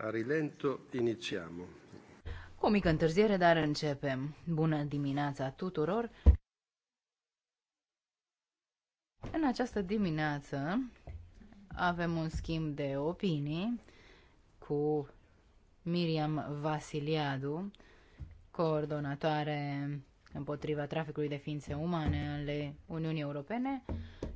a rilento, inițiamo. Cu o mică întârziere, dar începem. Bună dimineața tuturor! În această dimineață avem un schimb de opinii cu Miriam Vasiliadu, coordonatoare împotriva traficului de ființe umane ale Uniunii Europene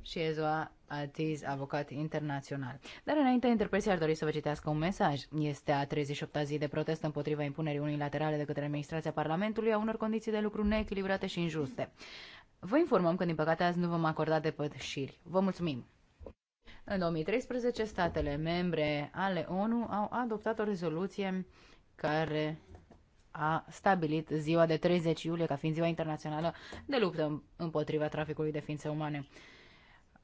și Ezoa atiz avocat internațional. Dar înainte, interpreții ar dori să vă citească un mesaj. Este a 38-a zi de protest împotriva impunerii unilaterale de către administrația Parlamentului a unor condiții de lucru neechilibrate și injuste. Vă informăm că, din păcate, azi nu vom acorda de pădășiri. Vă mulțumim! În 2013, statele membre ale ONU au adoptat o rezoluție care a stabilit ziua de 30 iulie ca fiind ziua internațională de luptă împotriva traficului de ființe umane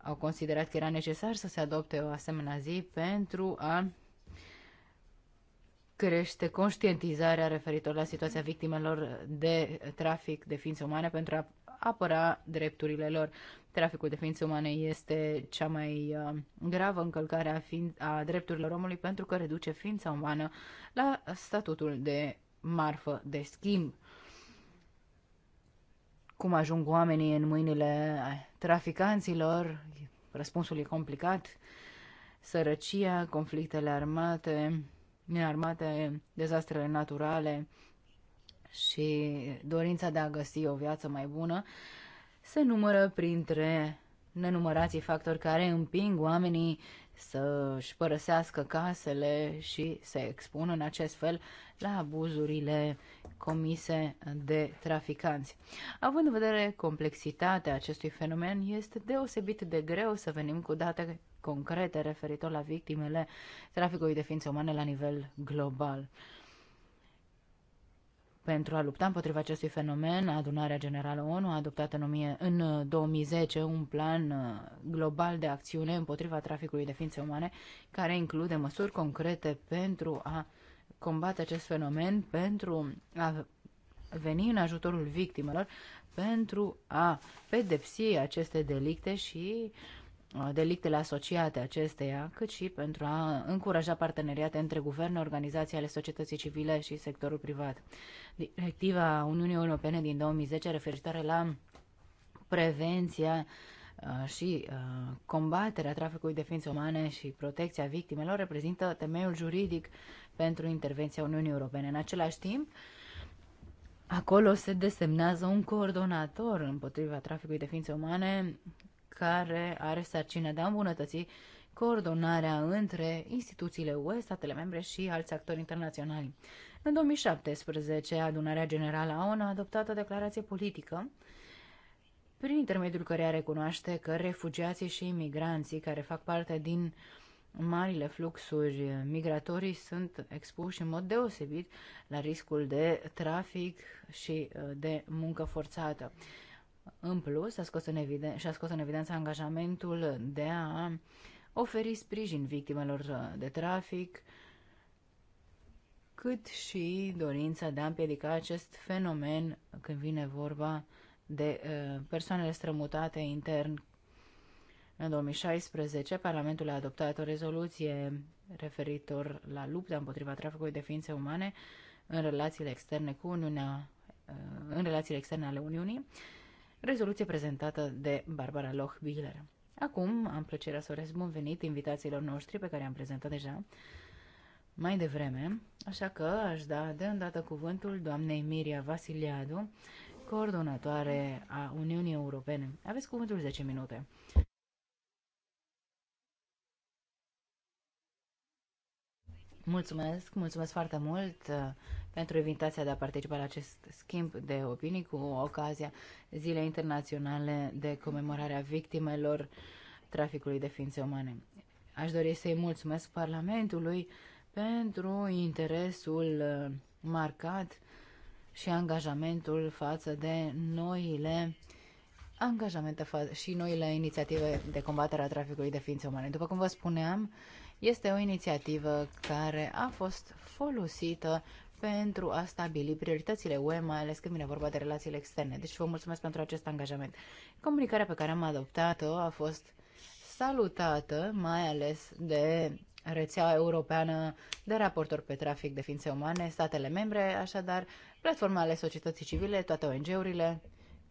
au considerat că era necesar să se adopte o asemenea zi pentru a crește conștientizarea referitor la situația victimelor de trafic de ființe umane pentru a apăra drepturile lor. Traficul de ființe umane este cea mai uh, gravă încălcare a, ființ- a drepturilor omului pentru că reduce ființa umană la statutul de marfă de schimb cum ajung oamenii în mâinile traficanților, răspunsul e complicat, sărăcia, conflictele armate, nearmate, dezastrele naturale și dorința de a găsi o viață mai bună se numără printre nenumărații factori care împing oamenii să și părăsească casele și se expună în acest fel la abuzurile comise de traficanți. Având în vedere complexitatea acestui fenomen, este deosebit de greu să venim cu date concrete referitor la victimele traficului de ființe umane la nivel global. Pentru a lupta împotriva acestui fenomen, Adunarea Generală ONU a adoptat în, 1000, în 2010 un plan uh, global de acțiune împotriva traficului de ființe umane, care include măsuri concrete pentru a combate acest fenomen, pentru a veni în ajutorul victimelor, pentru a pedepsi aceste delicte și uh, delictele asociate acesteia, cât și pentru a încuraja parteneriate între guverne, organizații ale societății civile și sectorul privat. Directiva Uniunii Europene din 2010 referitoare la prevenția uh, și uh, combaterea traficului de ființe umane și protecția victimelor reprezintă temeiul juridic pentru intervenția Uniunii Europene. În același timp, acolo se desemnează un coordonator împotriva traficului de ființe umane care are sarcina de a îmbunătăți coordonarea între instituțiile UE, statele membre și alți actori internaționali. În 2017, adunarea generală a ONU a adoptat o declarație politică prin intermediul căreia recunoaște că refugiații și imigranții care fac parte din marile fluxuri migratorii sunt expuși în mod deosebit la riscul de trafic și uh, de muncă forțată. În plus, a scos în eviden- și-a scos în evidență angajamentul de a oferi sprijin victimelor uh, de trafic, cât și dorința de a împiedica acest fenomen când vine vorba de uh, persoanele strămutate intern în 2016, Parlamentul a adoptat o rezoluție referitor la lupta împotriva traficului de ființe umane în relațiile externe cu Uniunea, uh, în relațiile externe ale Uniunii, rezoluție prezentată de Barbara Loch-Biller. Acum am plăcerea să urez bun venit invitațiilor noștri pe care am prezentat deja mai devreme, așa că aș da de îndată cuvântul doamnei Miria Vasiliadu, coordonatoare a Uniunii Europene. Aveți cuvântul 10 minute. Mulțumesc, mulțumesc foarte mult uh, pentru invitația de a participa la acest schimb de opinii cu ocazia Zilei Internaționale de Comemorare a Victimelor Traficului de Ființe Umane. Aș dori să-i mulțumesc Parlamentului pentru interesul uh, marcat și angajamentul față de noile angajamente și noile inițiative de combatere a traficului de ființe umane. După cum vă spuneam, este o inițiativă care a fost folosită pentru a stabili prioritățile UE, mai ales când vine vorba de relațiile externe. Deci vă mulțumesc pentru acest angajament. Comunicarea pe care am adoptat-o a fost salutată, mai ales de rețeaua europeană de raportori pe trafic de ființe umane, statele membre, așadar platforma ale societății civile, toate ONG-urile,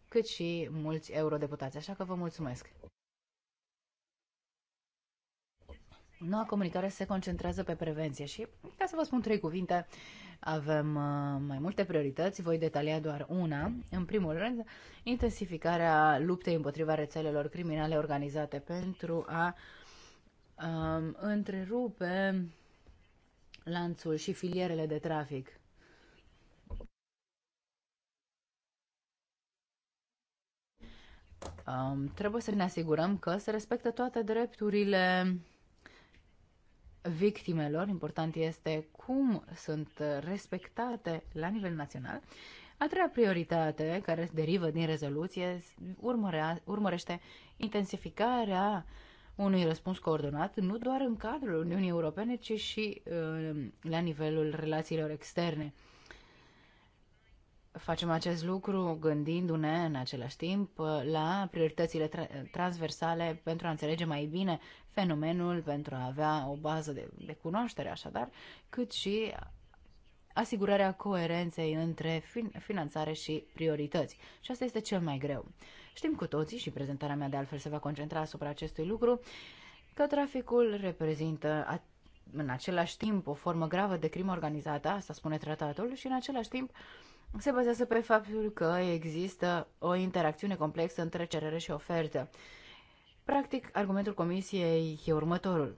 cât și mulți eurodeputați. Așa că vă mulțumesc! Noua comunicare se concentrează pe prevenție și, ca să vă spun trei cuvinte, avem uh, mai multe priorități, voi detalia doar una. În primul rând, intensificarea luptei împotriva rețelelor criminale organizate pentru a um, întrerupe lanțul și filierele de trafic. Um, trebuie să ne asigurăm că se respectă toate drepturile victimelor, important este cum sunt respectate la nivel național. A treia prioritate, care derivă din rezoluție, urmărea, urmărește intensificarea unui răspuns coordonat, nu doar în cadrul Uniunii Europene, ci și uh, la nivelul relațiilor externe. Facem acest lucru gândindu-ne în același timp la prioritățile tra transversale pentru a înțelege mai bine fenomenul, pentru a avea o bază de, de cunoaștere, așadar, cât și asigurarea coerenței între fin- finanțare și priorități. Și asta este cel mai greu. Știm cu toții, și prezentarea mea de altfel se va concentra asupra acestui lucru, că traficul reprezintă în același timp o formă gravă de crimă organizată, asta spune tratatul, și în același timp uh, se bazează pe faptul că există o interacțiune complexă între cerere și ofertă. Practic, argumentul comisiei e următorul.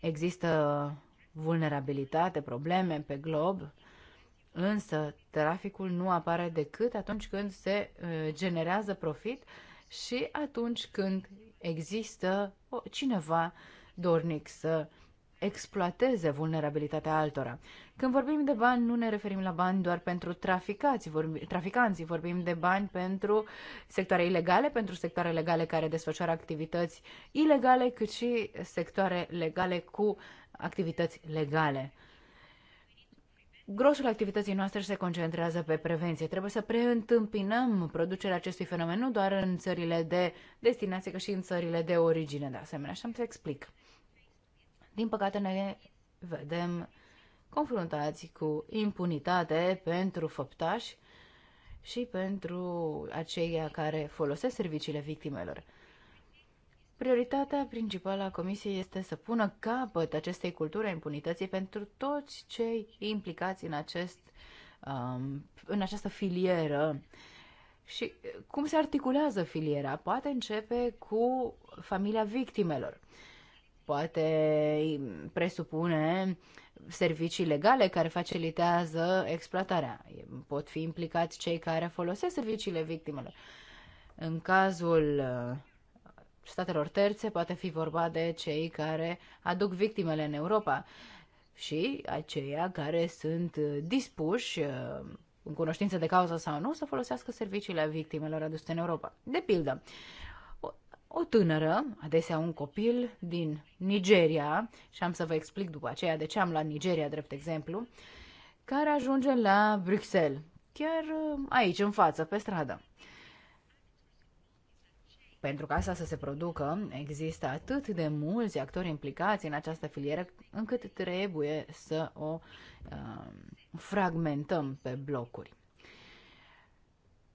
Există vulnerabilitate, probleme pe glob, însă traficul nu apare decât atunci când se uh, generează profit și atunci când există cineva dornic să exploateze vulnerabilitatea altora. Când vorbim de bani, nu ne referim la bani doar pentru traficați, vorbi, traficanții, vorbim de bani pentru sectoare ilegale, pentru sectoare legale care desfășoară activități ilegale, cât și sectoare legale cu activități legale. Grosul activității noastre se concentrează pe prevenție. Trebuie să preîntâmpinăm producerea acestui fenomen nu doar în țările de destinație, cât și în țările de origine, de asemenea. Și am să explic. Din păcate ne vedem confruntați cu impunitate pentru făptași și pentru aceia care folosesc serviciile victimelor. Prioritatea principală a Comisiei este să pună capăt acestei culturi a impunității pentru toți cei implicați în, acest, um, în această filieră. Și cum se articulează filiera? Poate începe cu familia victimelor. Uh, poate presupune servicii legale care facilitează exploatarea. Pot fi implicați cei care folosesc serviciile victimelor. În cazul uh, statelor terțe poate fi vorba de cei care aduc victimele în Europa și aceia care sunt uh, dispuși, uh, în cunoștință de cauză sau nu, să folosească serviciile victimelor aduse în Europa. De pildă, o tânără, adesea un copil, din Nigeria, și am să vă explic după aceea de ce am luat Nigeria drept exemplu, care ajunge la Bruxelles, chiar uh, aici, în față, pe stradă. Pentru ca asta să se producă, există atât de mulți actori implicați în această filieră, încât trebuie să o uh, fragmentăm pe blocuri.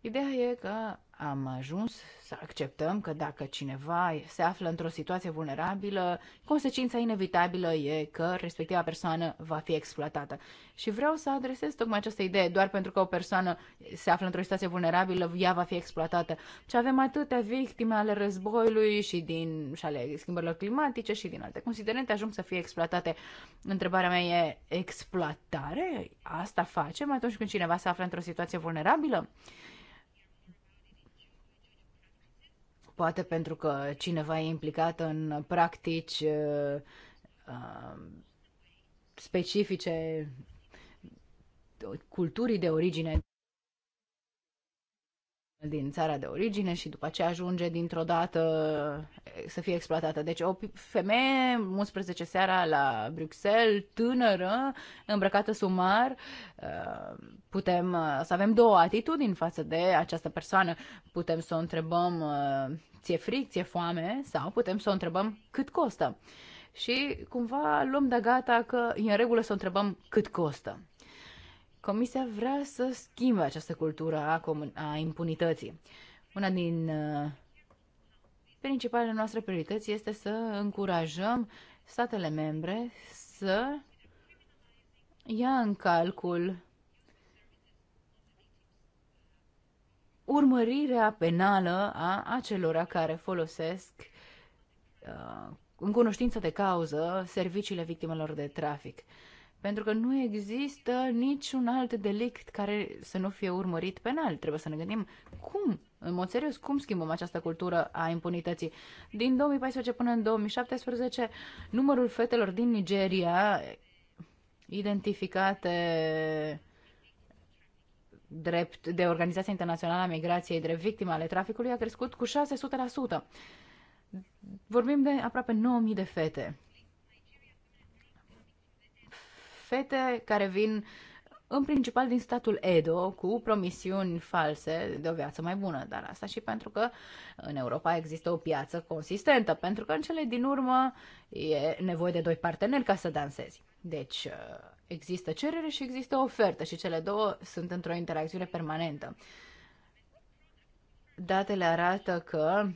Ideea e că am ajuns să acceptăm că dacă cineva se află într-o situație vulnerabilă, consecința inevitabilă e că respectiva persoană va fi exploatată. Și vreau să adresez tocmai această idee, doar pentru că o persoană se află într-o situație vulnerabilă, ea va fi exploatată. Și avem atâtea victime ale războiului și, din, și ale schimbărilor climatice și din alte considerente ajung să fie exploatate. Întrebarea mea e, exploatare? Asta facem atunci când cineva se află într-o situație vulnerabilă? poate pentru că cineva e implicat în practici uh, uh, specifice culturii de origine din țara de origine și după aceea ajunge dintr-o dată eh, să fie exploatată. Deci o femeie, 11 seara la Bruxelles, tânără, îmbrăcată sumar, eh, putem eh, să avem două atitudini față de această persoană. Putem să o întrebăm ție fric, ție foame sau putem să o întrebăm cât costă. Și cumva luăm de gata că e în regulă să o întrebăm cât costă. Comisia vrea să schimbe această cultură a, a impunității. Una din uh, principalele noastre priorități este să încurajăm statele membre să ia în calcul urmărirea penală a acelora care folosesc uh, în cunoștință de cauză serviciile victimelor de trafic. Pentru că nu există niciun alt delict care să nu fie urmărit penal. Trebuie să ne gândim cum, în mod serios, cum schimbăm această cultură a impunității. Din 2014 până în 2017, numărul fetelor din Nigeria identificate drept de Organizația Internațională a Migrației, drept victime ale traficului, a crescut cu 600%. Vorbim de aproape 9.000 de fete. fete care vin în principal din statul Edo, cu promisiuni false de o viață mai bună, dar asta și pentru că în Europa există o piață consistentă, pentru că în cele din urmă e nevoie de doi parteneri ca să dansezi. Deci uh, există cerere și există ofertă și cele două sunt într-o interacțiune permanentă. Datele arată că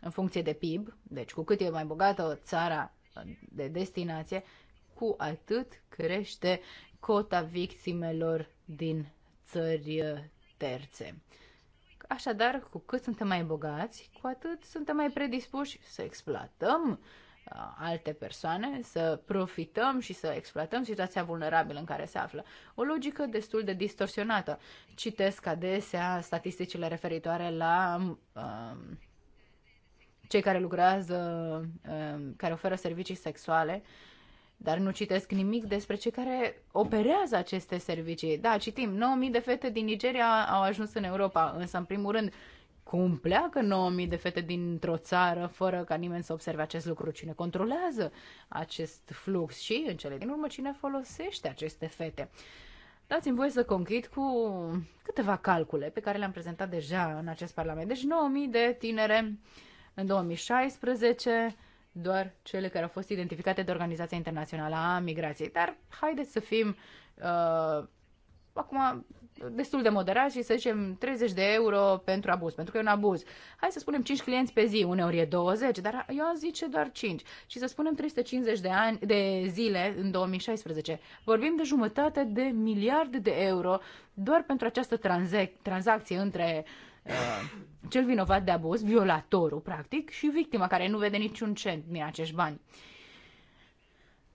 în funcție de PIB, deci cu cât e mai bogată o țara de destinație, cu atât crește cota victimelor din țări uh, terțe. Așadar, cu cât suntem mai bogați, cu atât suntem mai predispuși să exploatăm uh, alte persoane, să profităm și să exploatăm situația vulnerabilă în care se află. O logică destul de distorsionată. Citesc adesea statisticile referitoare la um, cei care lucrează, um, care oferă servicii sexuale dar nu citesc nimic despre cei care operează aceste servicii. Da, citim, 9.000 de fete din Nigeria au ajuns în Europa, însă, în primul rând, cum pleacă 9.000 de fete dintr-o țară fără ca nimeni să observe acest lucru? Cine controlează acest flux și, în cele din urmă, cine folosește aceste fete? Dați-mi voie să conchid cu câteva calcule pe care le-am prezentat deja în acest parlament. Deci 9.000 de tinere în 2016 doar cele care au fost identificate de Organizația Internațională a Migrației. Dar haideți să fim uh, acum destul de moderați și să zicem 30 de euro pentru abuz, pentru că e un abuz. Hai să spunem 5 clienți pe zi, uneori e 20, dar eu am zice doar 5. Și să spunem 350 de, ani, de zile în 2016. Vorbim de jumătate de miliarde de euro doar pentru această tranzac- tranzacție între uh, Uh, cel vinovat de abuz, violatorul practic, și victima care nu vede niciun cent din acești bani.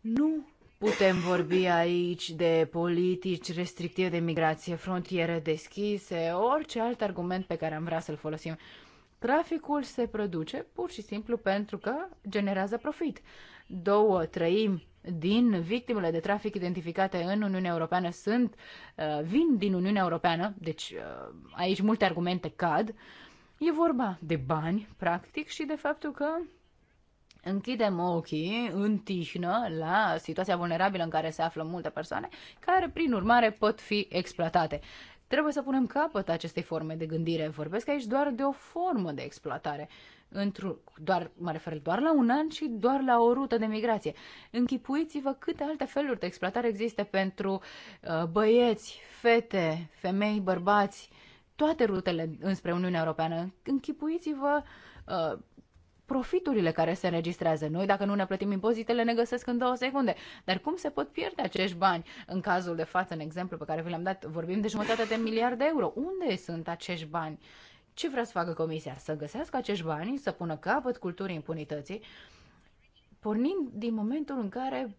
Nu putem vorbi aici de politici restrictive de migrație, frontiere deschise, orice alt argument pe care am vrea să-l folosim. Traficul se produce pur și simplu pentru că generează profit două treimi din victimele de trafic identificate în Uniunea Europeană sunt, uh, vin din Uniunea Europeană, deci uh, aici multe argumente cad. E vorba de bani, practic, și de faptul că închidem ochii în tihnă la situația vulnerabilă în care se află multe persoane, care prin urmare pot fi exploatate. Trebuie să punem capăt acestei forme de gândire. Vorbesc aici doar de o formă de exploatare într doar, mă refer doar la un an și doar la o rută de migrație. Închipuiți-vă câte alte feluri de exploatare există pentru uh, băieți, fete, femei, bărbați, toate rutele înspre Uniunea Europeană. Închipuiți-vă uh, profiturile care se înregistrează. Noi, dacă nu ne plătim impozitele, ne găsesc în două secunde. Dar cum se pot pierde acești bani? În cazul de față, în exemplu pe care vi l-am dat, vorbim de jumătate de miliard de euro. Unde sunt acești bani? Ce vrea să facă comisia? Să găsească acești bani, să pună capăt culturii impunității, pornind din momentul în care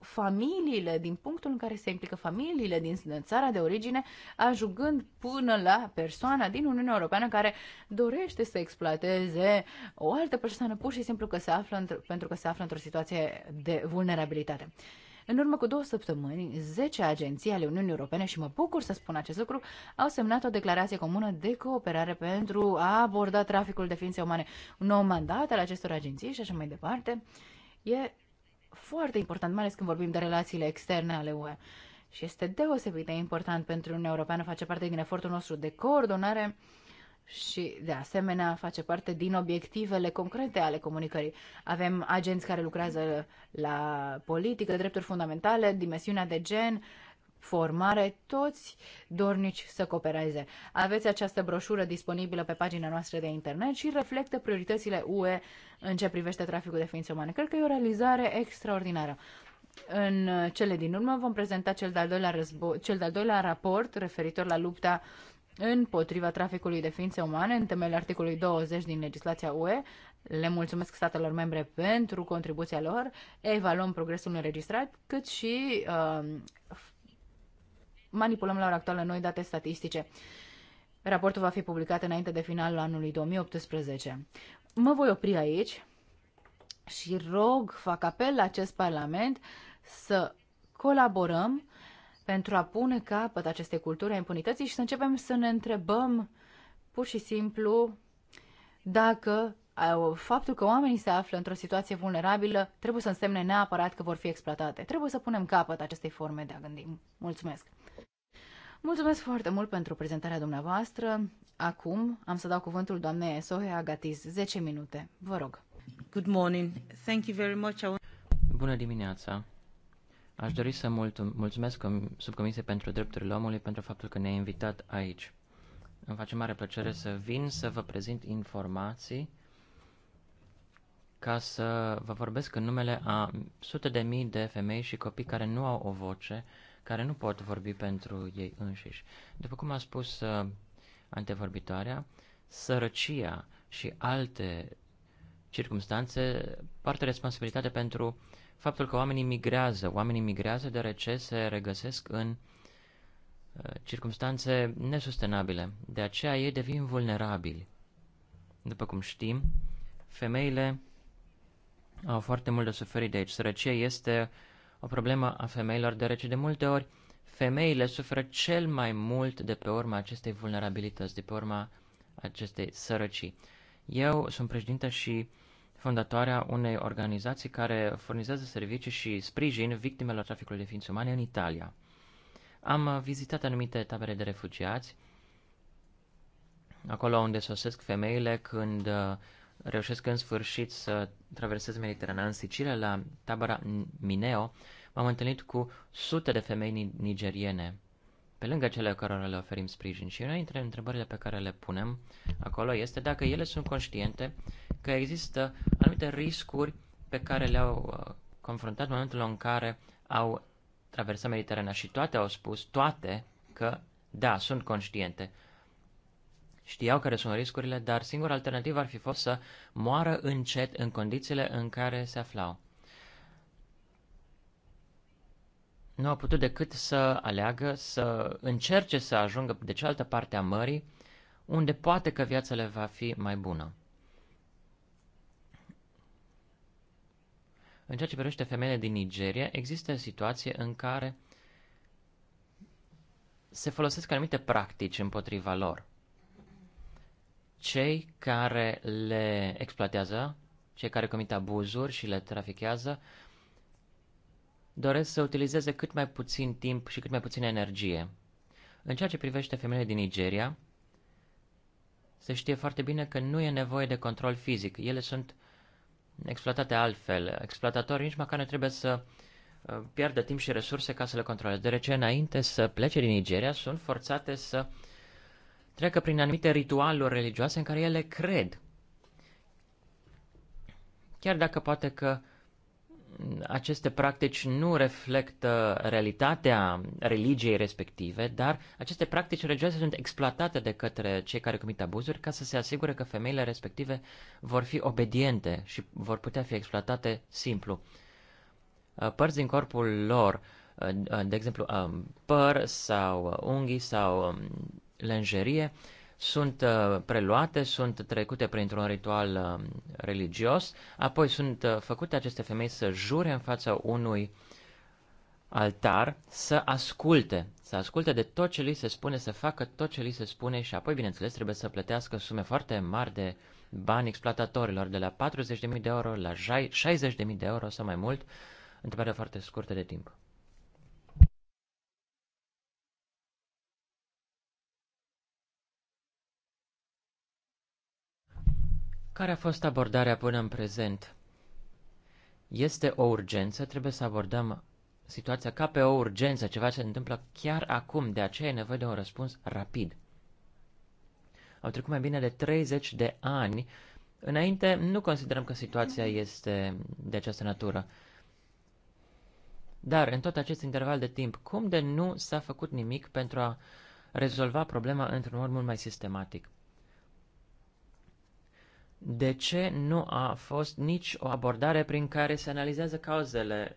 familiile, din punctul în care se implică familiile din țara de origine, ajungând până la persoana din Uniunea Europeană care dorește să exploateze o altă persoană pur și simplu că se află pentru că se află într-o situație de vulnerabilitate. În urmă cu două săptămâni, 10 agenții ale Uniunii Europene, și mă bucur să spun acest lucru, au semnat o declarație comună de cooperare pentru a aborda traficul de ființe umane. Un nou mandat al acestor agenții și așa mai departe. E foarte important, mai ales când vorbim de relațiile externe ale UE. Și este deosebit de important pentru Uniunea Europeană, face parte din efortul nostru de coordonare uh, și, de asemenea, face parte din obiectivele concrete ale comunicării. Avem agenți care lucrează la politică, drepturi fundamentale, dimensiunea de gen, formare, toți dornici să coopereze. Aveți această broșură disponibilă pe pagina noastră de internet și reflectă prioritățile UE în ce privește traficul de ființe umane. Cred că e o realizare extraordinară. În cele din urmă vom prezenta cel de-al doilea, cel de-al doilea raport referitor la lupta împotriva traficului de ființe umane în temele articolului 20 din legislația UE. Le mulțumesc statelor membre pentru contribuția lor. Evaluăm progresul înregistrat, cât și uh, manipulăm la ora actuală noi date statistice. Raportul va fi publicat înainte de finalul anului 2018. Mă voi opri aici și rog, fac apel la acest Parlament să colaborăm pentru a pune capăt acestei culturi a impunității și să începem să ne întrebăm pur și simplu dacă faptul că oamenii se află într-o situație vulnerabilă trebuie să însemne neapărat că vor fi exploatate. Trebuie să punem capăt acestei forme de a gândi. Mulțumesc! Mulțumesc foarte mult pentru prezentarea dumneavoastră. Acum am să dau cuvântul doamnei Sohe Agatiz. 10 minute. Vă rog. Good morning. Thank you very much. Bună dimineața. Aș dori să mulțumesc subcomisiei pentru drepturile omului pentru faptul că ne-a invitat aici. Îmi face mare plăcere să vin să vă prezint informații ca să vă vorbesc în numele a sute de mii de femei și copii care nu au o voce, care nu pot vorbi pentru ei înșiși. După cum a spus uh, antevorbitoarea, sărăcia și alte circumstanțe poartă responsabilitate pentru faptul că oamenii migrează. Oamenii migrează deoarece se regăsesc în uh, circumstanțe nesustenabile. De aceea ei devin vulnerabili. După cum știm, femeile au foarte mult de suferit de aici. Sărăcia este o problemă a femeilor, deoarece de multe ori femeile suferă cel mai mult de pe urma acestei vulnerabilități, de pe urma acestei sărăcii. Eu sunt președinte și fondatoarea unei organizații care furnizează servicii și sprijin victimelor traficului de ființe umane în Italia. Am vizitat anumite tabere de refugiați, acolo unde sosesc femeile când uh, reușesc în sfârșit să traversez Mediterana. În Sicilia, la tabăra Mineo, m-am întâlnit cu sute de femei nigeriene, pe lângă cele cărora le oferim sprijin. Și una dintre întrebările pe care le punem acolo este dacă ele sunt conștiente că există anumite riscuri pe care le-au uh, confruntat în momentul în care au traversat Mediterana și toate au spus, toate, că da, sunt conștiente. Știau care sunt riscurile, dar singura alternativă ar fi fost să moară încet în condițiile în care se aflau. Nu au putut decât să aleagă, să încerce să ajungă de cealaltă parte a mării, unde poate că viața le va fi mai bună. În ceea ce privește femeile din Nigeria, există situație în care se folosesc anumite practici împotriva lor. Cei care le exploatează, cei care comit abuzuri și le trafichează, doresc să utilizeze cât mai puțin timp și cât mai puțin energie. În ceea ce privește femeile din Nigeria, se știe foarte bine că nu e nevoie de control fizic. Ele sunt uh, exploatate altfel. Exploatatorii nici măcar nu trebuie să uh, pierdă timp și resurse ca să le controleze, deoarece înainte să plece din Nigeria sunt forțate să treacă prin anumite ritualuri religioase în care ele cred. Chiar dacă poate că uh, aceste practici nu reflectă realitatea religiei respective, dar aceste practici religioase sunt exploatate de către cei care comit abuzuri ca să se asigure că femeile respective vor fi obediente și vor putea fi exploatate simplu. Uh, părți din corpul lor, uh, de exemplu uh, păr sau unghii sau um, lenjerie, sunt uh, preluate, sunt trecute printr-un ritual um, religios, apoi sunt uh, făcute aceste femei să jure în fața unui altar, să asculte, să asculte de tot ce li se spune, să facă tot ce li se spune și apoi, bineînțeles, trebuie să plătească sume foarte mari de bani exploatatorilor, de la 40.000 de euro la 60.000 de euro sau mai mult, într-o perioadă foarte scurtă de timp. Care a fost abordarea până în prezent? Este o urgență, trebuie să abordăm situația ca pe o urgență, ceva ce se întâmplă chiar acum, de aceea e nevoie de un răspuns rapid. Au trecut mai bine de 30 de ani. Înainte nu considerăm că situația este de această natură. Dar în tot acest interval de timp, cum de nu s-a făcut nimic pentru a rezolva problema într-un mod mult mai sistematic? de ce nu a fost nici o abordare prin care se analizează cauzele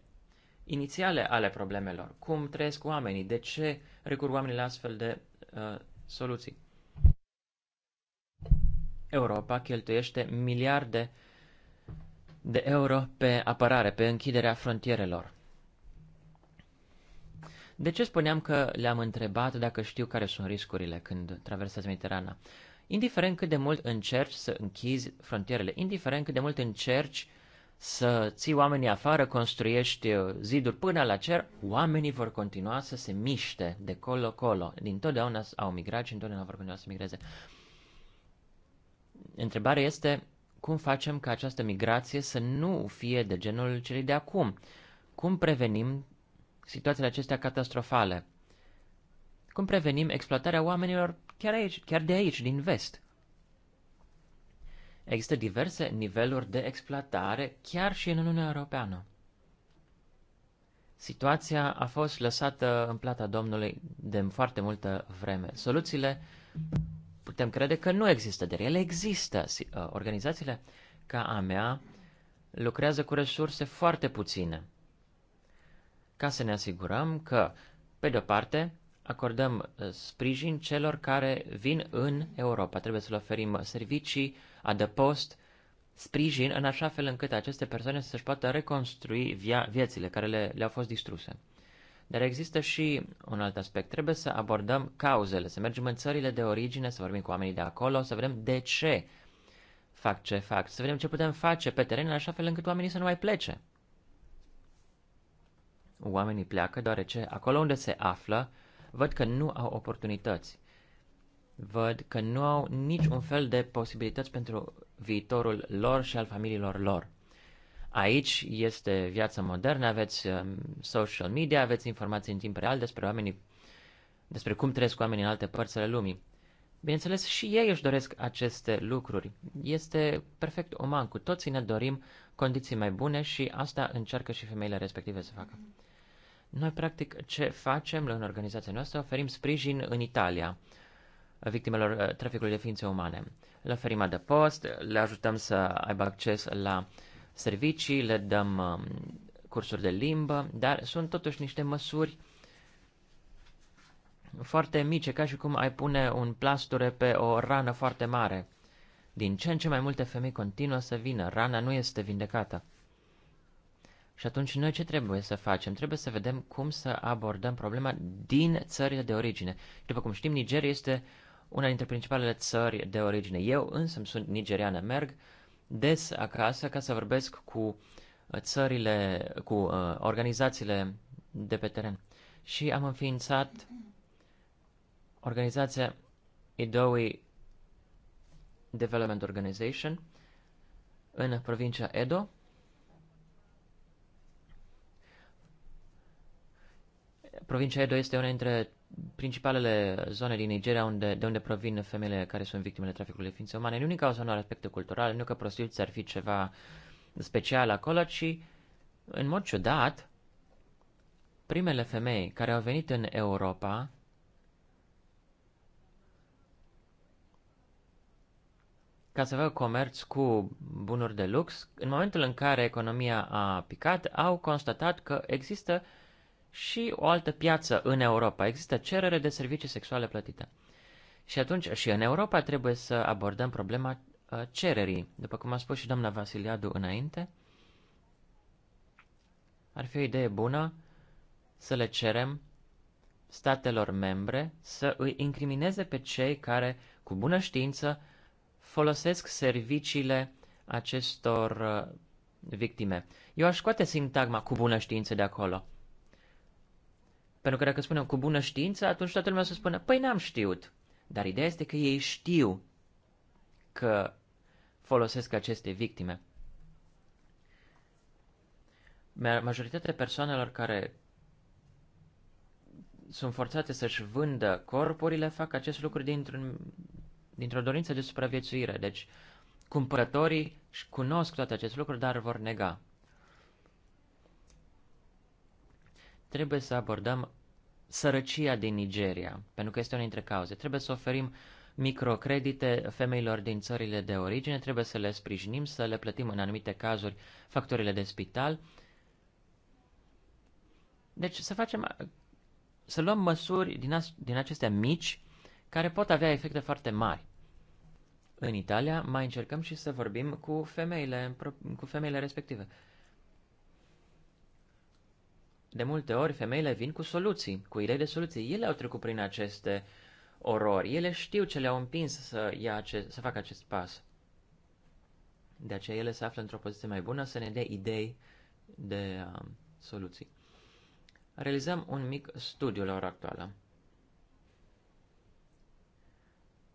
inițiale ale problemelor, cum trăiesc oamenii, de ce recurg oamenii la astfel de uh, soluții. Europa cheltuiește miliarde de euro pe apărare, pe închiderea frontierelor. De ce spuneam că le-am întrebat dacă știu care sunt riscurile când traversează Mediterana? indiferent cât de mult încerci să închizi frontierele, indiferent cât de mult încerci să ții oamenii afară, construiești uh, ziduri până la cer, oamenii vor continua să se miște de colo-colo. Din totdeauna au migrat și întotdeauna vor continua să migreze. Întrebarea este cum facem ca această migrație să nu fie de genul celui de acum? Cum prevenim situațiile acestea catastrofale? cum prevenim exploatarea oamenilor chiar, aici, chiar de aici, din vest. Există diverse niveluri de exploatare chiar și în Uniunea Europeană. Situația a fost lăsată în plata Domnului de foarte multă vreme. Soluțiile putem crede că nu există, dar ele există. Uh, organizațiile ca a mea lucrează cu resurse foarte puține. Ca să ne asigurăm că, pe de-o parte, acordăm uh, sprijin celor care vin în Europa. Trebuie să le oferim uh, servicii, adăpost, sprijin, în așa fel încât aceste persoane să-și poată reconstrui via- viețile care le, le-au fost distruse. Dar există și un alt aspect. Trebuie să abordăm cauzele, să mergem în țările de origine, să vorbim cu oamenii de acolo, să vedem de ce fac ce fac, să vedem ce putem face pe teren în așa fel încât oamenii să nu mai plece. Oamenii pleacă deoarece acolo unde se află văd că nu au oportunități. Văd că nu au niciun fel de posibilități pentru viitorul lor și al familiilor lor. Aici este viața modernă, aveți um, social media, aveți informații în timp real despre oamenii, despre cum trăiesc oamenii în alte părți ale lumii. Bineînțeles, și ei își doresc aceste lucruri. Este perfect uman, cu toții ne dorim condiții mai bune și asta încearcă și femeile respective să facă. Noi, practic, ce facem în organizația noastră? Oferim sprijin în Italia victimelor uh, traficului de ființe umane. Le oferim adăpost, le ajutăm să aibă acces la servicii, le dăm um, cursuri de limbă, dar sunt totuși niște măsuri foarte mici, ca și cum ai pune un plasture pe o rană foarte mare. Din ce în ce mai multe femei continuă să vină, rana nu este vindecată. Și atunci noi ce trebuie să facem? Trebuie să vedem cum să abordăm problema din țările de origine. Și după cum știm, Nigeria este una dintre principalele țări de origine. Eu însă sunt nigeriană, merg des acasă ca să vorbesc cu uh, țările, cu uh, organizațiile de pe teren. Și am înființat organizația Idoi Development Organization în provincia Edo, Provincia Edo este una dintre principalele zone din Nigeria unde, de unde provin femeile care sunt victimele traficului de ființe umane. Nu din cauza unor aspecte culturale, nu că prostituția ar fi ceva special acolo, ci în mod ciudat, primele femei care au venit în Europa ca să facă comerț cu bunuri de lux, în momentul în care economia a picat, au constatat că există uh, și o altă piață în Europa. Există cerere de servicii sexuale plătite. Și atunci și în Europa trebuie să abordăm problema uh, cererii. După cum a spus și doamna Vasiliadu înainte, ar fi o idee bună să le cerem statelor membre să îi incrimineze pe cei care, cu bună știință, folosesc serviciile acestor uh, victime. Eu aș scoate sintagma cu bună știință de acolo, pentru că dacă spunem cu bună știință, atunci toată lumea o să spună, păi n-am știut. Dar ideea este că ei știu că folosesc aceste victime. Majoritatea persoanelor care sunt forțate să-și vândă corpurile fac acest lucru dintr-un, dintr-o dorință de supraviețuire. Deci, cumpărătorii cunosc toate aceste lucruri, dar vor nega. Trebuie să abordăm sărăcia din Nigeria, pentru că este una dintre cauze. Trebuie să oferim microcredite femeilor din țările de origine, trebuie să le sprijinim, să le plătim în anumite cazuri facturile de spital. Deci să facem, să luăm măsuri din, as, din acestea mici care pot avea efecte foarte mari. În Italia mai încercăm și să vorbim cu femeile, cu femeile respective. De multe ori, femeile vin cu soluții, cu idei de soluții. Ele au trecut prin aceste orori. Ele știu ce le-au împins să, ia acest, să facă acest pas. De aceea ele se află într-o poziție mai bună să ne dea idei de um, soluții. Realizăm un mic studiu la ora actuală.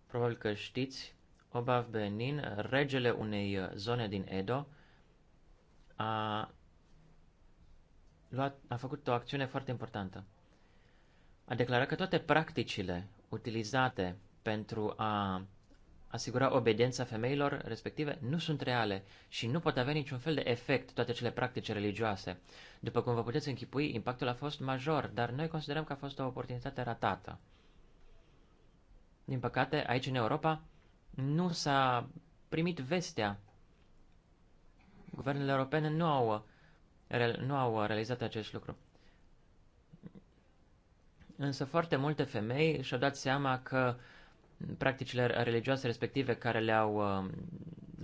Probabil că știți, Obav Benin, regele unei zone din Edo, a luat, a făcut o acțiune foarte importantă. A declarat că toate practicile utilizate pentru a asigura obediența femeilor respective nu sunt reale și nu pot avea niciun fel de efect toate cele practici religioase. După cum vă puteți închipui, impactul a fost major, dar noi considerăm că a fost o oportunitate ratată. Din păcate, aici în Europa nu s-a primit vestea. Guvernele europene nu au nu au realizat acest lucru. Însă foarte multe femei și-au dat seama că practicile religioase respective care le-au um,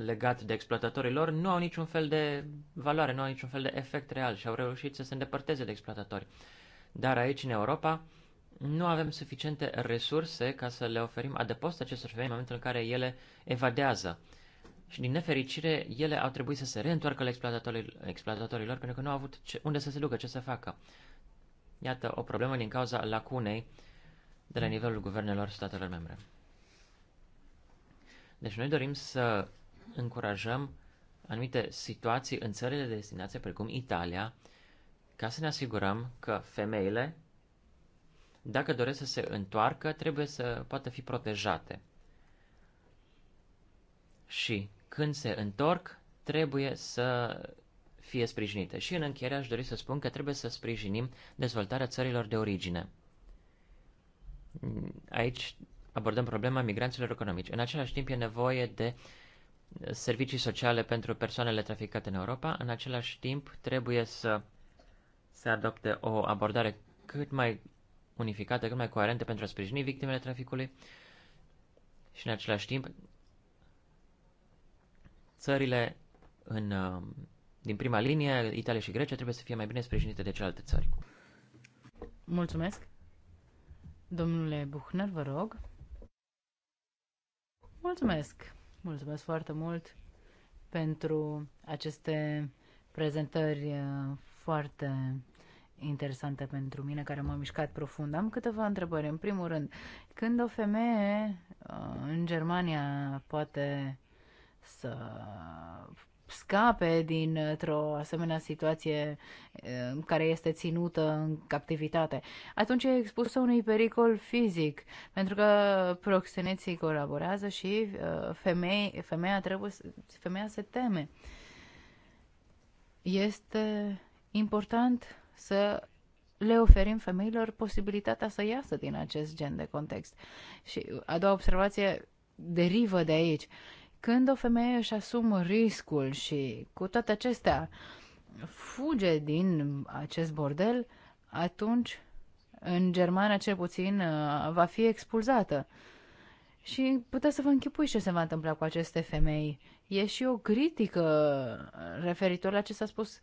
legat de exploatatorii lor nu au niciun fel de valoare, nu au niciun fel de efect real și au reușit să se îndepărteze de exploatatori. Dar aici, în Europa, nu avem suficiente resurse ca să le oferim adăpost acestor femei în momentul în care ele evadează și din nefericire ele au trebuit să se reîntoarcă la exploatatorii, exploatatorilor pentru că nu au avut ce, unde să se ducă, ce să facă. Iată o problemă din cauza lacunei de la nivelul guvernelor statelor membre. Deci noi dorim să încurajăm anumite situații în țările de destinație, precum Italia, ca să ne asigurăm că femeile, dacă doresc să se întoarcă, trebuie să poată fi protejate. Și când se întorc, trebuie să fie sprijinite. Și în încheiere aș dori să spun că trebuie să sprijinim dezvoltarea țărilor de origine. Aici abordăm problema migranților economici. În același timp e nevoie de servicii sociale pentru persoanele traficate în Europa. În același timp trebuie să se adopte o abordare cât mai unificată, cât mai coerentă pentru a sprijini victimele traficului. Și în același timp țările în, um, din prima linie, Italia și Grecia, trebuie să fie mai bine sprijinite de celelalte țări. Mulțumesc. Domnule Buchner, vă rog. Mulțumesc. Mulțumesc foarte mult pentru aceste prezentări uh, foarte interesante pentru mine, care m-au mișcat profund. Am câteva întrebări. În primul rând, când o femeie uh, în Germania poate să scape dintr-o asemenea situație eh, care este ținută în captivitate. Atunci e expusă unui pericol fizic, pentru că proxeneții colaborează și eh, femei, femeia, trebuie, femeia se teme. Este important să le oferim femeilor posibilitatea să iasă din acest gen de context. Și a doua observație derivă de aici. Uh, când o femeie își asumă riscul și cu toate acestea fuge din acest bordel, atunci în Germania cel puțin uh, va fi expulzată. Și puteți să vă închipui ce se va întâmpla cu aceste femei. E și o critică referitor la ce s-a spus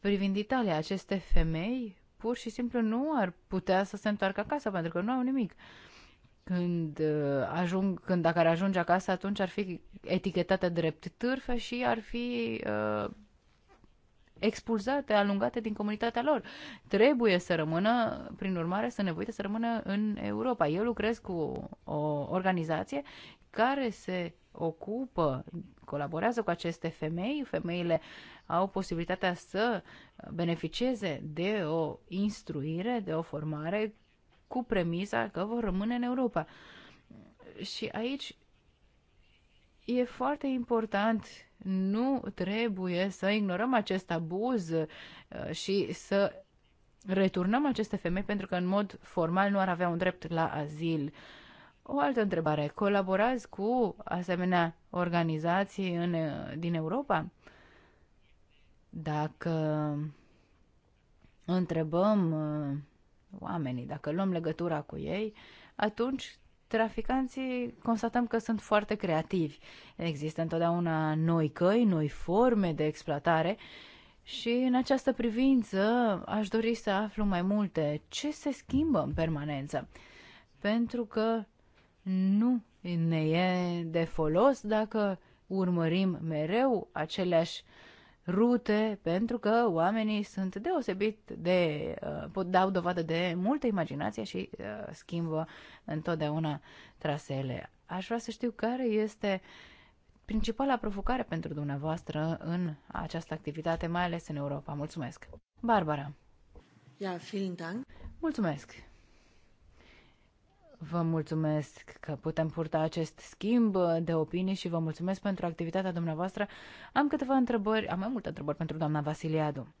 privind Italia. Aceste femei pur și simplu nu ar putea să se întoarcă acasă pentru că nu au nimic. Uh, când, uh, ajung, când dacă ar ajunge acasă, atunci ar fi etichetată drept târfă și ar fi uh, expulzate, alungate din comunitatea lor. Trebuie să rămână, prin urmare, să nevoite să rămână în Europa. Eu lucrez cu o organizație care se ocupă, colaborează cu aceste femei. Femeile au posibilitatea să beneficieze de o instruire, de o formare cu premisa că vor rămâne în Europa. Și aici e foarte important. Nu trebuie să ignorăm acest abuz uh, și să returnăm aceste femei pentru că în mod formal nu ar avea un drept la azil. O altă întrebare. Colaborați cu asemenea organizații în, uh, din Europa? Dacă întrebăm uh, oamenii, dacă luăm legătura cu ei, atunci traficanții constatăm că sunt foarte creativi. Există întotdeauna noi căi, noi forme de exploatare și în această privință aș dori să aflu mai multe ce se schimbă în permanență. Pentru că nu ne e de folos dacă urmărim mereu aceleași uh, rute, pentru că oamenii sunt deosebit de, uh, pot dau dovadă de multă imaginație și uh, schimbă întotdeauna traseele. Aș vrea să știu care este principala provocare pentru dumneavoastră în această activitate, mai ales în Europa. Mulțumesc! Barbara! Ja, vielen Dank! Mulțumesc! Vă mulțumesc că putem purta acest schimb de opinii și vă mulțumesc pentru activitatea dumneavoastră. Am câteva întrebări, am mai multe întrebări pentru doamna Vasiliadu.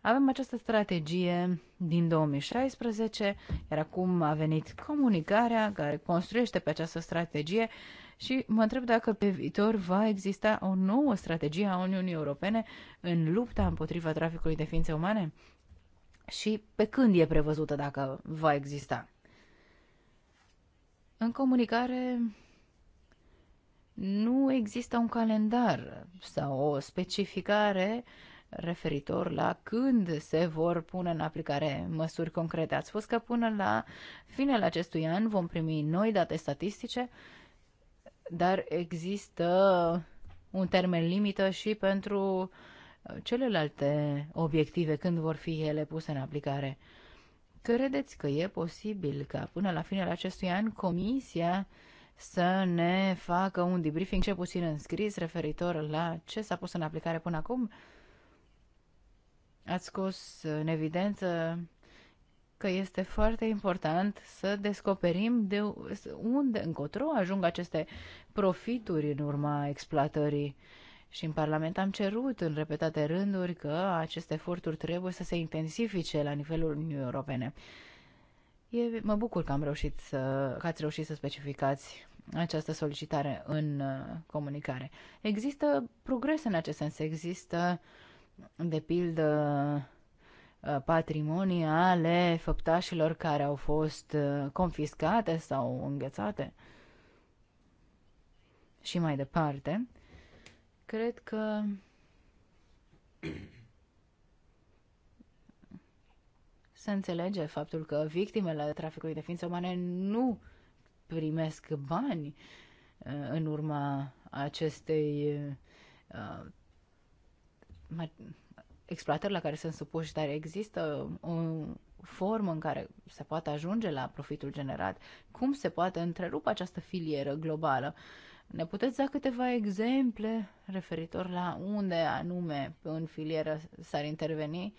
Avem această strategie din 2016, iar acum a venit comunicarea care construiește pe această strategie și mă întreb dacă pe viitor va exista o nouă strategie a Uniunii Europene în lupta împotriva traficului de ființe umane și pe când e prevăzută dacă va exista. În comunicare nu există un calendar sau o specificare referitor la când se vor pune în aplicare măsuri concrete. Ați spus că până la finele acestui an vom primi noi date statistice, dar există un termen limită și pentru celelalte obiective, când vor fi ele puse în aplicare. Credeți că e posibil ca până la finele acestui an Comisia să ne facă un debriefing ce puțin înscris referitor la ce s-a pus în aplicare până acum? Ați scos în evidență că este foarte important să descoperim de unde încotro ajung aceste profituri în urma exploatării uh, și în Parlament am cerut în repetate rânduri că aceste eforturi trebuie să se intensifice la nivelul Uniunii Europene. E, mă bucur că, am reușit să, că ați reușit să specificați această solicitare în uh, comunicare. Există progrese în acest sens, există, de pildă, uh, patrimonii ale făptașilor care au fost uh, confiscate sau înghețate și mai departe. Cred că se înțelege faptul că victimele traficului de ființe umane nu primesc bani uh, în urma acestei uh, exploatări la care sunt supuși, dar există o formă în care se poate ajunge la profitul generat. Cum se poate întrerupe această filieră globală? Ne puteți da câteva exemple referitor la unde anume în filieră s-ar interveni?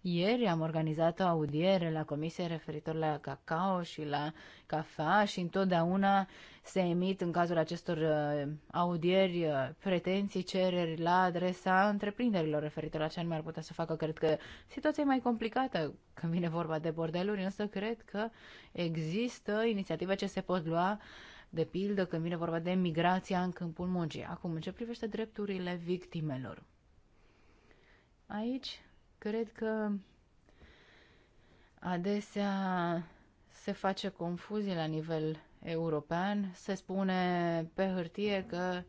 Ieri am organizat o audiere la comisie referitor la cacao și la cafea și întotdeauna se emit în cazul acestor uh, audieri uh, pretenții, cereri la adresa întreprinderilor referitor la ce anume ar putea să facă. Cred că situația e mai complicată când vine vorba de bordeluri, însă cred că există inițiative ce se pot lua uh, de pildă când vine vorba de migrația în câmpul muncii. Acum, în ce privește drepturile victimelor? Aici, cred că adesea se face confuzie la nivel european. Se spune pe hârtie că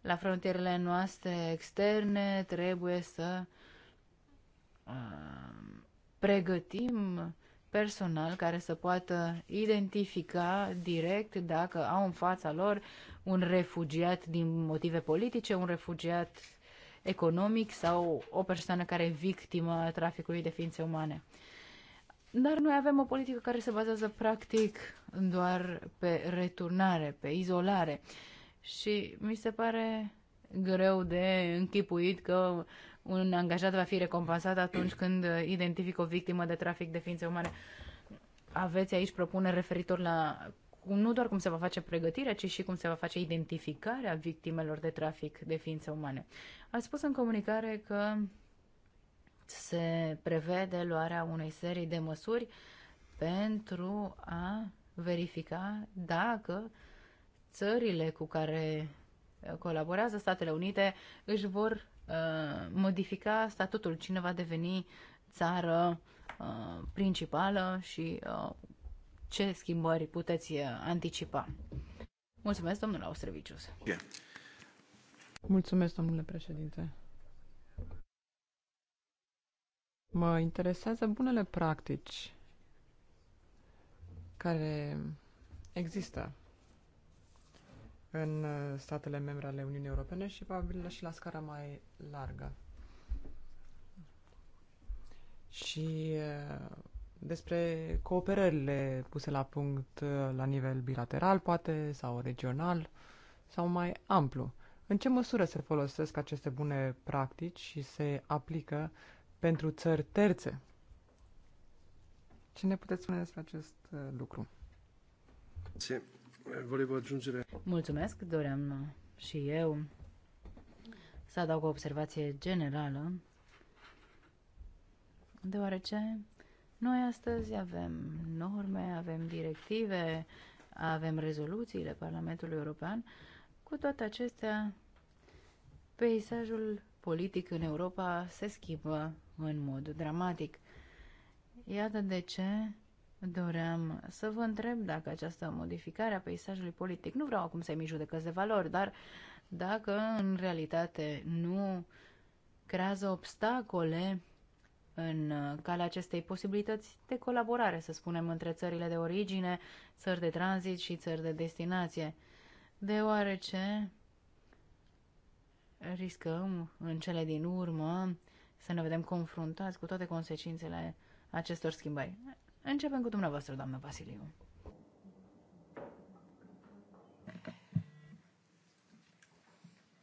la frontierele noastre externe trebuie să uh, pregătim personal care să poată identifica direct dacă au în fața lor un refugiat din motive politice, un refugiat economic sau o persoană care e victimă traficului de ființe umane. Dar noi avem o politică care se bazează practic doar pe returnare, pe izolare. Și mi se pare greu de închipuit că un angajat va fi recompensat atunci când uh, identifică o victimă de trafic de ființe umane. Aveți aici propuneri referitor la nu doar cum se va face pregătirea, ci și cum se va face identificarea victimelor de trafic de ființe umane. A spus în comunicare că se prevede luarea unei serii de măsuri pentru a verifica dacă țările cu care colaborează Statele Unite își vor Uh, modifica statutul, cine va deveni țară uh, principală și uh, ce schimbări puteți uh, anticipa. Mulțumesc, domnule Austrevicius. Yeah. Mulțumesc, domnule președinte. Mă interesează bunele practici care există în uh, statele membre ale Uniunii Europene și probabil și la scară mai largă. Și uh, despre cooperările puse la punct uh, la nivel bilateral, poate, sau regional, sau mai amplu. În ce măsură se folosesc aceste bune practici și se aplică pentru țări terțe? Ce ne puteți spune despre acest lucru? Sim. Volevo aggiungere... Mulțumesc, doream și eu să adaug o observație generală, deoarece noi astăzi avem norme, avem directive, avem rezoluțiile Parlamentului European, cu toate acestea, peisajul politic în Europa se schimbă în mod dramatic. Iată de ce Doream să vă întreb dacă această modificare a peisajului politic, nu vreau acum să-i mi judecăți de valori, dar dacă în realitate nu creează obstacole în calea acestei posibilități de colaborare, să spunem, între țările de origine, țări de tranzit și țări de destinație, deoarece riscăm în cele din urmă să ne vedem confruntați cu toate consecințele acestor schimbări. Începem cu dumneavoastră, doamnă Vasiliu.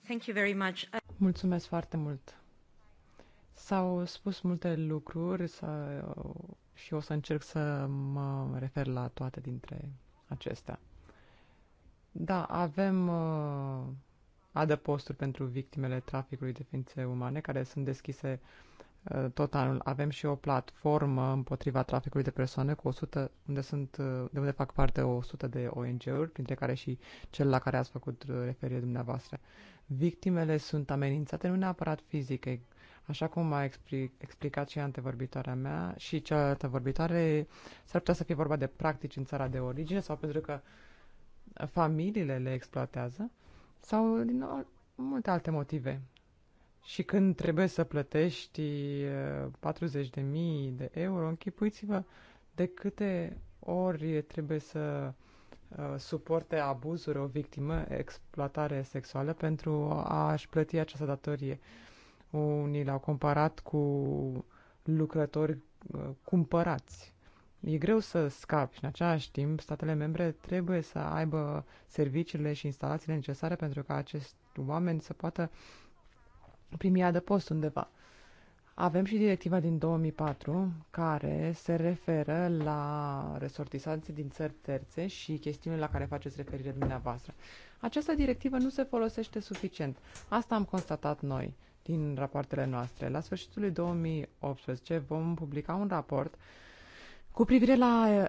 Thank you very much. Mulțumesc foarte mult. S-au spus multe lucruri și o să încerc să mă refer la toate dintre acestea. Da, avem uh, adăposturi pentru victimele traficului de ființe umane care sunt deschise uh, Uh, tot anul. Avem și o platformă împotriva traficului de persoane cu 100, unde sunt, uh, de unde fac parte 100 de ONG-uri, printre care și cel la care ați făcut uh, referire dumneavoastră. Victimele sunt amenințate nu neapărat fizic, așa cum a explicat și antevorbitoarea mea și cealaltă vorbitoare, s-ar putea să fie vorba de practici în țara de origine sau pentru că familiile le exploatează sau din multe alte motive. Și când trebuie să plătești 40.000 uh, de euro, închipuiți-vă de câte ori trebuie să uh, suporte abuzuri, o victimă, exploatare sexuală pentru a-și plăti această datorie. Unii l-au comparat cu lucrători uh, cumpărați. E greu să scapi și în același timp statele membre trebuie să aibă serviciile și instalațiile necesare pentru ca acești oameni să poată uh, primi adăpost undeva. Avem și directiva din 2004 care se referă la resortizanții din țări terțe și chestiunile la care faceți referire dumneavoastră. Această directivă nu se folosește suficient. Asta am constatat noi din rapoartele noastre. La sfârșitul lui 2018 vom publica un raport cu privire la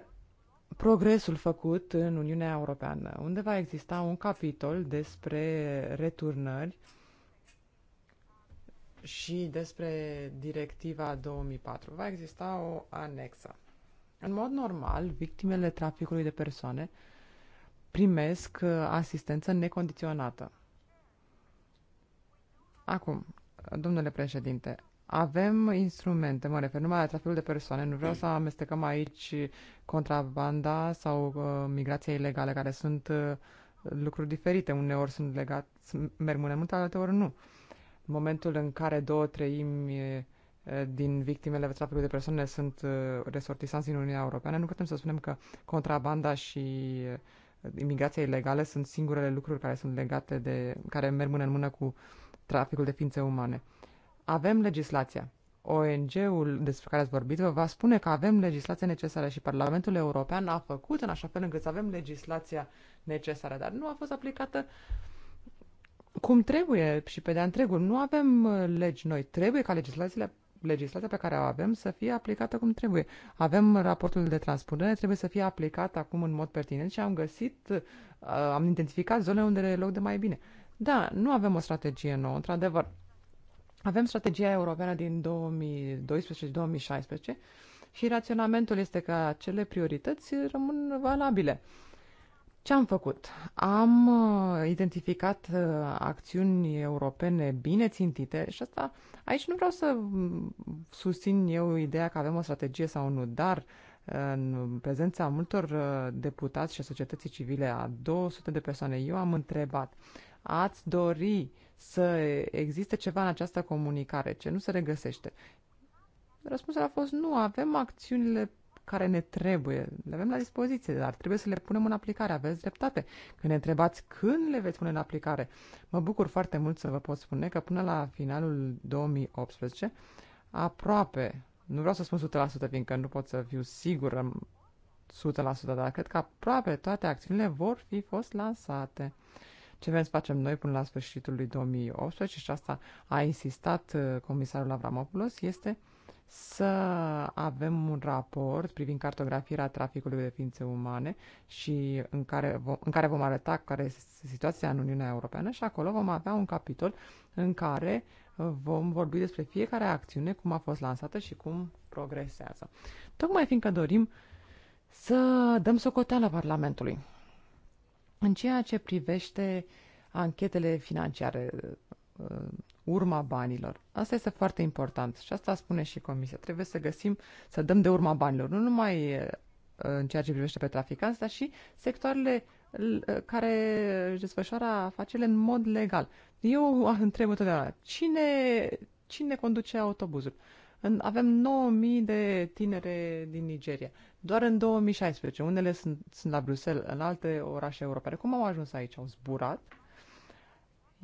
progresul făcut în Uniunea Europeană, unde va exista un capitol despre returnări și despre directiva 2004. Va exista o anexă. În mod normal, victimele traficului de persoane primesc uh, asistență necondiționată. Acum, domnule președinte, avem instrumente, mă refer numai la traficul de persoane, nu vreau să amestecăm aici contrabanda sau uh, migrația ilegală, care sunt uh, lucruri diferite. Uneori sunt legate, merg mână în alteori nu. Uh, momentul în care două treimi din victimele traficului de persoane sunt resortisanți din Uniunea Europeană, nu putem să spunem că contrabanda și imigrația ilegală sunt singurele lucruri care sunt legate de, care merg mână în mână cu traficul de ființe umane. Avem legislația. ONG-ul despre care ați vorbit vă va spune că avem legislația necesară și Parlamentul European a făcut în așa fel încât să avem legislația necesară, dar nu a fost aplicată uh, cum trebuie și pe de-a întregul. Nu avem uh, legi noi. Trebuie ca legislațiile legislația pe care o avem să fie aplicată cum trebuie. Avem raportul de transpunere, trebuie să fie aplicat acum în mod pertinent și am găsit, uh, am identificat zone unde e loc de mai bine. Da, nu avem o strategie nouă, într-adevăr. Avem strategia europeană din 2012-2016 și raționamentul este că acele priorități rămân valabile. Ce am făcut? Am uh, identificat uh, acțiuni europene bine țintite și asta aici nu vreau să mm, susțin eu ideea că avem o strategie sau nu, dar în prezența multor uh, deputați și a societății civile, a 200 de persoane, eu am întrebat, ați dori să existe ceva în această comunicare ce nu se regăsește? Răspunsul a fost nu, avem acțiunile care ne trebuie. Le avem la dispoziție, dar trebuie să le punem în aplicare. Aveți dreptate. Când ne întrebați când le veți pune în aplicare, mă bucur foarte mult să vă pot spune că până la finalul 2018, aproape, nu vreau să spun 100%, fiindcă nu pot să fiu sigură 100%, dar cred că aproape toate acțiunile vor fi fost lansate. Ce vrem să facem noi până la sfârșitul lui 2018 și asta a insistat uh, comisarul Avramopoulos este să avem un raport privind cartografierea traficului de ființe umane și în care, vom, în care vom arăta care este situația în Uniunea Europeană și acolo vom avea un capitol în care vom vorbi despre fiecare acțiune, cum a fost lansată și cum progresează. Tocmai fiindcă dorim să dăm socoteală Parlamentului. În ceea ce privește anchetele financiare, Uh, urma banilor. Asta este foarte important și asta spune și Comisia. Trebuie să găsim, să dăm de urma banilor, nu numai uh, în ceea ce privește pe traficanți, dar și sectoarele uh, care își desfășoară afacerile în mod legal. Eu întreb întotdeauna, cine, cine conduce autobuzul? avem 9000 de tinere din Nigeria. Doar în 2016, unele sunt, sunt la Bruxelles, în alte orașe europene. Cum au ajuns aici? Au zburat?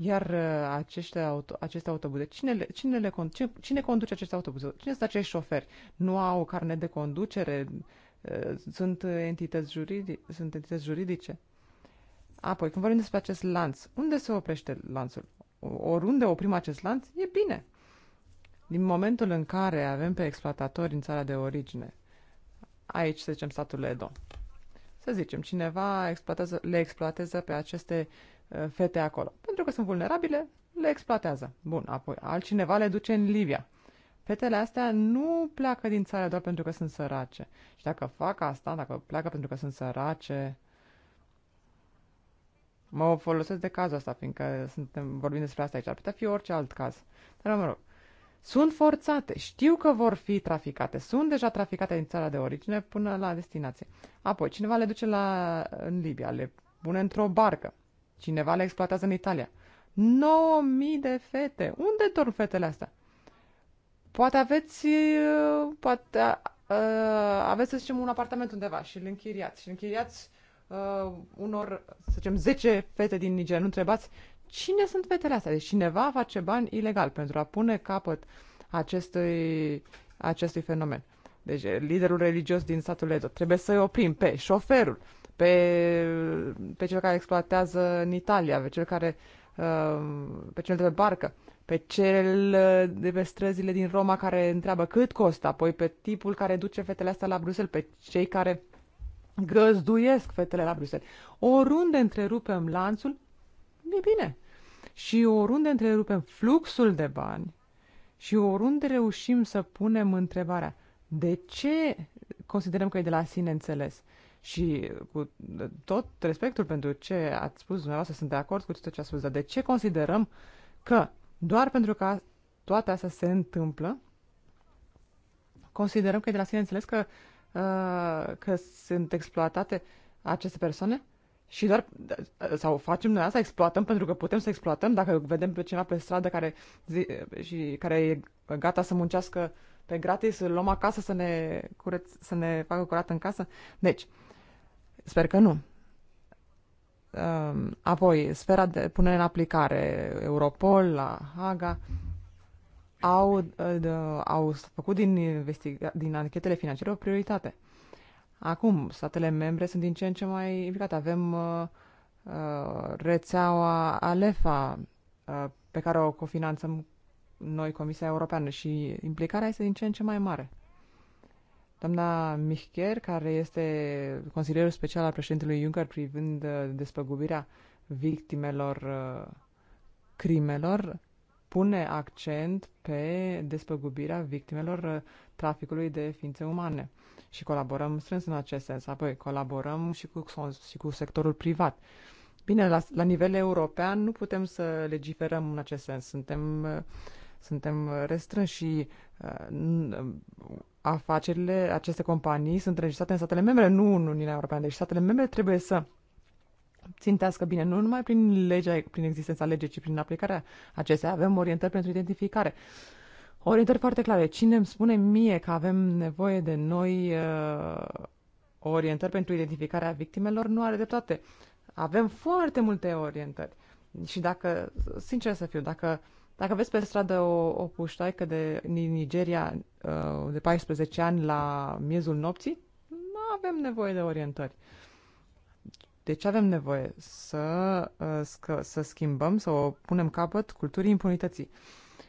Iar uh, aceste, auto, aceste autobuze, cine, le, cine, le, cine, cine conduce aceste autobuze? Cine sunt acești șoferi? Nu au carne de conducere? Uh, sunt entități, juridice, sunt entități juridice? Apoi, când vorbim despre acest lanț, unde se oprește lanțul? Oriunde oprim acest lanț, e bine. Din momentul în care avem pe exploatatori în țara de origine, aici, să zicem, statul Edo, să zicem, cineva exploatează, le exploatează pe aceste uh, Uh, fete acolo. Pentru că sunt vulnerabile, le exploatează. Bun, apoi altcineva le duce în Libia. Fetele astea nu pleacă din țară doar pentru că sunt sărace. Și dacă fac asta, dacă pleacă pentru că sunt sărace, mă folosesc de cazul ăsta, fiindcă suntem, vorbim despre asta aici. Ar putea fi orice alt caz. Dar mă rog, sunt forțate, știu că vor fi traficate, sunt deja traficate din țara de origine până la destinație. Apoi, cineva le duce la, în Libia, le pune într-o barcă. Cineva le exploatează în Italia. 9000 de fete. Unde dorm fetele astea? Poate aveți, uh, poate uh, aveți, să zicem, un apartament undeva și îl închiriați. Și închiriați uh, unor, să zicem, 10 fete din Niger. Nu întrebați cine sunt fetele astea. Deci cineva face bani ilegal pentru a pune capăt acestui, acestui fenomen. Deci liderul religios din satul Edo. Trebuie să-i oprim pe șoferul, pe, pe cel care exploatează în Italia, pe cel care uh, pe cel de pe barcă, pe cel uh, de pe străzile din Roma care întreabă cât costă, apoi pe tipul care duce fetele astea la Bruxelles, pe cei care găzduiesc fetele la Bruxelles. Oriunde întrerupem lanțul, e bine. Și oriunde întrerupem fluxul de bani și oriunde reușim să punem întrebarea de ce considerăm că e de la sine înțeles și cu tot respectul pentru ce ați spus dumneavoastră, sunt de acord cu tot ce ați spus, dar de ce considerăm că doar pentru că toate astea se întâmplă, considerăm că e de la sine înțeles că, uh, că sunt exploatate aceste persoane? Și doar, uh, sau facem noi asta, exploatăm pentru că putem să exploatăm, dacă vedem pe cineva pe stradă care, zi, și care e gata să muncească pe gratis, îl luăm acasă să ne, cureț, să ne facă curat în casă. Deci, uh, Sper că nu. Ehm, apoi, sfera de punere în aplicare, Europol, la Haga, au, eh, au făcut din, investiga- din anchetele financiare o prioritate. Acum, statele membre sunt din ce în ce mai implicate. Avem uh, uh, rețeaua Alefa, uh, pe care o cofinanțăm noi, Comisia Europeană, și implicarea este din ce în ce mai mare. Doamna Michcher, care este consilierul special al președintelui Juncker privind uh, despăgubirea victimelor uh, crimelor, pune accent pe despăgubirea victimelor uh, traficului de ființe umane și colaborăm strâns în acest sens. Apoi colaborăm și cu, și cu sectorul privat. Bine, la, la nivel european nu putem să legiferăm în acest sens. Suntem uh, suntem restrânși și uh, afacerile, aceste companii sunt registrate în statele membre, nu în Uniunea Europeană. Deci statele membre trebuie să țintească bine, nu numai prin legea, prin existența legii, ci prin aplicarea acestea. Avem orientări pentru identificare. Orientări foarte clare. Cine îmi spune mie că avem nevoie de noi uh, orientări pentru identificarea victimelor, nu are dreptate. Avem foarte multe orientări. Și dacă, sincer să fiu, dacă uh, dacă vezi pe stradă o, o puștoaică de, din Nigeria uh, de 14 ani la miezul nopții, nu avem nevoie de orientări. De ce avem nevoie? Să, uh, să schimbăm, să o punem capăt culturii impunității.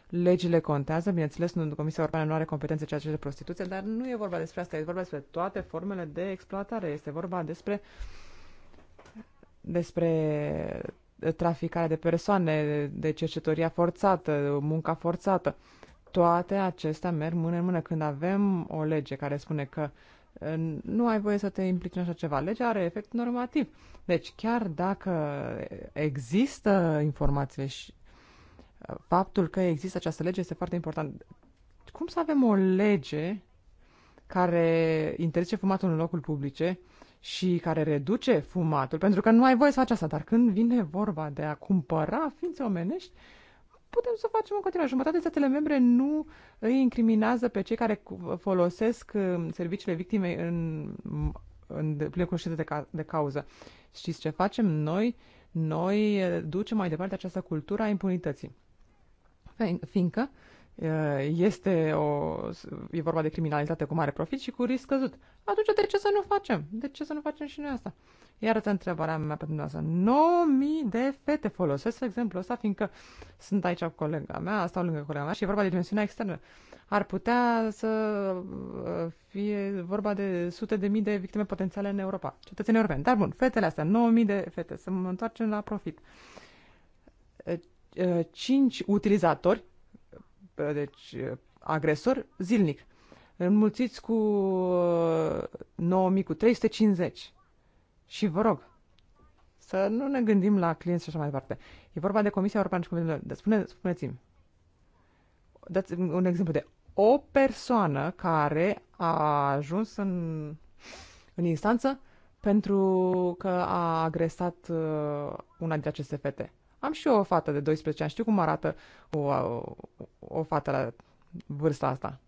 Legile contează, bineînțeles, nu, Comisia Europeană nu are competențe ceea ce de prostituție, dar nu e vorba despre asta, e vorba despre toate formele de exploatare, este vorba despre despre traficarea de persoane, de cercetoria forțată, munca forțată. Toate acestea merg mână în mână. Când avem o lege care spune că uh, nu ai voie să te implici în așa ceva. Legea are efect normativ. Deci chiar dacă există informațiile și uh, faptul că există această lege este foarte important. Cum să avem o lege care interzice fumatul în locul publice și care reduce fumatul, pentru că nu ai voie să faci asta, dar când vine vorba de a cumpăra ființe omenești, putem să facem în continuare. Jumătate de statele membre nu îi incriminează pe cei care folosesc um, serviciile victimei în, în plină cunoștință de, ca, de cauză. Știți ce facem? Noi, noi eh, ducem mai departe această cultură a impunității. Fiindcă Eh, este o, e vorba de criminalitate cu mare profit și cu risc scăzut. Atunci de ce să nu facem? De ce să nu facem și noi asta? Iar întrebarea mea pentru dumneavoastră. 9000 de fete folosesc exemplul ăsta, fiindcă sunt aici cu colega mea, stau lângă colega mea și e vorba de dimensiunea externă. Ar putea să eh, fie vorba de sute de mii de victime potențiale în Europa, cetățeni europeni. Dar bun, fetele astea, 9000 de fete, să mă întoarcem la profit. 5 eh, utilizatori deci, agresor zilnic. Înmulțiți cu 9000, uh, cu 350. Și vă rog, să nu ne gândim la clienți și așa mai departe. E vorba de Comisia Europeană și Comisia de Spune, Spuneți-mi, dați un exemplu de o persoană care a ajuns în, în instanță pentru că a agresat uh, una dintre aceste fete. Am și eu o fată de 12 ani. Știu cum arată o, o, o fată la vârsta asta.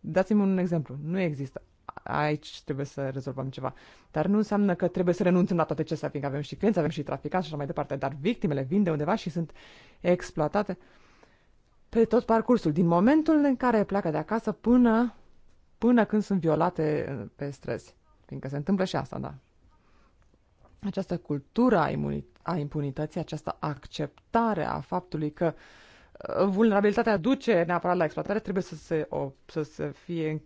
Dați-mi un exemplu. Nu există. Aici trebuie să rezolvăm ceva. Dar nu înseamnă că trebuie să renunțăm la toate acestea, fiindcă avem și clienți, avem și traficanți și așa mai departe. Dar victimele vin de undeva și sunt exploatate pe tot parcursul, din momentul în care pleacă de acasă până, până când sunt violate pe străzi. Fiindcă se întâmplă și asta, da. Această cultură a imunității a impunității, această acceptare a faptului că uh, vulnerabilitatea duce neapărat la exploatare, trebuie să se, o, să se fie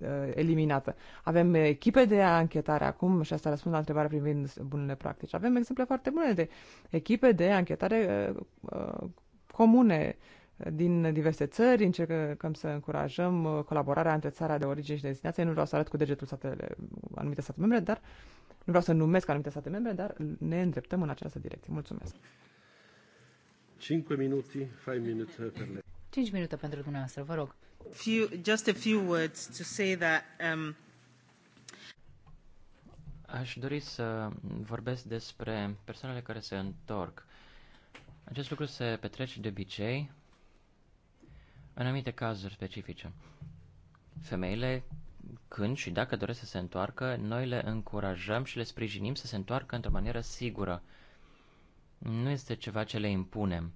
uh, eliminată. Avem echipe de anchetare acum, și asta răspund la întrebarea privind bunele practici. Avem exemple foarte bune de echipe de anchetare uh, comune din diverse țări, încercăm să încurajăm colaborarea între țara de origine și de destinație. Nu vreau să arăt cu degetul statele, anumite state membre, dar uh, nu vreau să numesc anumite state membre, dar ne îndreptăm în această direcție. Mulțumesc. 5 minute, 5 minute per lei. 5 minute pentru dumneavoastră, vă rog. Few, just a few words to say that um... Aș dori să vorbesc despre persoanele care se întorc. Acest lucru se petrece de obicei în anumite cazuri specifice. Femeile când și dacă doresc să se întoarcă, noi le încurajăm și le sprijinim să se întoarcă într-o manieră sigură. Nu este ceva ce le impunem.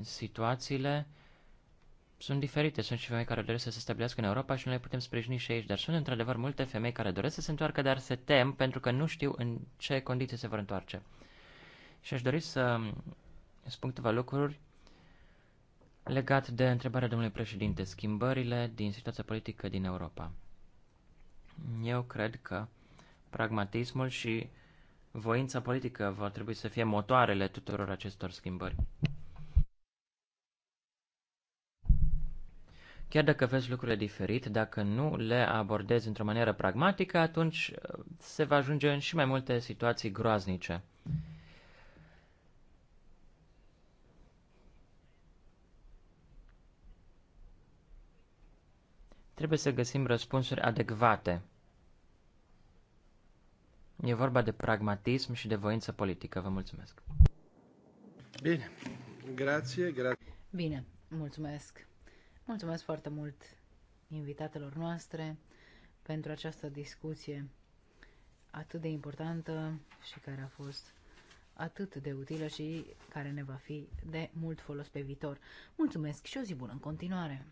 Situațiile sunt diferite. Sunt și femei care doresc să se stabilească în Europa și noi le putem sprijini și aici, dar sunt într-adevăr multe femei care doresc să se întoarcă, dar se tem pentru că nu știu în ce condiții se vor întoarce. Și aș dori să spun câteva lucruri Legat de întrebarea domnului președinte, schimbările din situația politică din Europa. Eu cred că pragmatismul și voința politică vor trebui să fie motoarele tuturor acestor schimbări. Chiar dacă vezi lucrurile diferit, dacă nu le abordezi într-o manieră pragmatică, atunci uh, se va ajunge în și mai multe situații groaznice. Trebuie să găsim răspunsuri adecvate. E vorba de pragmatism și de voință politică. Vă mulțumesc. Bine. Grație, grație. Bine, mulțumesc. Mulțumesc foarte mult invitatelor noastre pentru această discuție atât de importantă și care a fost atât de utilă și care ne va fi de mult folos pe viitor. Mulțumesc și o zi bună în continuare!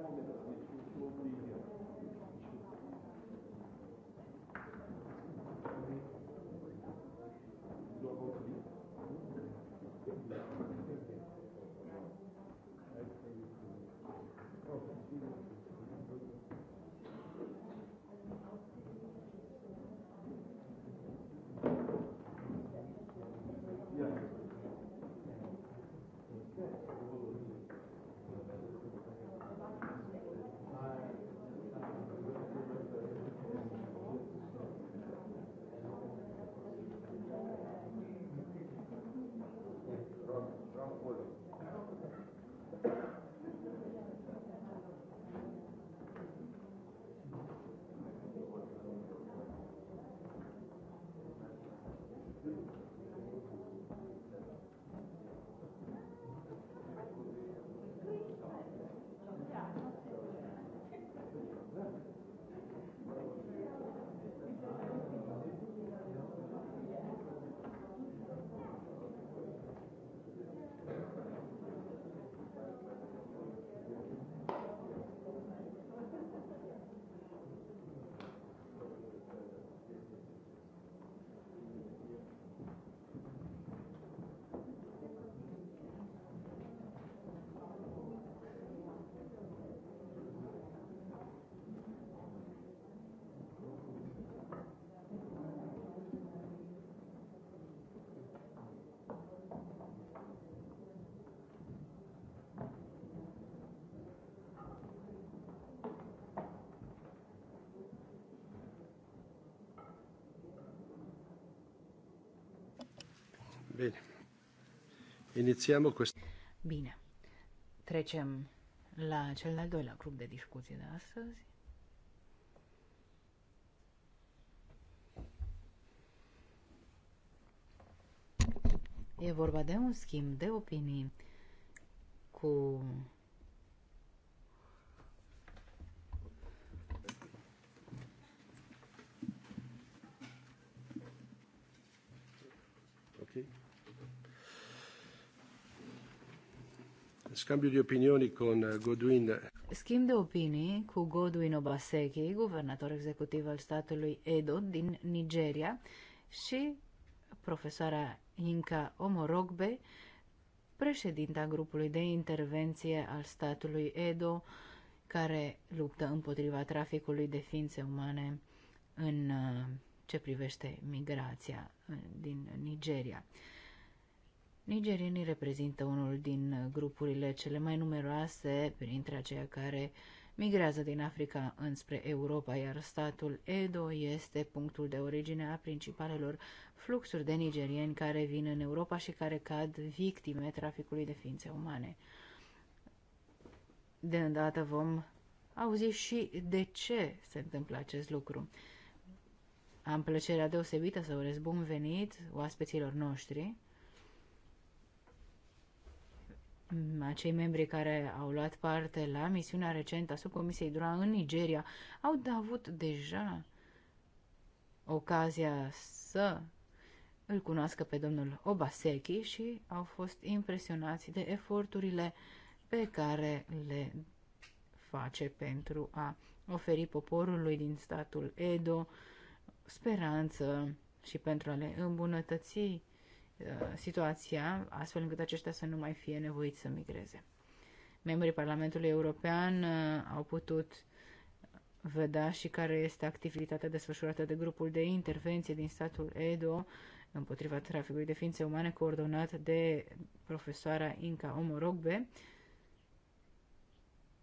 cum de Bine. Inițiamo cu. Bine. Trecem la cel de-al doilea grup de discuții de astăzi. E vorba de un schimb de opinii cu Scambio di opinioni con eh, Godwin. Schimb de opinii cu Godwin Obaseki, guvernator executiv al statului Edo din Nigeria și profesoara Inca Omorogbe, președinta grupului de intervenție al statului Edo, care luptă împotriva traficului de ființe umane în eh, ce privește migrația eh, din Nigeria. Nigerienii reprezintă unul din grupurile cele mai numeroase printre aceia care migrează din Africa înspre Europa, iar statul Edo este punctul de origine a principalelor fluxuri de nigerieni care vin în Europa și care cad victime traficului de ființe umane. De îndată vom auzi și de ce se întâmplă acest lucru. Am plăcerea deosebită să urez bun venit oaspeților noștri, acei membri care au luat parte la misiunea recentă a subcomisiei Dura în Nigeria au avut deja ocazia să îl cunoască pe domnul Obaseki și au fost impresionați de eforturile pe care le face pentru a oferi poporului din statul Edo speranță și pentru a le îmbunătăți Uh, situația, astfel încât aceștia să nu mai fie nevoiți să migreze. Membrii Parlamentului European uh, au putut vedea și care este activitatea desfășurată de grupul de intervenție din statul Edo împotriva traficului de ființe umane coordonat de profesoara Inca Omorogbe.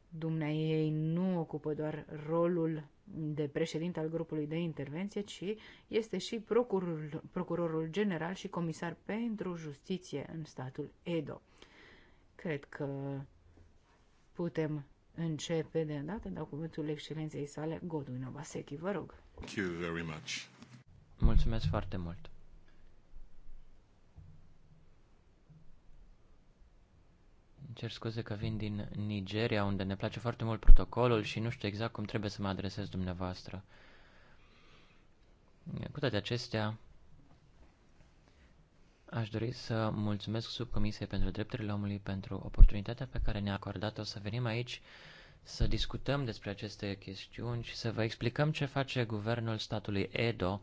Dumnea ei nu ocupă doar rolul de președinte al grupului de intervenție, ci este și procurorul, procurorul general și comisar pentru justiție în statul Edo. Cred că putem începe de îndată, dau cuvântul excelenței sale, Godwin Obasechi, vă rog. Thank you very much. Mulțumesc foarte mult. cer scuze că vin din Nigeria, unde ne place foarte mult protocolul și nu știu exact cum trebuie să mă adresez dumneavoastră. Cu toate acestea, aș dori să mulțumesc subcomisiei pentru drepturile omului pentru oportunitatea pe care ne-a acordat-o să venim aici să discutăm despre aceste chestiuni și să vă explicăm ce face guvernul statului Edo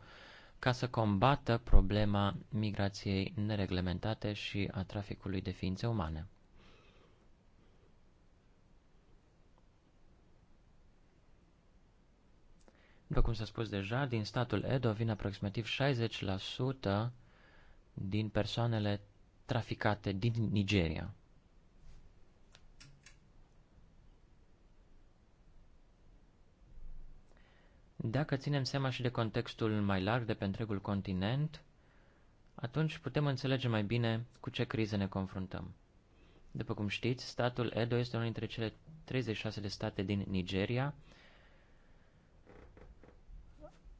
ca să combată problema migrației nereglementate și a traficului de ființe umane. După cum s-a spus deja, din statul Edo vin aproximativ 60% din persoanele traficate din Nigeria. Dacă ținem seama și de contextul mai larg de pe întregul continent, atunci putem înțelege mai bine cu ce crize ne confruntăm. După cum știți, statul Edo este unul dintre cele 36 de state din Nigeria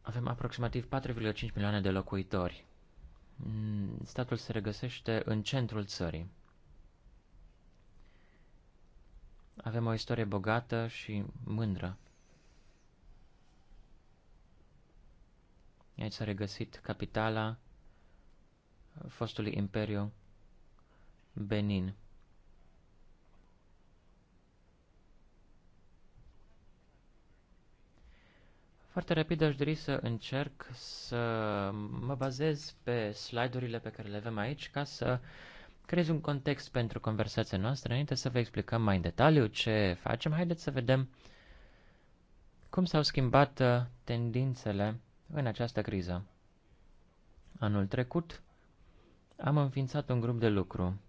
avem aproximativ 4,5 milioane de locuitori. Mm, statul se regăsește în centrul țării. Avem o istorie bogată și mândră. Aici s-a regăsit capitala fostului imperiu Benin. Foarte rapid aș dori să încerc să mă bazez pe slide-urile pe care le avem aici ca să creez un context pentru conversația noastră. Înainte să vă explicăm mai în detaliu ce facem, haideți să vedem cum s-au schimbat uh, tendințele în această criză. Anul trecut am înființat un grup de lucru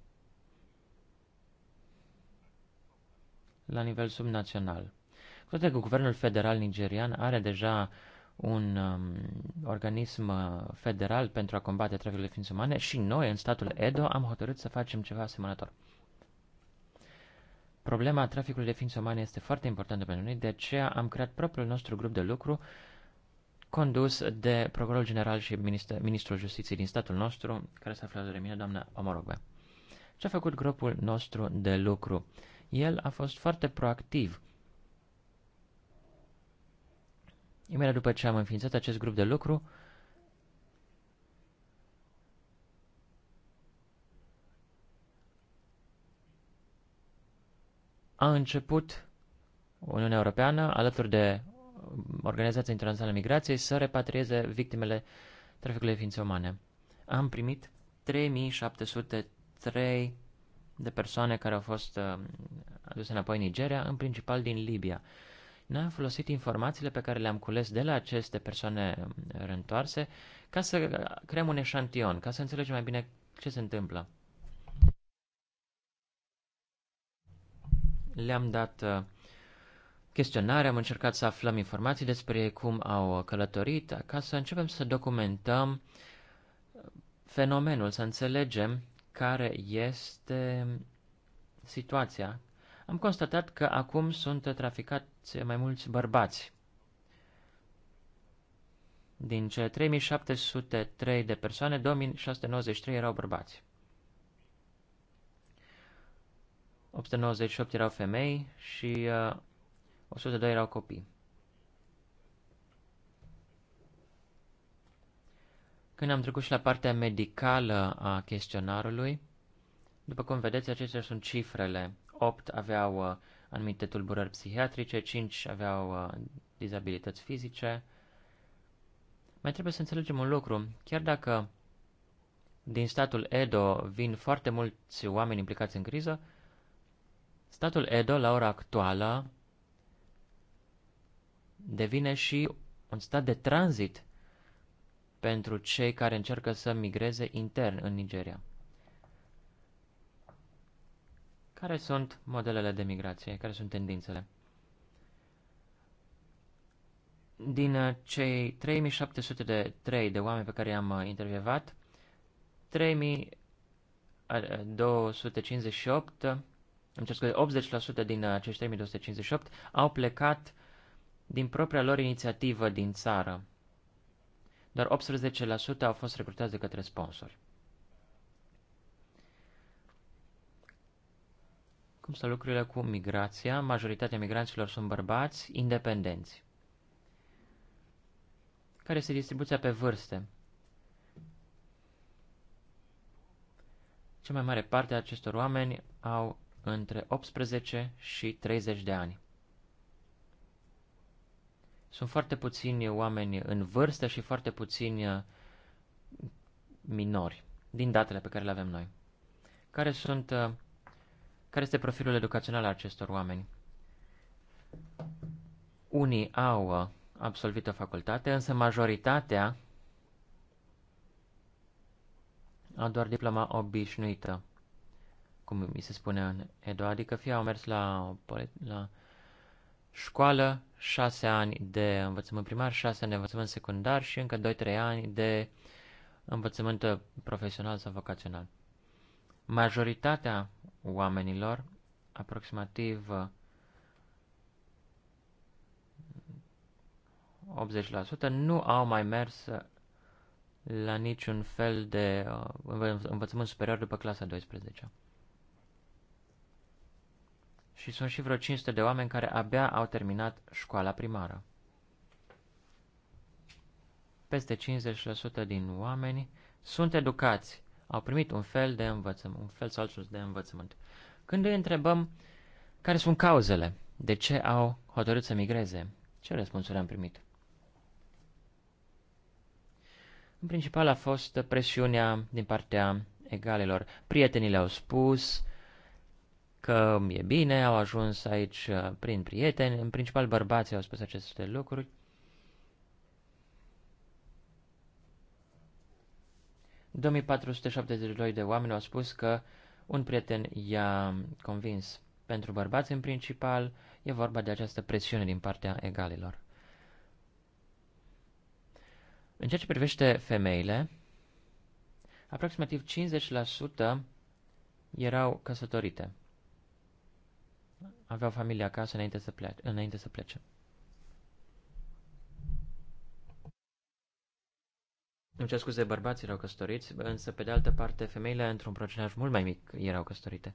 la nivel subnațional. Cu toate că guvernul federal nigerian are deja un um, organism uh, federal pentru a combate traficul de ființe umane și noi, în statul Edo, am hotărât să facem ceva asemănător. Problema traficului de ființe umane este foarte importantă pentru noi, de aceea am creat propriul nostru grup de lucru condus de Procurorul General și Ministrul Ministrul Justiției din statul nostru, care se află alături de mine, doamna Omorogbe. Ce a făcut grupul nostru de lucru? El a fost foarte proactiv Imediat după ce am înființat acest grup de lucru, a început Uniunea Europeană, alături de Organizația Internațională a Migrației, să repatrieze victimele traficului de ființe umane. Am primit 3703 de persoane care au fost uh, aduse înapoi în Nigeria, în principal din Libia ne am folosit informațiile pe care le-am cules de la aceste persoane mm, rântoarse ca să creăm un eșantion, ca să înțelegem mai bine ce se întâmplă. Le-am dat uh, chestionare, am încercat să aflăm informații despre cum au călătorit, ca să începem să documentăm fenomenul, să înțelegem care este situația. Am constatat că acum sunt traficat, mai mulți bărbați. Din cele 3703 de persoane, 2693 erau bărbați. 898 erau femei și uh, 102 erau copii. Când am trecut și la partea medicală a chestionarului, după cum vedeți, acestea sunt cifrele. 8 aveau uh, anumite tulburări psihiatrice, 5 aveau uh, dizabilități fizice. Mai trebuie să înțelegem un lucru. Chiar dacă din statul Edo vin foarte mulți oameni implicați în criză, statul Edo, la ora actuală, devine și un stat de tranzit pentru cei care încearcă să migreze intern în Nigeria. Care sunt modelele de migrație? Care sunt tendințele? Din uh, cei 3.700 de oameni pe care i-am uh, intervievat, 3258, uh, îmi cer scuze, 80% din acești 3258 au plecat din propria lor inițiativă din țară. Doar 18% au fost recrutați de către sponsori. cum stau lucrurile cu migrația. Majoritatea migranților sunt bărbați independenți. Care este distribuția pe vârste? Cea mai mare parte a acestor oameni au între 18 și 30 de ani. Sunt foarte puțini oameni în vârstă și foarte puțini uh, minori, din datele pe care le avem noi. Care sunt uh, care este profilul educațional al acestor oameni? Unii au uh, absolvit o facultate, însă majoritatea au doar diploma obișnuită, cum mi se spune în Edo, adică fie au mers la, la școală, șase ani de învățământ primar, șase ani de învățământ secundar și încă 2-3 ani de învățământ profesional sau vocațional. Majoritatea oamenilor, aproximativ 80% uh, nu au mai mers uh, la niciun fel de uh, învățământ superior după clasa 12. Și sunt și vreo 500 de oameni care abia au terminat școala primară. Peste 50% din oameni sunt educați au primit un fel de învățământ, un fel sau altul de învățământ. Când îi întrebăm care sunt cauzele, de ce au hotărât să migreze, ce răspunsuri am primit? În principal a fost presiunea din partea egalelor. Prietenii le-au spus că e bine, au ajuns aici uh, prin prieteni, în principal bărbații au spus aceste lucruri. 2472 de oameni au spus că un prieten i-a convins. Pentru bărbați, în principal, e vorba de această presiune din partea egalilor. În ceea ce privește femeile, aproximativ 50% erau căsătorite. Aveau familia acasă înainte să plece. Înainte să plece. Îmi cer scuze, bărbații erau căsătoriți, însă, pe de altă parte, femeile, într-un procentaj mult mai mic, erau căsătorite.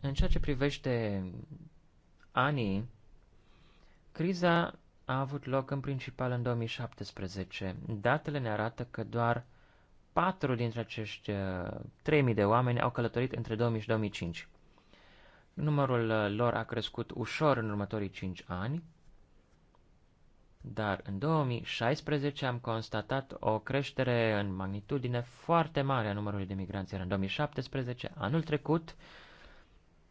În ceea ce privește anii, criza a avut loc în principal în 2017. Datele ne arată că doar 4 dintre acești 3000 uh, de oameni au călătorit între 2000 și 2005. Numărul uh, lor a crescut ușor în următorii 5 ani, dar în 2016 am constatat o creștere în magnitudine foarte mare a numărului de migranți, iar în 2017, anul trecut,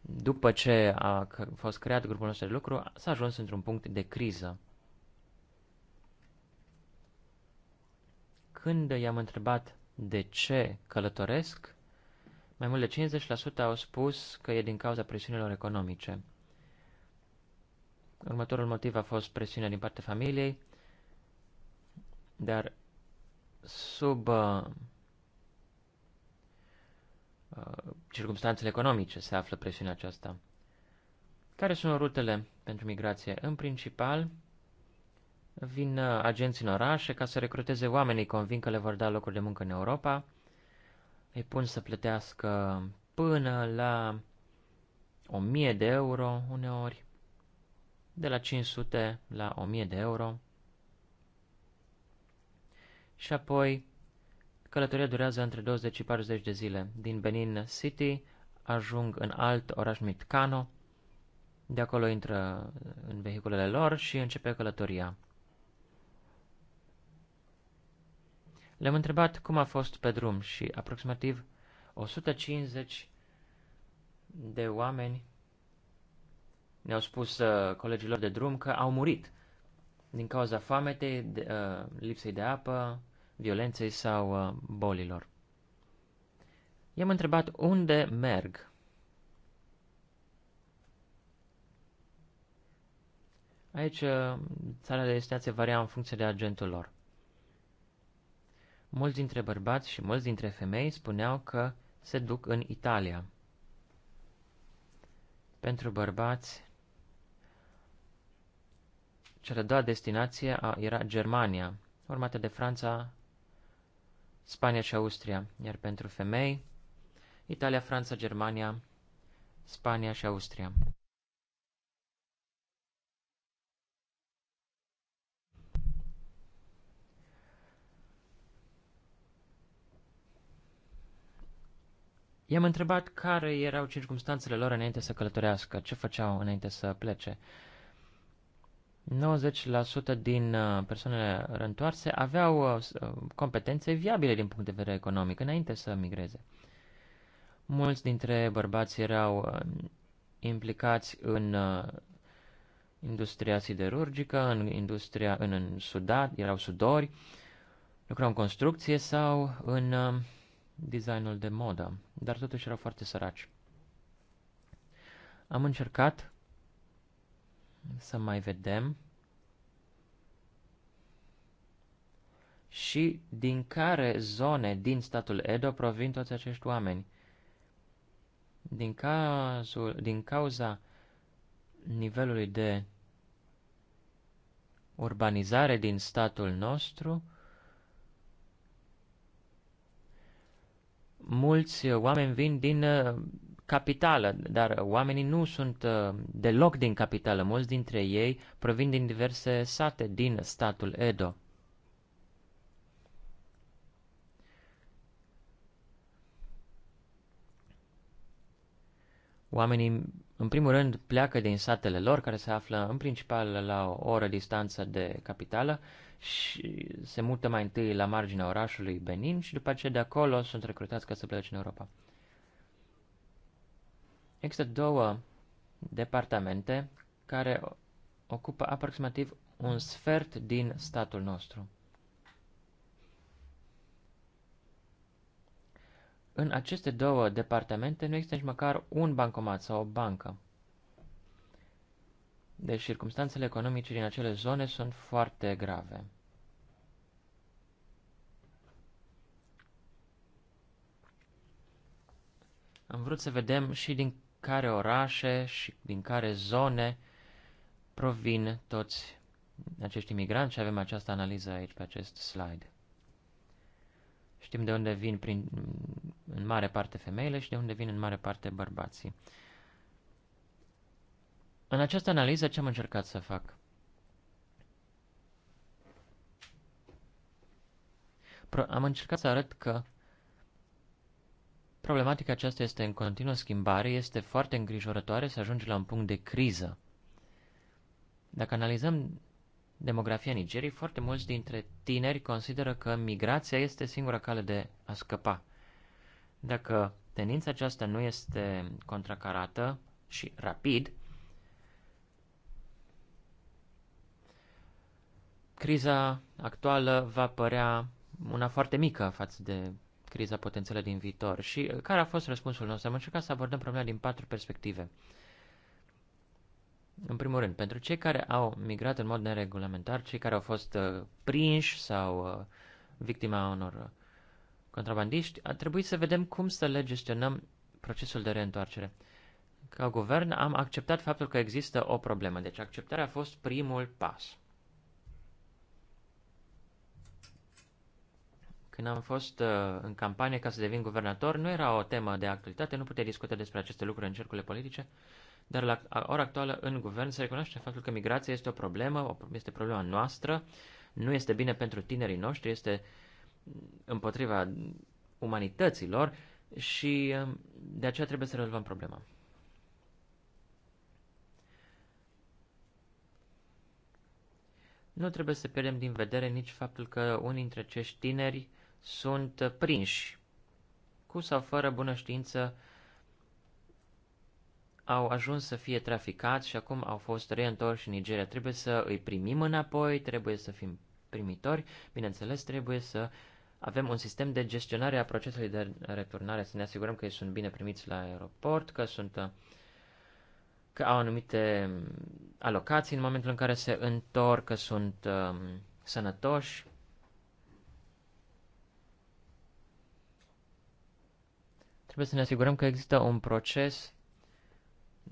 după ce a fost creat grupul nostru de lucru, s-a ajuns într-un punct de criză. Când i-am întrebat de ce călătoresc, mai mult de 50% au spus că e din cauza presiunilor economice. Următorul motiv a fost presiunea din partea familiei, dar sub uh, uh, circumstanțele economice se află presiunea aceasta. Care sunt rutele pentru migrație? În principal, Vin uh, agenți în orașe ca să recruteze oamenii, convin că le vor da locuri de muncă în Europa. Îi pun să plătească până la 1000 de euro uneori, de la 500 la 1000 de euro. Și apoi, călătoria durează între 20 și 40 de zile. Din Benin City ajung în alt oraș Mitcano, de acolo intră în vehiculele lor și începe călătoria. Le-am întrebat cum a fost pe drum și aproximativ 150 de oameni ne-au spus uh, colegilor de drum că au murit din cauza foametei, de, uh, lipsei de apă, violenței sau uh, bolilor. I-am întrebat unde merg. Aici, uh, țara de destinație varia în funcție de agentul lor. Mulți dintre bărbați și mulți dintre femei spuneau că se duc în Italia. Pentru bărbați, cea de-a doua destinație era Germania, urmată de Franța, Spania și Austria, iar pentru femei, Italia, Franța, Germania, Spania și Austria. I-am întrebat care erau circumstanțele lor înainte să călătorească, ce făceau înainte să plece. 90% din uh, persoanele rântoarse aveau uh, uh, competențe viabile din punct de vedere economic înainte să migreze. Mulți dintre bărbați erau implicați în industria siderurgică, în industria în, în sudat, erau sudori, lucrau în construcție sau în designul de modă, dar totuși erau foarte săraci. Am încercat să mai vedem și din care zone din statul Edo provin toți acești oameni. Din, cazul, din cauza nivelului de urbanizare din statul nostru, mulți uh, oameni vin din uh, capitală, dar oamenii nu sunt uh, deloc din capitală. Mulți dintre ei provin din diverse sate din statul Edo. Oamenii în primul rând, pleacă din satele lor, care se află în principal la o oră distanță de capitală, și se mută mai întâi la marginea orașului Benin și după aceea de acolo sunt recrutați ca să plece în Europa. Există două departamente care ocupă aproximativ un sfert din statul nostru. În aceste două departamente nu există nici măcar un bancomat sau o bancă. Deci circumstanțele economice din acele zone sunt foarte grave. Am vrut să vedem și din care orașe și din care zone provin toți acești imigranți și avem această analiză aici pe acest slide. Știm de unde vin prin, în mare parte femeile și de unde vin în mare parte bărbații. În această analiză ce am încercat să fac? Am încercat să arăt că problematica aceasta este în continuă schimbare, este foarte îngrijorătoare să ajungi la un punct de criză. Dacă analizăm demografia Nigeriei, foarte mulți dintre tineri consideră că migrația este singura cale de a scăpa. Dacă tendința aceasta nu este contracarată și rapid, criza actuală va părea una foarte mică față de criza potențială din viitor. Și care a fost răspunsul nostru? Am încercat să abordăm problema din patru perspective. În primul rând, pentru cei care au migrat în mod neregulamentar, cei care au fost uh, prinși sau uh, victima unor uh, contrabandiști, a trebuit să vedem cum să le gestionăm procesul de reîntoarcere. Ca guvern am acceptat faptul că există o problemă, deci acceptarea a fost primul pas. Când am fost uh, în campanie ca să devin guvernator, nu era o temă de actualitate, nu puteai discuta despre aceste lucruri în cercurile politice, uh, dar la ora actuală în guvern se recunoaște faptul că migrația este o problemă, este problema noastră, nu este bine pentru tinerii noștri, este împotriva umanităților și um, de aceea trebuie să rezolvăm problema. Nu trebuie să pierdem din vedere nici faptul că unii dintre acești tineri sunt prinși, cu sau fără bună știință, au ajuns să fie traficați și acum au fost reîntorși în Nigeria. Trebuie să îi primim înapoi, trebuie să fim primitori, bineînțeles, trebuie să avem un sistem de gestionare a procesului de returnare, să ne asigurăm că ei sunt bine primiți la aeroport, că sunt că au anumite alocații în momentul în care se întorc, că sunt um, sănătoși. Trebuie să ne asigurăm că există un proces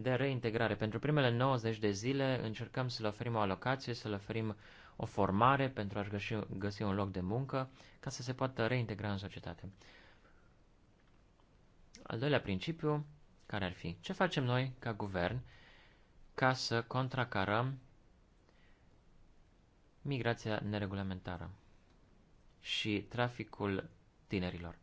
de reintegrare. Pentru primele 90 de zile încercăm să le oferim o alocație, să le oferim o formare pentru a-și găsi, găsi un loc de muncă ca să se poată reintegra în societate. Al doilea principiu, care ar fi ce facem noi ca guvern ca să contracarăm migrația neregulamentară și traficul tinerilor.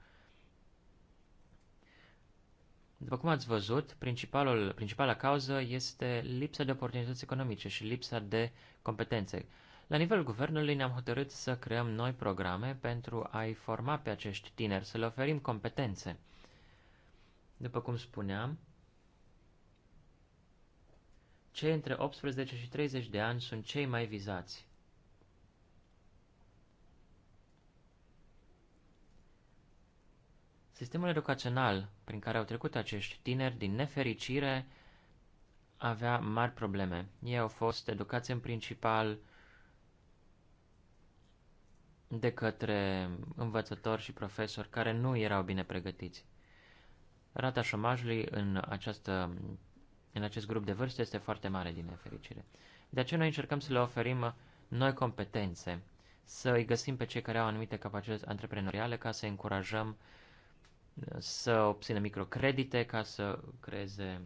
După cum ați văzut, principalul, principala cauză este lipsa de oportunități economice și lipsa de competențe. La nivelul guvernului ne-am hotărât să creăm noi programe pentru a-i forma pe acești tineri, să le oferim competențe. După cum spuneam, cei între 18 și 30 de ani sunt cei mai vizați. Sistemul educațional prin care au trecut acești tineri, din nefericire, avea mari probleme. Ei au fost educați în principal de către învățători și profesori care nu erau bine pregătiți. Rata șomajului în, această, în acest grup de vârstă este foarte mare, din nefericire. De aceea noi încercăm să le oferim noi competențe, să îi găsim pe cei care au anumite capacități antreprenoriale ca să încurajăm să obțină microcredite ca să creeze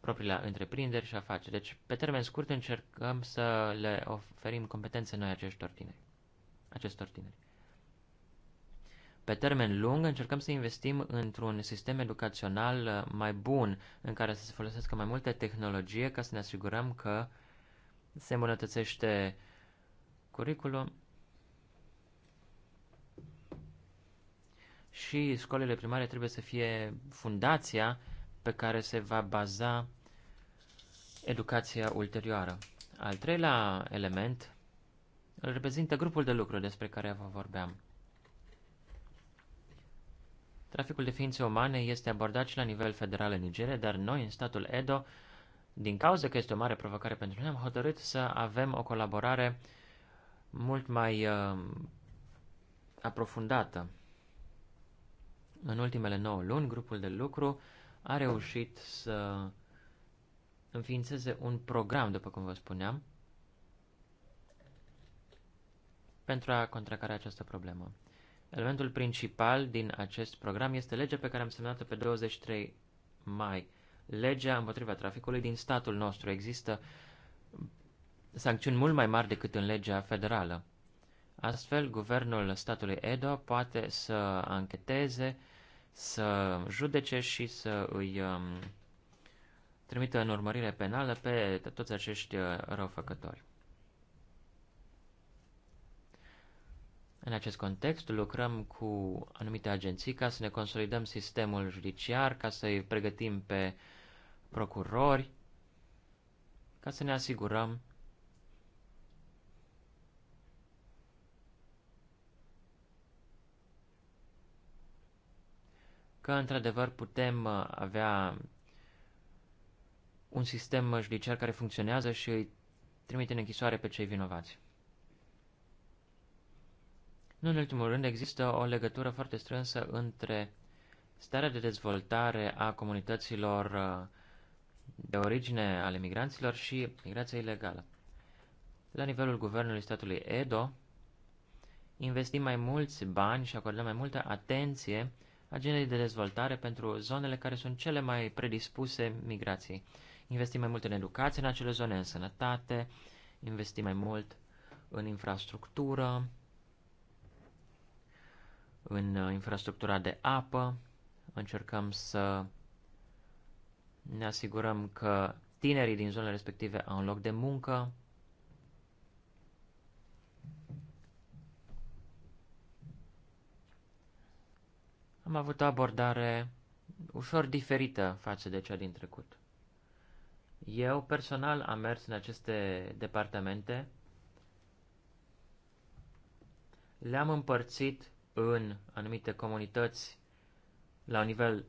propriile întreprinderi și afaceri. Deci, pe termen scurt, încercăm să le oferim competențe noi acestor tineri. Acestor tineri. Pe termen lung, încercăm să investim într-un sistem educațional uh, mai bun, în care să se folosească mai multe tehnologie ca să ne asigurăm că se îmbunătățește curriculum și școlile primare trebuie să fie fundația pe care se va baza educația ulterioară. Al treilea element îl reprezintă grupul de lucru despre care vă vorbeam. Traficul de ființe umane este abordat și la nivel federal în Nigeria, dar noi, în statul Edo, din cauza că este o mare provocare pentru noi, am hotărât să avem o colaborare mult mai uh, aprofundată în ultimele 9 luni, grupul de lucru a reușit să înființeze un program, după cum vă spuneam, pentru a contracara această problemă. Elementul principal din acest program este legea pe care am semnat-o pe 23 mai. Legea împotriva traficului din statul nostru. Există sancțiuni mult mai mari decât în legea federală. Astfel, guvernul statului Edo poate să ancheteze, să judece și să îi um, trimită în urmărire penală pe toți acești uh, răufăcători. În acest context, lucrăm cu anumite agenții ca să ne consolidăm sistemul judiciar, ca să îi pregătim pe procurori, ca să ne asigurăm că într-adevăr putem uh, avea un sistem judiciar care funcționează și îi trimite în închisoare pe cei vinovați. Nu în ultimul rând, există o legătură foarte strânsă între starea de dezvoltare a comunităților uh, de origine ale migranților și migrația ilegală. La nivelul guvernului statului Edo, investim mai mulți bani și acordăm mai multă atenție agendei de dezvoltare pentru zonele care sunt cele mai predispuse migrației. Investim mai mult în educație în acele zone, în sănătate, investim mai mult în infrastructură, în uh, infrastructura de apă, încercăm să ne asigurăm că tinerii din zonele respective au un loc de muncă, am avut o abordare ușor diferită față de cea din trecut. Eu personal am mers în aceste departamente, le-am împărțit în anumite comunități la un nivel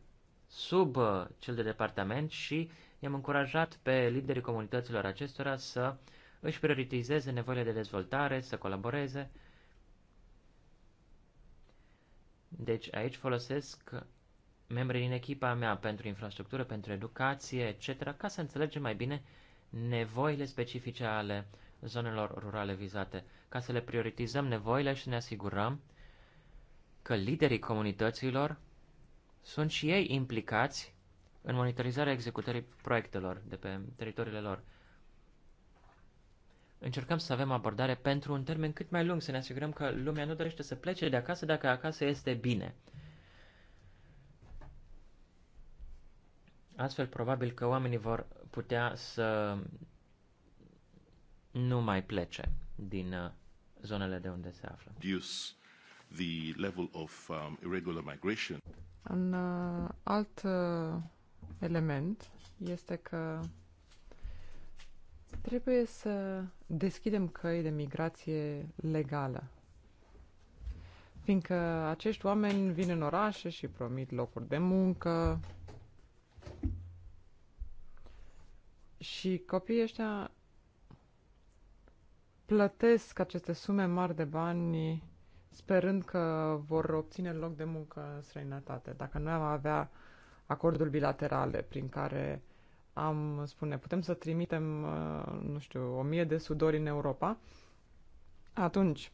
sub uh, cel de departament și i-am încurajat pe liderii comunităților acestora să își prioritizeze nevoile de dezvoltare, să colaboreze deci aici folosesc membrii din echipa mea pentru infrastructură, pentru educație, etc., ca să înțelegem mai bine nevoile specifice ale zonelor rurale vizate, ca să le prioritizăm nevoile și ne asigurăm că liderii comunităților sunt și ei implicați în monitorizarea executării proiectelor de pe teritoriile lor încercăm să avem abordare pentru un termen cât mai lung, să ne asigurăm că lumea nu dorește să plece de acasă dacă acasă este bine. Astfel, probabil că oamenii vor putea să nu mai plece din uh, zonele de unde se află. The level of, um, irregular migration. Un uh, alt uh, element este că Trebuie să deschidem căi de migrație legală. Fiindcă acești oameni vin în orașe și promit locuri de muncă. Și copiii ăștia plătesc aceste sume mari de bani sperând că vor obține loc de muncă în străinătate. Dacă noi am avea acorduri bilaterale prin care am spune, putem să trimitem, uh, nu știu, o mie de sudori în Europa, atunci,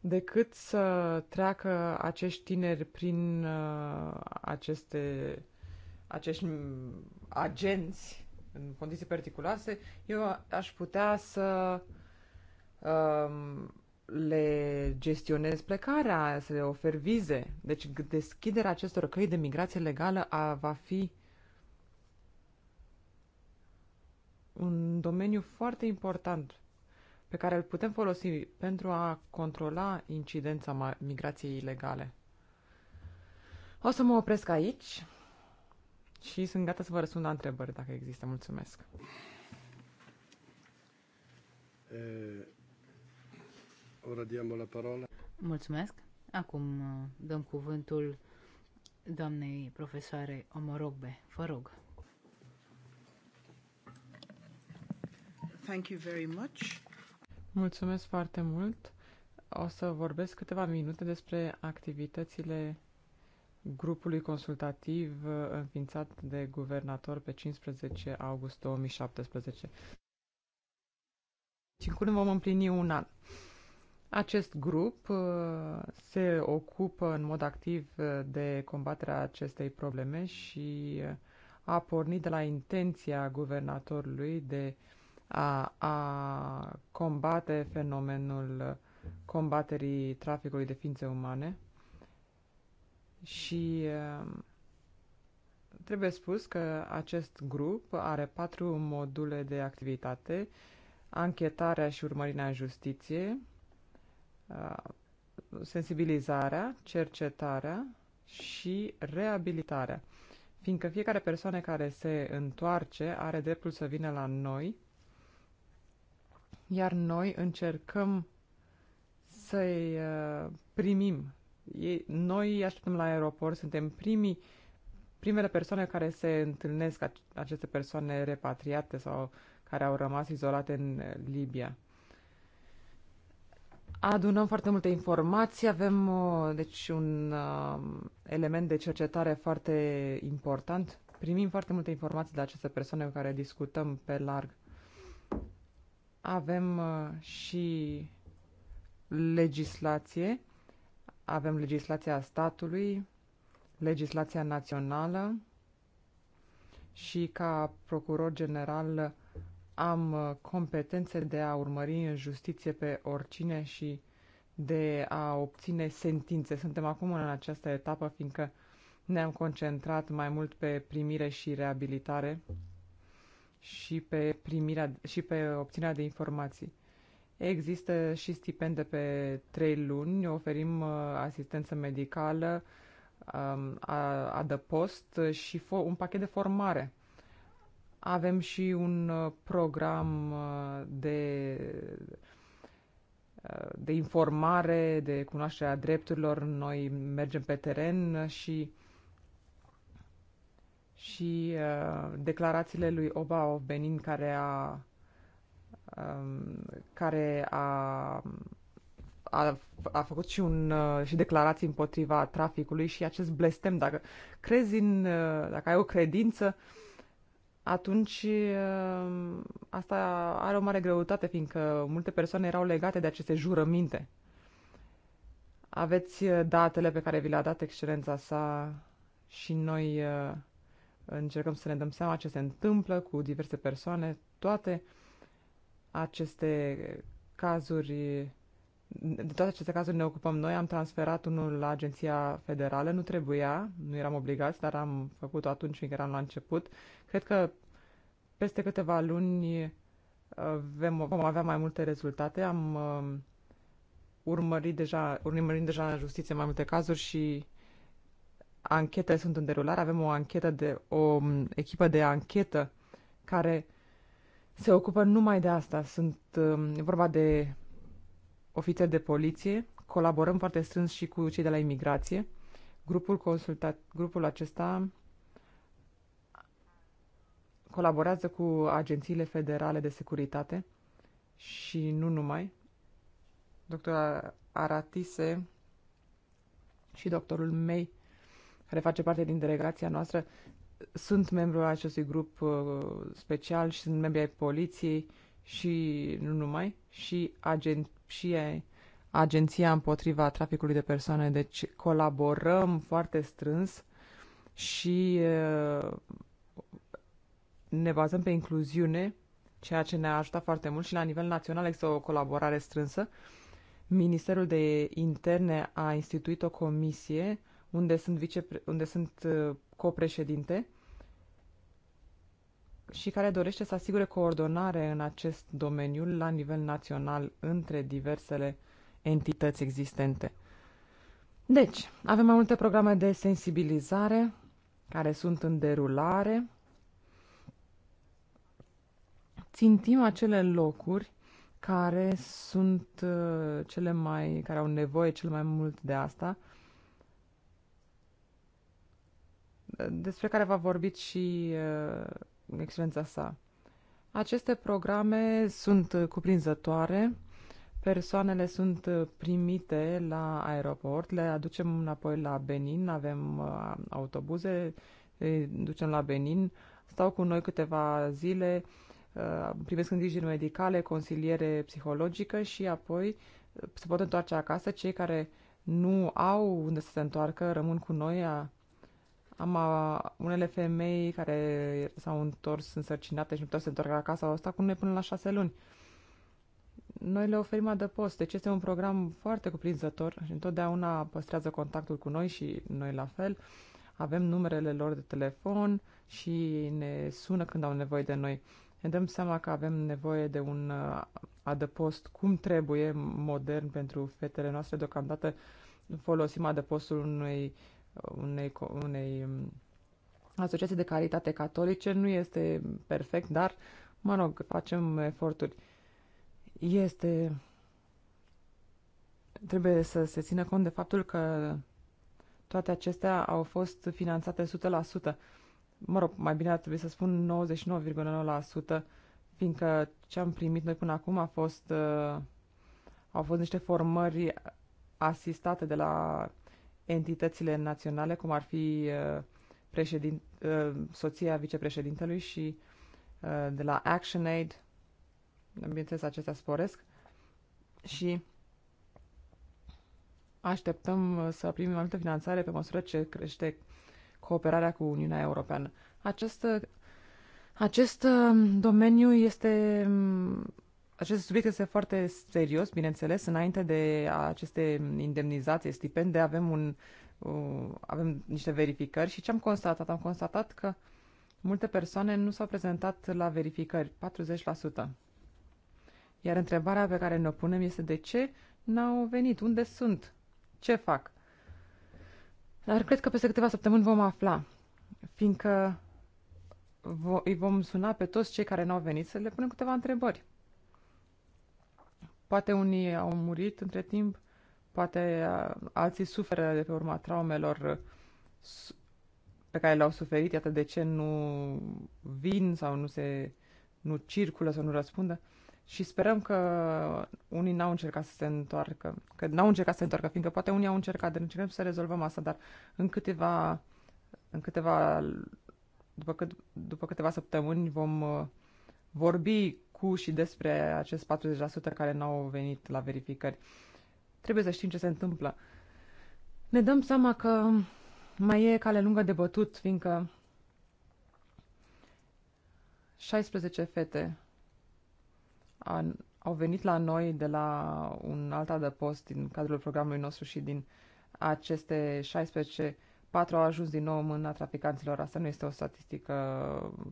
decât să treacă acești tineri prin uh, aceste, acești agenți în condiții particulare, eu aș putea să um, le gestionez plecarea, să le ofer vize. Deci deschiderea acestor căi de migrație legală a, va fi uh, un domeniu foarte important pe care îl putem folosi pentru a controla incidența migrației ilegale. O să mă opresc aici și sunt gata să vă răspund la întrebări dacă există. Mulțumesc! Eh, ora diamo la parola. Mulțumesc! Acum eh, dăm cuvântul doamnei profesoare Omorogbe. Vă rog! Thank you very much. Mulțumesc foarte mult. O să vorbesc câteva minute despre activitățile grupului consultativ uh, înființat de guvernator pe 15 august 2017. Și deci, curând vom împlini un an. Acest grup uh, se ocupă în mod activ uh, de combaterea acestei probleme și a pornit de la intenția guvernatorului de a, a combate fenomenul combaterii traficului de ființe umane și um, trebuie spus că acest grup are patru module de activitate, anchetarea și urmărirea în justiție, sensibilizarea, cercetarea și reabilitarea, fiindcă fiecare persoană care se întoarce are dreptul să vină la noi iar noi încercăm să-i uh, primim. Ei, noi așteptăm la aeroport, suntem primii, primele persoane care se întâlnesc, aceste persoane repatriate sau care au rămas izolate în uh, Libia. Adunăm foarte multe informații, avem uh, deci un uh, element de cercetare foarte important. Primim foarte multe informații de aceste persoane cu care discutăm pe larg. Avem uh, și legislație, avem legislația statului, legislația națională și ca procuror general am uh, competențe de a urmări în justiție pe oricine și de a obține sentințe. Suntem acum în această etapă, fiindcă ne-am concentrat mai mult pe primire și reabilitare și pe, primirea, și pe obținerea de informații. Există și stipende pe trei luni, oferim uh, asistență medicală, um, adăpost și un pachet de formare. Avem și un uh, program uh, de, de informare, de a drepturilor. Noi mergem pe teren și uh, și uh, declarațiile lui Oba of Benin care a um, care a, a, a făcut și un uh, și declarații împotriva traficului și acest blestem dacă crezi în uh, dacă ai o credință atunci uh, asta are o mare greutate fiindcă multe persoane erau legate de aceste jurăminte. Aveți uh, datele pe care vi le-a dat excelența sa și noi uh, încercăm să ne dăm seama ce se întâmplă cu diverse persoane, toate aceste cazuri de toate aceste cazuri ne ocupăm noi, am transferat unul la Agenția Federală, nu trebuia, nu eram obligați, dar am făcut-o atunci când eram la început. Cred că peste câteva luni uh, vom avea mai multe rezultate. Am uh, urmărit deja, urmărit deja la justiție mai multe cazuri și anchete sunt în derulare. Avem o anchetă de o echipă de anchetă care se ocupă numai de asta. Sunt um, e vorba de ofițeri de poliție. Colaborăm foarte strâns și cu cei de la imigrație. Grupul consultat, grupul acesta colaborează cu agențiile federale de securitate și nu numai. Doctora Aratise și doctorul May care face parte din delegația noastră, sunt membru al acestui grup uh, special și sunt membri ai poliției și nu numai, și, agen- și ai Agenția împotriva traficului de persoane, deci colaborăm foarte strâns și uh, ne bazăm pe incluziune, ceea ce ne-a ajutat foarte mult și la nivel național există o colaborare strânsă. Ministerul de Interne a instituit o comisie unde sunt, vicepre- unde sunt uh, copreședinte și care dorește să asigure coordonare în acest domeniu la nivel național între diversele entități existente. Deci, avem mai multe programe de sensibilizare care sunt în derulare. Țintim acele locuri care sunt uh, cele mai, care au nevoie cel mai mult de asta, despre care v-a vorbit și uh, excelența sa. Aceste programe sunt cuprinzătoare, persoanele sunt primite la aeroport, le aducem înapoi la Benin, avem uh, autobuze, le ducem la Benin, stau cu noi câteva zile, uh, primesc îngrijiri medicale, consiliere psihologică și apoi se pot întoarce acasă. Cei care nu au unde să se întoarcă rămân cu noi am a, unele femei care s-au întors însărcinate și nu puteau să se întoarcă acasă, au stat cu noi până la șase luni. Noi le oferim adăpost, deci este un program foarte cuprinzător și întotdeauna păstrează contactul cu noi și noi la fel. Avem numerele lor de telefon și ne sună când au nevoie de noi. Ne dăm seama că avem nevoie de un uh, adăpost cum trebuie, modern pentru fetele noastre. Deocamdată folosim adăpostul unui uh, unei, unei um, asociații de caritate catolice nu este perfect, dar, mă rog, facem eforturi. Este... Trebuie să se țină cont de faptul că toate acestea au fost finanțate 100%. Mă rog, mai bine ar trebui să spun 99,9%, fiindcă ce am primit noi până acum a fost, uh, au fost niște formări asistate de la entitățile naționale, cum ar fi uh, președin, uh, soția vicepreședintelui și uh, de la ActionAid, bineînțeles acestea sporesc, și așteptăm să primim mai multă finanțare pe măsură ce crește cooperarea cu Uniunea Europeană. Acest, acest domeniu este mm, acest subiect este foarte serios, bineînțeles. Înainte de aceste indemnizații, stipende, avem, un, uh, avem niște verificări și ce am constatat? Am constatat că multe persoane nu s-au prezentat la verificări, 40%. Iar întrebarea pe care ne-o punem este de ce n-au venit, unde sunt, ce fac. Dar cred că peste câteva săptămâni vom afla, fiindcă îi vom suna pe toți cei care n-au venit să le punem câteva întrebări. Poate unii au murit între timp, poate alții suferă de pe urma traumelor pe care le-au suferit, iată de ce nu vin sau nu se nu circulă sau nu răspundă. Și sperăm că unii n-au încercat să se întoarcă, că n-au încercat să se întoarcă, fiindcă poate unii au încercat, dar încercăm să rezolvăm asta, dar în câteva, în câteva după, cât, după câteva săptămâni vom uh, vorbi cu și despre acest 40% care n-au venit la verificări. Trebuie să știm ce se întâmplă. Ne dăm seama că mai e cale lungă de bătut, fiindcă 16 fete au venit la noi de la un alt adăpost din cadrul programului nostru și din aceste 16 patru au ajuns din nou în mâna traficanților. Asta nu este o statistică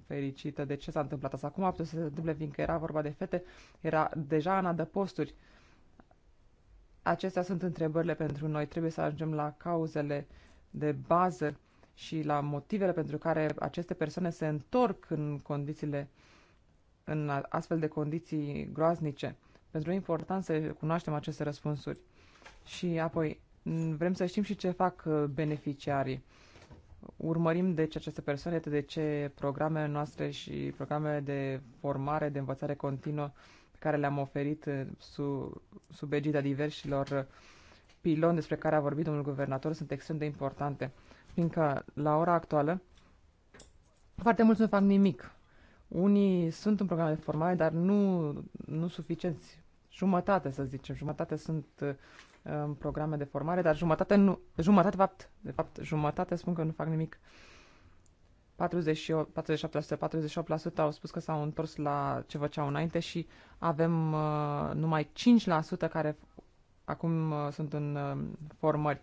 fericită. De ce s-a întâmplat asta? Cum a putut să se întâmple? Fiindcă era vorba de fete, era deja în adăposturi. Acestea sunt întrebările pentru noi. Trebuie să ajungem la cauzele de bază și la motivele pentru care aceste persoane se întorc în condițiile, în astfel de condiții groaznice. Pentru e important să cunoaștem aceste răspunsuri. Și apoi, Vrem să știm și ce fac uh, beneficiarii. Urmărim deci aceste persoane, de ce programele noastre și programele de formare, de învățare continuă pe care le-am oferit uh, sub, sub egida diversilor uh, piloni despre care a vorbit domnul guvernator sunt extrem de importante, fiindcă la ora actuală foarte mulți nu fac nimic. Unii sunt în programe de formare, dar nu, nu suficienți. Jumătate, să zicem, jumătate sunt în programe de formare, dar jumătate, nu, jumătate fapt, de fapt, jumătate spun că nu fac nimic. 48, 47%, 48% au spus că s-au întors la ce făceau înainte și avem uh, numai 5% care acum uh, sunt în uh, formări.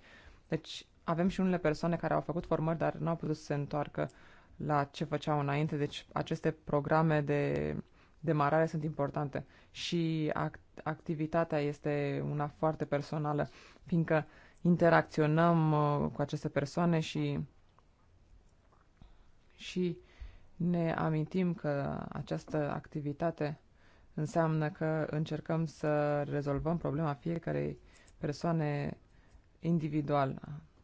Deci avem și unele persoane care au făcut formări, dar nu au putut să se întoarcă la ce făceau înainte. Deci aceste programe de demarare sunt importante. Și act- activitatea este una foarte personală, fiindcă interacționăm uh, cu aceste persoane și, și ne amintim că această activitate înseamnă că încercăm să rezolvăm problema fiecarei persoane individual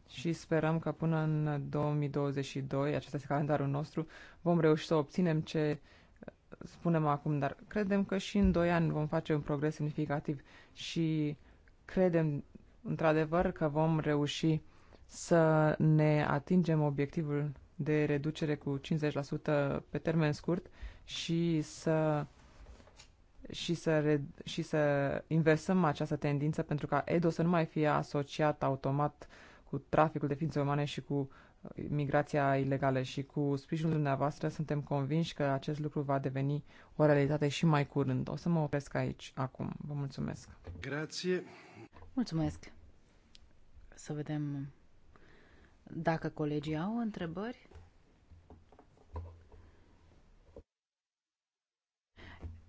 și sperăm că până în 2022, acesta este calendarul nostru, vom reuși să obținem ce spunem acum, dar credem că și în 2 ani vom face un progres semnificativ și credem într-adevăr că vom reuși să ne atingem obiectivul de reducere cu 50% pe termen scurt și să și să, re, și să inversăm această tendință pentru ca EDO să nu mai fie asociat automat cu traficul de ființe umane și cu migrația ilegală și cu sprijinul dumneavoastră suntem convinși că acest lucru va deveni o realitate și mai curând. O să mă opresc aici acum. Vă mulțumesc. Grație. Mulțumesc. Să vedem dacă colegii au întrebări.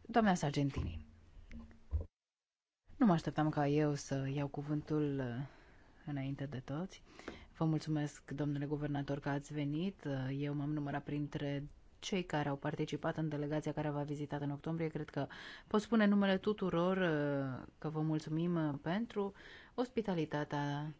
Doamna Sargentini, nu mă așteptam ca eu să iau cuvântul înainte de toți. Uh, Vă mulțumesc, domnule guvernator, că ați venit. Eu m-am numărat printre cei care au participat în delegația care v-a vizitat în octombrie. Cred că pot spune numele tuturor că vă mulțumim pentru ospitalitatea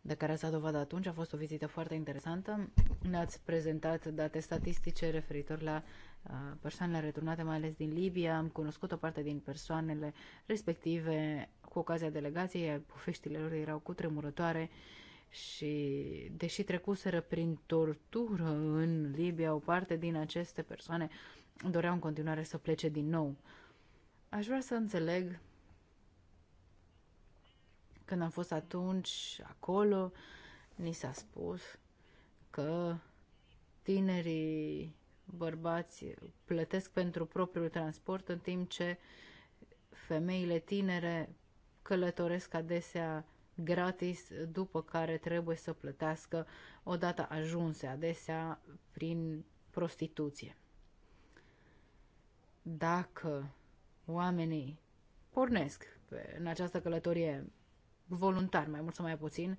de care s-a dovadă atunci. A fost o vizită foarte interesantă. Ne-ați prezentat date statistice referitor la uh, persoanele returnate, mai ales din Libia. Am cunoscut o parte din persoanele respective cu ocazia delegației. Poveștile lor erau cutremurătoare. tremurătoare și deși trecuseră prin tortură în Libia, o parte din aceste persoane doreau în continuare să plece din nou. Aș vrea să înțeleg când am fost atunci acolo, ni s-a spus că tinerii bărbați plătesc pentru propriul transport, în timp ce femeile tinere călătoresc adesea gratis, după care trebuie să plătească odată ajunse adesea prin prostituție. Dacă oamenii pornesc pe, în această călătorie voluntar, mai mult sau mai puțin,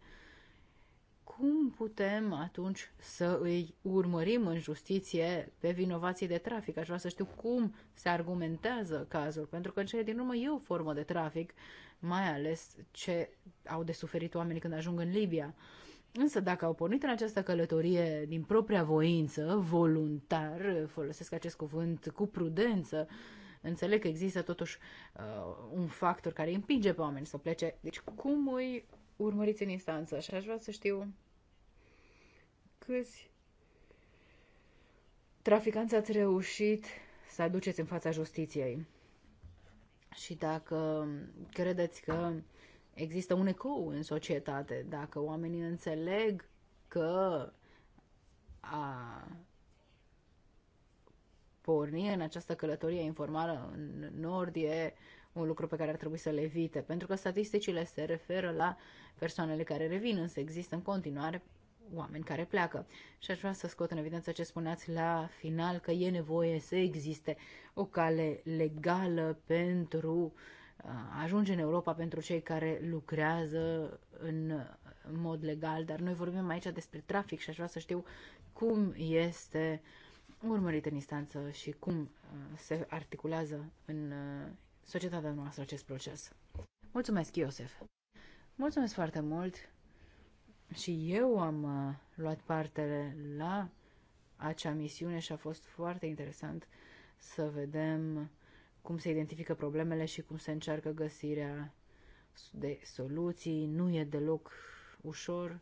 cum putem atunci să îi urmărim în justiție pe vinovații de trafic? Aș vrea să știu cum se argumentează cazul, pentru că în cele din urmă e o formă de trafic, mai ales ce au de suferit oamenii când ajung în Libia. Însă dacă au pornit în această călătorie din propria voință, voluntar, folosesc acest cuvânt cu prudență, înțeleg că există totuși uh, un factor care împinge pe oameni să plece. Deci cum îi urmăriți în instanță și aș vrea să știu câți traficanți ați reușit să aduceți în fața justiției și dacă credeți că există un ecou în societate, dacă oamenii înțeleg că a porni în această călătorie informală în nord e un lucru pe care ar trebui să-l evite, pentru că statisticile se referă la uh, persoanele care revin, însă există în continuare oameni care pleacă. Și aș vrea să scot în evidență ce spuneați la final, că e nevoie să existe o cale legală pentru a uh, ajunge în Europa pentru cei care lucrează în mod legal, dar noi vorbim aici despre trafic și aș vrea să știu cum este urmărit în instanță și cum uh, se articulează în uh, societatea noastră acest proces. Mulțumesc, Iosef! Mulțumesc foarte mult! Și eu am uh, luat parte la acea misiune și a fost foarte interesant să vedem cum se identifică problemele și cum se încearcă găsirea de soluții. Nu e deloc ușor.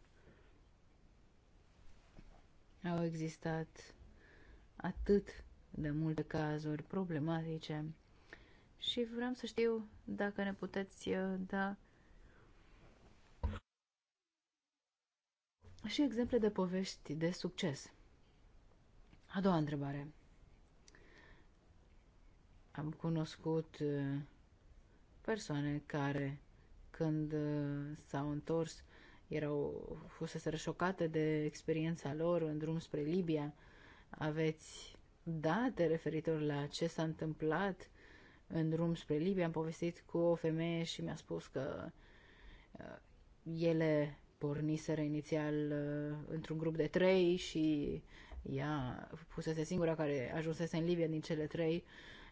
Au existat atât de multe cazuri problematice și vreau să știu dacă ne puteți uh, da și exemple de povești de succes. A doua întrebare. Am cunoscut uh, persoane care, când uh, s-au întors, erau fusese șocate de experiența lor în drum spre Libia. Aveți date referitor la ce s-a întâmplat în drum spre Libia. Am povestit cu o femeie și mi-a spus că uh, ele porniseră inițial uh, într-un grup de trei și ea fusese singura care ajunsese în Libia din cele trei.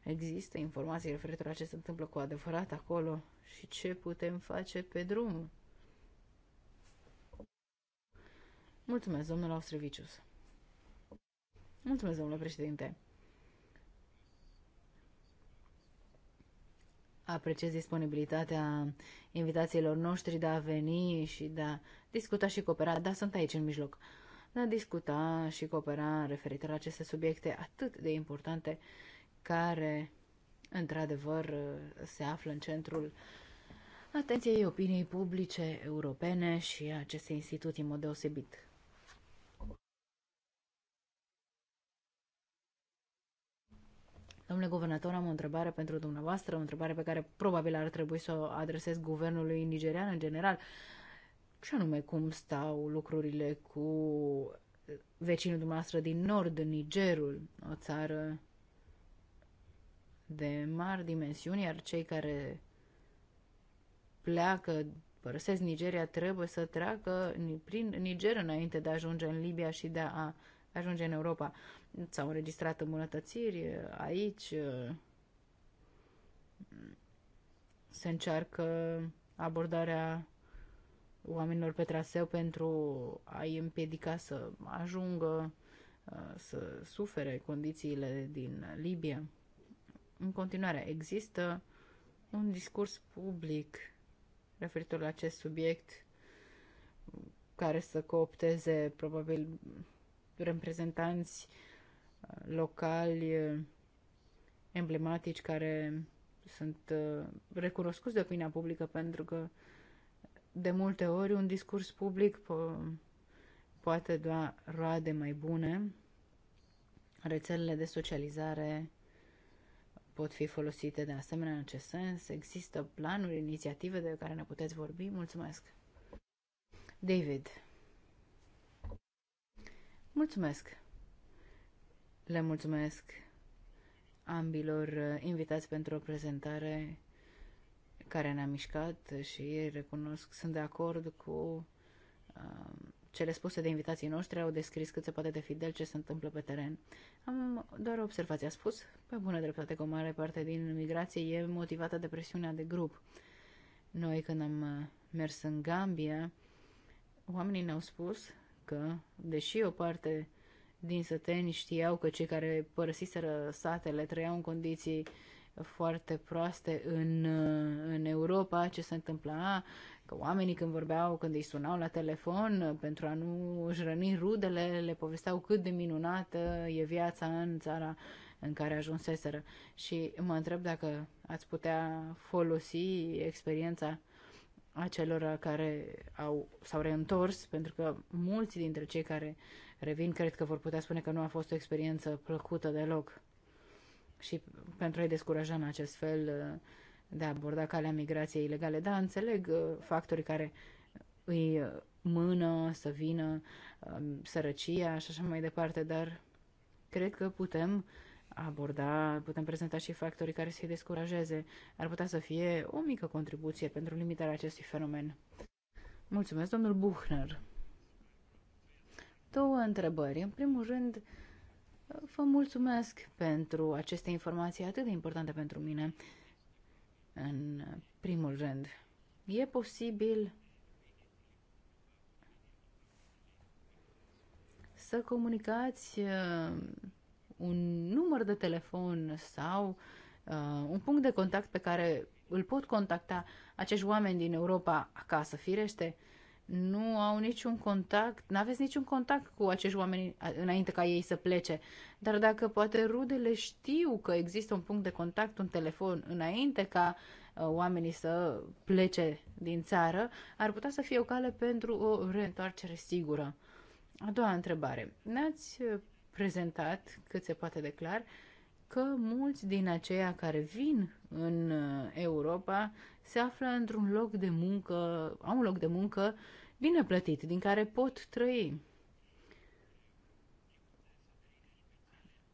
Există informații referitor la ce se întâmplă cu adevărat acolo și ce putem face pe drum. Mulțumesc, domnule Austrevicius. Mulțumesc, domnule președinte. Apreciez disponibilitatea invitațiilor noștri de a veni și de a discuta și coopera, dar sunt aici în mijloc, de a discuta și coopera referitor la aceste subiecte atât de importante care, într-adevăr, se află în centrul atenției opiniei publice europene și a acestei instituții în mod deosebit. Domnule guvernator, am o întrebare pentru dumneavoastră, o întrebare pe care probabil ar trebui să o adresez guvernului nigerian în general. Și anume, cum stau lucrurile cu vecinul dumneavoastră din nord, Nigerul, o țară de mari dimensiuni, iar cei care pleacă, părăsesc Nigeria, trebuie să treacă prin Niger înainte de a ajunge în Libia și de a ajunge în Europa. S-au înregistrat îmbunătățiri aici. Se încearcă abordarea oamenilor pe traseu pentru a-i împiedica să ajungă să sufere condițiile din Libia. În continuare, există un discurs public referitor la acest subiect care să coopteze probabil reprezentanți uh, locali uh, emblematici care sunt uh, recunoscuți de opinia publică pentru că de multe ori un discurs public po- poate da roade mai bune. Rețelele de socializare pot fi folosite de asemenea în acest sens. Există planuri, inițiative de care ne puteți vorbi. Mulțumesc! David Mulțumesc! Le mulțumesc ambilor uh, invitați pentru o prezentare care ne-a mișcat și recunosc, sunt de acord cu uh, cele spuse de invitații noștri, au descris cât se poate de fidel ce se întâmplă pe teren. Am doar o observație, a spus pe bună dreptate că o mare parte din migrație e motivată de presiunea de grup. Noi când am uh, mers în Gambia, oamenii ne-au spus că, deși o parte din săteni știau că cei care părăsiseră satele trăiau în condiții foarte proaste în, în Europa, ce se întâmpla, că oamenii când vorbeau, când îi sunau la telefon pentru a nu își răni rudele, le povesteau cât de minunată e viața în țara în care ajunseseră. Și mă întreb dacă ați putea folosi experiența celor care au, s-au reîntors, pentru că mulți dintre cei care revin cred că vor putea spune că nu a fost o experiență plăcută deloc. Și pentru a-i descuraja în acest fel uh, de a aborda calea migrației ilegale, da, înțeleg uh, factorii care îi uh, mână să vină, um, sărăcia și așa mai departe, dar cred că putem aborda, putem prezenta și factorii care să-i descurajeze. Ar putea să fie o mică contribuție pentru limitarea acestui fenomen. Mulțumesc, domnul Buchner. Două întrebări. În primul rând, vă mulțumesc pentru aceste informații atât de importante pentru mine. În primul rând, e posibil să comunicați uh, un număr de telefon sau uh, un punct de contact pe care îl pot contacta acești oameni din Europa acasă, firește, nu au niciun contact, nu aveți niciun contact cu acești oameni înainte ca ei să plece. Dar dacă poate rudele știu că există un punct de contact, un telefon înainte ca uh, oamenii să plece din țară, ar putea să fie o cale pentru o reîntoarcere sigură. A doua întrebare. Ne-ați uh, prezentat cât se poate de clar că mulți din aceia care vin în uh, Europa se află într-un loc de muncă, au un loc de muncă bine plătit, din care pot trăi.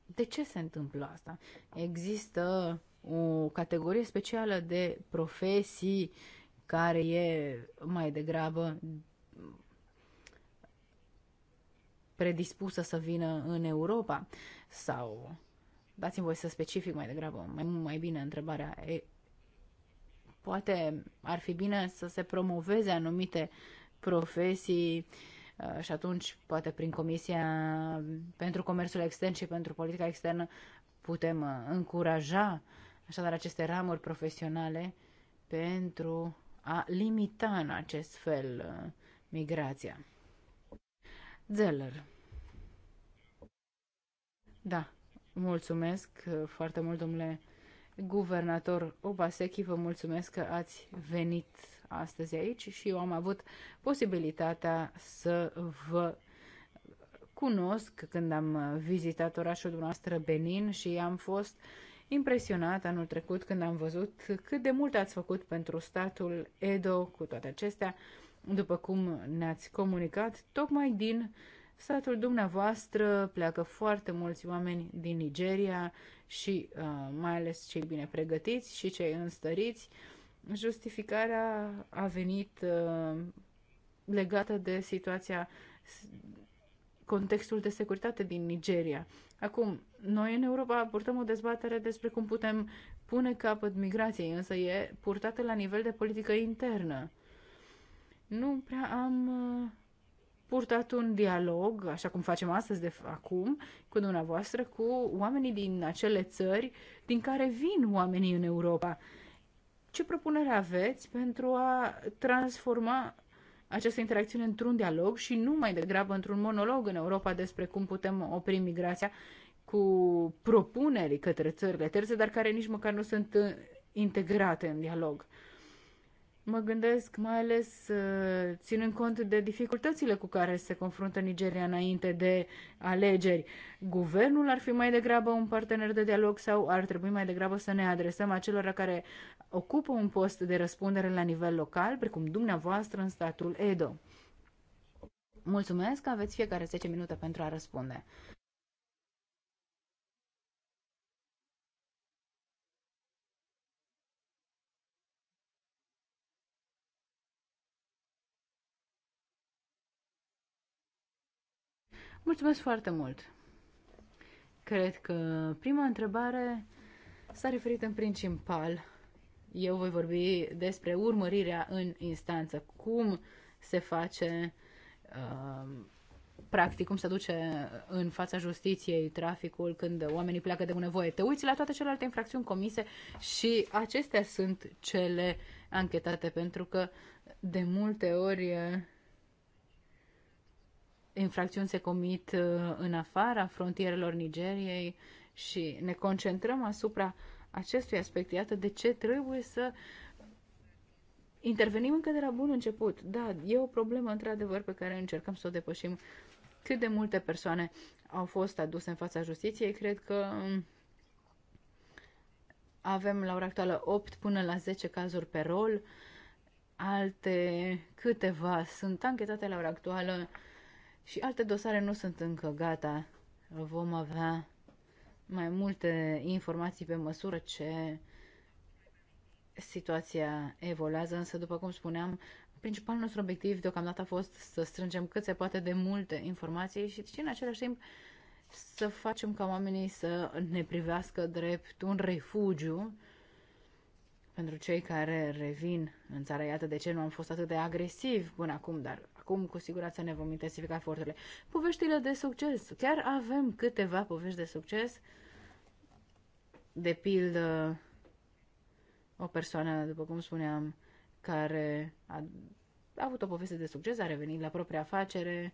De ce se întâmplă asta? Există o categorie specială de profesii care e mai degrabă predispusă să vină în Europa? Sau, dați-mi voi să specific mai degrabă, mai, mai bine întrebarea, e, poate ar fi bine să se promoveze anumite profesii uh, și atunci, poate prin Comisia pentru Comerțul Extern și pentru Politica Externă, putem uh, încuraja așadar aceste ramuri profesionale pentru a limita în acest fel uh, migrația. Zeller. Da, mulțumesc uh, foarte mult, domnule guvernator Obasechi, vă mulțumesc că ați venit astăzi aici și eu am avut posibilitatea să vă cunosc când am vizitat orașul dumneavoastră Benin și am fost impresionat anul trecut când am văzut cât de mult ați făcut pentru statul Edo cu toate acestea după cum ne-ați comunicat, tocmai din statul dumneavoastră pleacă foarte mulți oameni din Nigeria și uh, mai ales cei bine pregătiți și cei înstăriți. Justificarea a venit uh, legată de situația, contextul de securitate din Nigeria. Acum, noi în Europa purtăm o dezbatere despre cum putem pune capăt migrației, însă e purtată la nivel de politică internă nu prea am uh, purtat un dialog, așa cum facem astăzi de acum, cu dumneavoastră, cu oamenii din acele țări din care vin oamenii în Europa. Ce propunere aveți pentru a transforma această interacțiune într-un dialog și nu mai degrabă într-un monolog în Europa despre cum putem opri migrația cu propuneri către țările terțe, dar care nici măcar nu sunt uh, integrate în dialog. Mă gândesc mai ales uh, ținând cont de dificultățile cu care se confruntă Nigeria înainte de alegeri. Guvernul ar fi mai degrabă un partener de dialog sau ar trebui mai degrabă să ne adresăm acelora care ocupă un post de răspundere la nivel local, precum dumneavoastră în statul Edo? Mulțumesc, aveți fiecare 10 minute pentru a răspunde. Mulțumesc foarte mult! Cred că prima întrebare s-a referit în principal. Eu voi vorbi despre urmărirea în instanță, cum se face uh, practic, cum se duce în fața justiției traficul când oamenii pleacă de bunăvoie. Te uiți la toate celelalte infracțiuni comise și acestea sunt cele anchetate, pentru că de multe ori uh, infracțiuni se comit uh, în afara frontierelor Nigeriei și ne concentrăm asupra acestui aspect. Iată de ce trebuie să intervenim încă de la bun început. Da, e o problemă într-adevăr pe care încercăm să o depășim. Cât de multe persoane au fost aduse în fața justiției, cred că um, avem la ora actuală 8 până la 10 cazuri pe rol, alte câteva sunt anchetate la ora actuală și alte dosare nu sunt încă gata. Vom avea mai multe informații pe măsură ce situația evoluează, însă, după cum spuneam, principalul nostru obiectiv deocamdată a fost să strângem cât se poate de multe informații și, și în același timp să facem ca oamenii să ne privească drept un refugiu pentru cei care revin în țară. Iată de ce nu am fost atât de agresiv până acum, dar oricum cu siguranță ne vom intensifica eforturile. Poveștile de succes. Chiar avem câteva povești de succes. De pildă, o persoană, după cum spuneam, care a, a avut o poveste de succes, a revenit la propria afacere,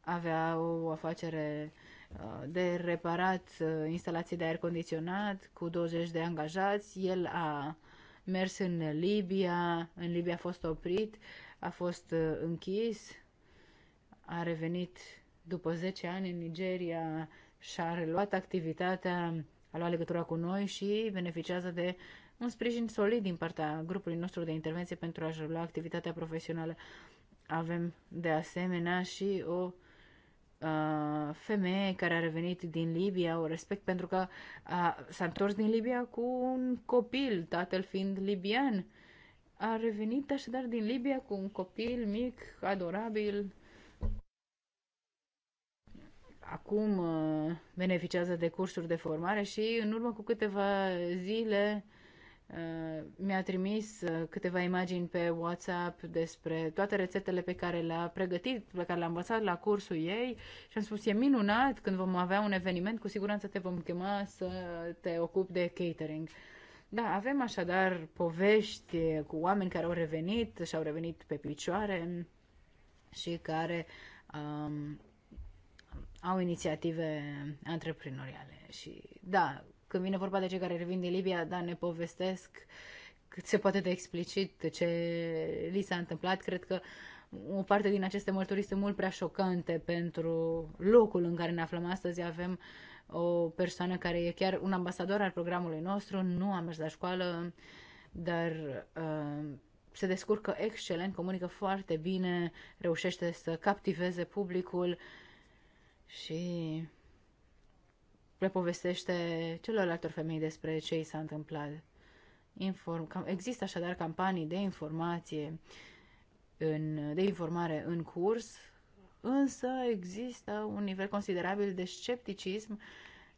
avea o afacere uh, de reparat uh, instalații de aer condiționat cu 20 de angajați. El a mers în Libia, în Libia a fost oprit, a fost uh, închis, a revenit după 10 ani în Nigeria și a reluat activitatea, a luat legătura cu noi și beneficiază de un sprijin solid din partea grupului nostru de intervenție pentru a-și relua activitatea profesională. Avem de asemenea și o uh, femeie care a revenit din Libia, o respect pentru că a, uh, s-a întors din Libia cu un copil, tatăl fiind libian a revenit așadar din Libia cu un copil mic, adorabil. Acum uh, beneficiază de cursuri de formare și în urmă cu câteva zile uh, mi-a trimis uh, câteva imagini pe WhatsApp despre toate rețetele pe care le-a pregătit, pe care le-a învățat la cursul ei și am spus, e minunat, când vom avea un eveniment, cu siguranță te vom chema să te ocupi de catering. Da, avem așadar povești cu oameni care au revenit și au revenit pe picioare și care um, au inițiative antreprenoriale. Și da, când vine vorba de cei care revin din Libia, da, ne povestesc cât se poate de explicit ce li s-a întâmplat. Cred că o parte din aceste mărturii sunt mult prea șocante pentru locul în care ne aflăm astăzi. Avem uh, o persoană care e chiar un ambasador al programului nostru, nu a mers la școală, dar uh, se descurcă excelent, comunică foarte bine, reușește să captiveze publicul și le povestește celorlalte femei despre ce i s-a întâmplat. Inform, cam, există așadar campanii de informație, în, de informare în curs, însă există un nivel considerabil de scepticism.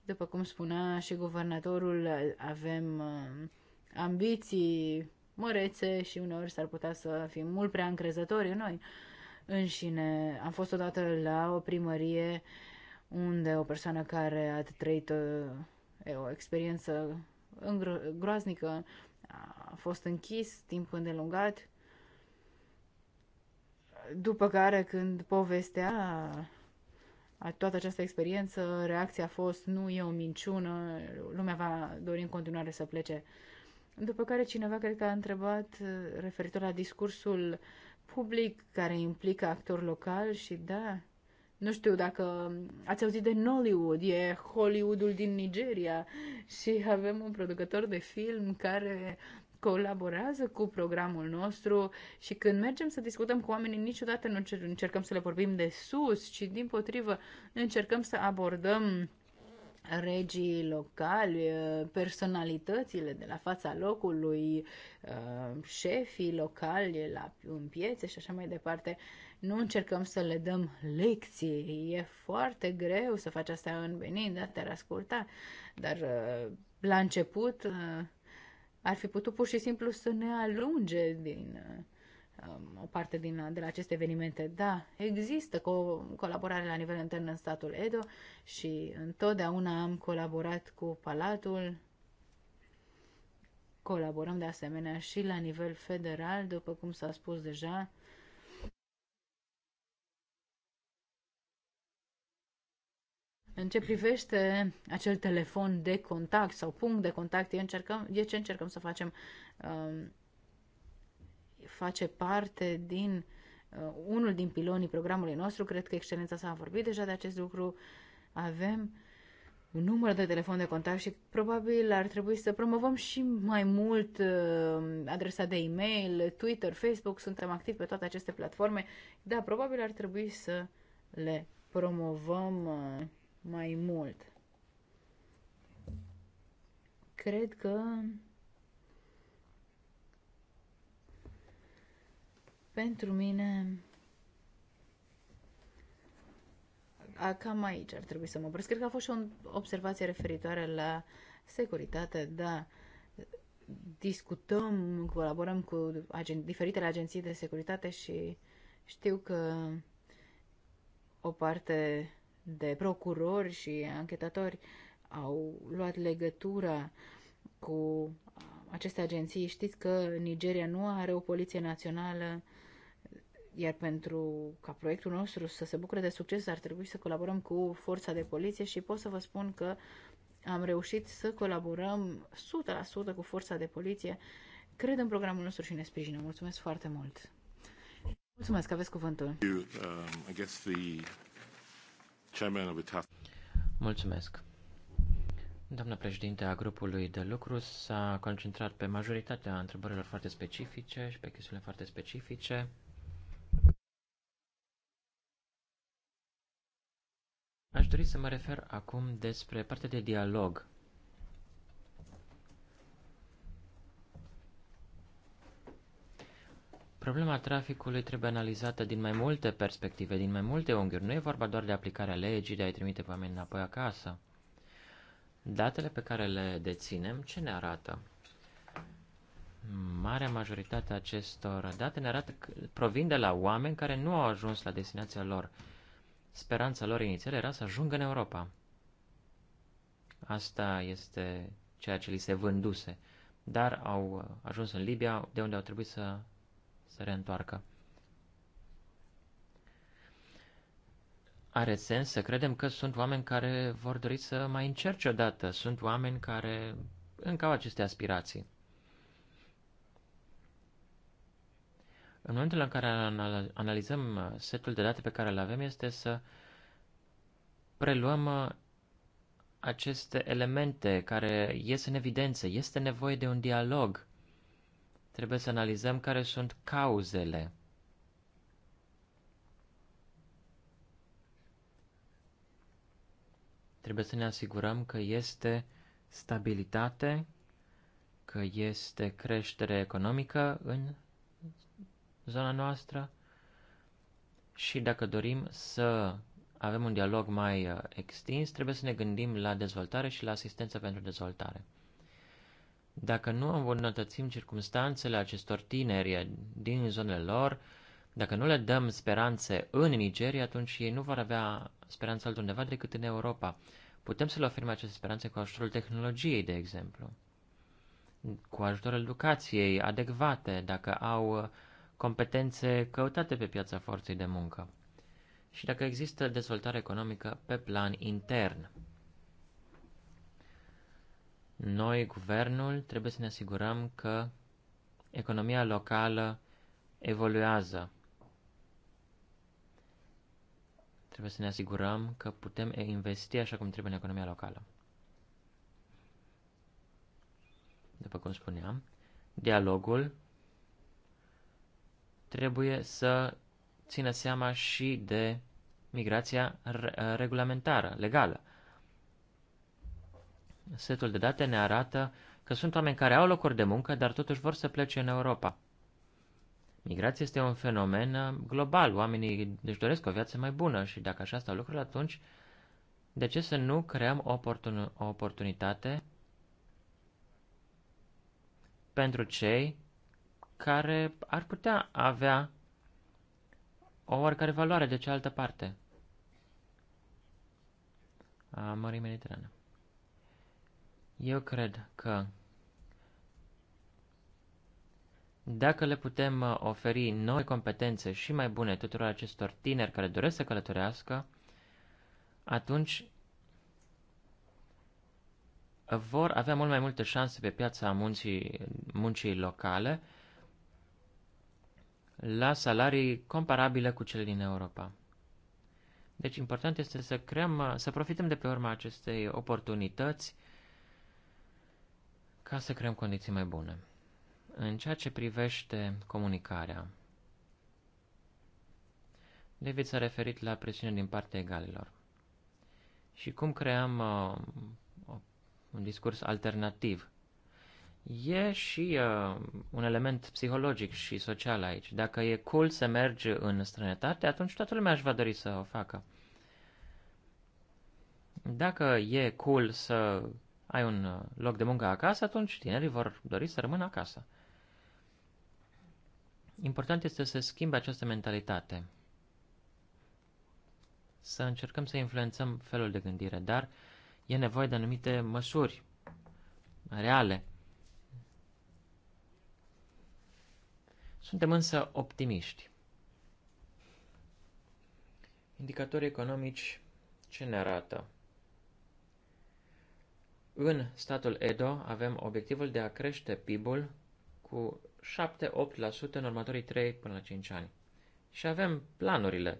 După cum spunea și guvernatorul, avem uh, ambiții mărețe și uneori s-ar putea să fim mult prea încrezători în noi înșine. Am fost odată la o primărie unde o persoană care a trăit o, uh, o experiență groaznică a fost închis timp îndelungat după care, când povestea a, toată această experiență, reacția a fost, nu e o minciună, lumea va dori în continuare să plece. După care cineva, cred că a întrebat eh, referitor la discursul public care implică actor local și da, nu știu dacă ați auzit de Nollywood, e Hollywoodul din Nigeria și avem un producător de film care colaborează cu programul nostru și când mergem să discutăm cu oamenii, niciodată nu încercăm să le vorbim de sus, ci din potrivă încercăm să abordăm regii locali, personalitățile de la fața locului, uh, șefii locali la, în piețe și așa mai departe. Nu încercăm să le dăm lecții. E foarte greu să faci asta în Benin, da, te-ar asculta. Dar uh, la început uh, ar fi putut pur și simplu să ne alunge din um, o parte din, de la aceste evenimente. Da, există co- colaborare la nivel intern în statul Edo și întotdeauna am colaborat cu Palatul. Colaborăm de asemenea și la nivel federal, după cum s-a spus deja, În ce privește acel telefon de contact sau punct de contact, e, încercăm, e ce încercăm să facem. Um, face parte din uh, unul din pilonii programului nostru. Cred că excelența s-a vorbit deja de acest lucru. Avem un număr de telefon de contact și probabil ar trebui să promovăm și mai mult uh, adresa de e-mail, Twitter, Facebook. Suntem activi pe toate aceste platforme. Da, probabil ar trebui să le promovăm. Uh, mai mult. Cred că pentru mine a, cam aici ar trebui să mă opresc. Cred că a fost și o observație referitoare la securitate, da. Discutăm, colaborăm cu agen- diferitele agenții de securitate și știu că o parte de procurori și anchetatori au luat legătura cu aceste agenții. Știți că Nigeria nu are o poliție națională, iar pentru ca proiectul nostru să se bucure de succes ar trebui să colaborăm cu forța de poliție și pot să vă spun că am reușit să colaborăm 100% cu forța de poliție. Cred în programul nostru și ne sprijină. Mulțumesc foarte mult! Mulțumesc, că aveți cuvântul. Um, Mulțumesc. Doamna președinte a grupului de lucru s-a concentrat pe majoritatea întrebărilor foarte specifice și pe chestiunile foarte specifice. Aș dori să mă refer acum despre partea de dialog Problema traficului trebuie analizată din mai multe perspective, din mai multe unghiuri. Nu e vorba doar de aplicarea legii, de a-i trimite pe oameni înapoi acasă. Datele pe care le deținem, ce ne arată? Marea majoritate a acestor date ne arată că provin de la oameni care nu au ajuns la destinația lor. Speranța lor inițială era să ajungă în Europa. Asta este ceea ce li se vânduse. Dar au ajuns în Libia, de unde au trebuit să se reîntoarcă. Are sens să credem că sunt oameni care vor dori să mai încerce odată, sunt oameni care încă au aceste aspirații. În momentul în care analizăm uh, setul de date pe care îl avem, este să preluăm uh, aceste elemente care ies în evidență. Este nevoie de un dialog Trebuie să analizăm care sunt cauzele. Trebuie să ne asigurăm că este stabilitate, că este creștere economică în zona noastră și dacă dorim să avem un dialog mai uh, extins, trebuie să ne gândim la dezvoltare și la asistență pentru dezvoltare. Dacă nu îmbunătățim circumstanțele acestor tineri din zonele lor, dacă nu le dăm speranțe în Nigeria, atunci ei nu vor avea speranță altundeva decât în Europa. Putem să le oferim aceste speranțe cu ajutorul tehnologiei, de exemplu, cu ajutorul educației adecvate, dacă au competențe căutate pe piața forței de muncă și dacă există dezvoltare economică pe plan intern. Noi, guvernul, trebuie să ne asigurăm că economia locală evoluează. Trebuie să ne asigurăm că putem investi așa cum trebuie în economia locală. După cum spuneam, dialogul trebuie să țină seama și de migrația regulamentară, legală. Setul de date ne arată că sunt oameni care au locuri de muncă, dar totuși vor să plece în Europa. Migrația este un fenomen uh, global. Oamenii își doresc o viață mai bună și dacă așa stau lucrurile, atunci de ce să nu creăm o, oportun- o oportunitate pentru cei care ar putea avea o oricare valoare de cealaltă parte a Mării Mediterane. Eu cred că dacă le putem uh, oferi noi competențe și mai bune tuturor acestor tineri care doresc să călătorească, atunci vor avea mult mai multe șanse pe piața muncii, muncii locale la salarii comparabile cu cele din Europa. Deci important este să creăm, uh, să profităm de pe urma acestei oportunități ca să creăm condiții mai bune. În ceea ce privește comunicarea, David s-a referit la presiune din partea egalilor și cum creăm uh, un discurs alternativ. E și uh, un element psihologic și social aici. Dacă e cool să mergi în străinătate, atunci toată lumea își va dori să o facă. Dacă e cool să ai un uh, loc de muncă acasă, atunci tinerii vor dori să rămână acasă. Important este să schimbe această mentalitate. Să încercăm să influențăm felul de gândire, dar e nevoie de anumite măsuri reale. Suntem însă optimiști. Indicatorii economici ce ne arată? În statul Edo avem obiectivul de a crește PIB-ul cu 7-8% în următorii 3 până la 5 ani. Și avem planurile.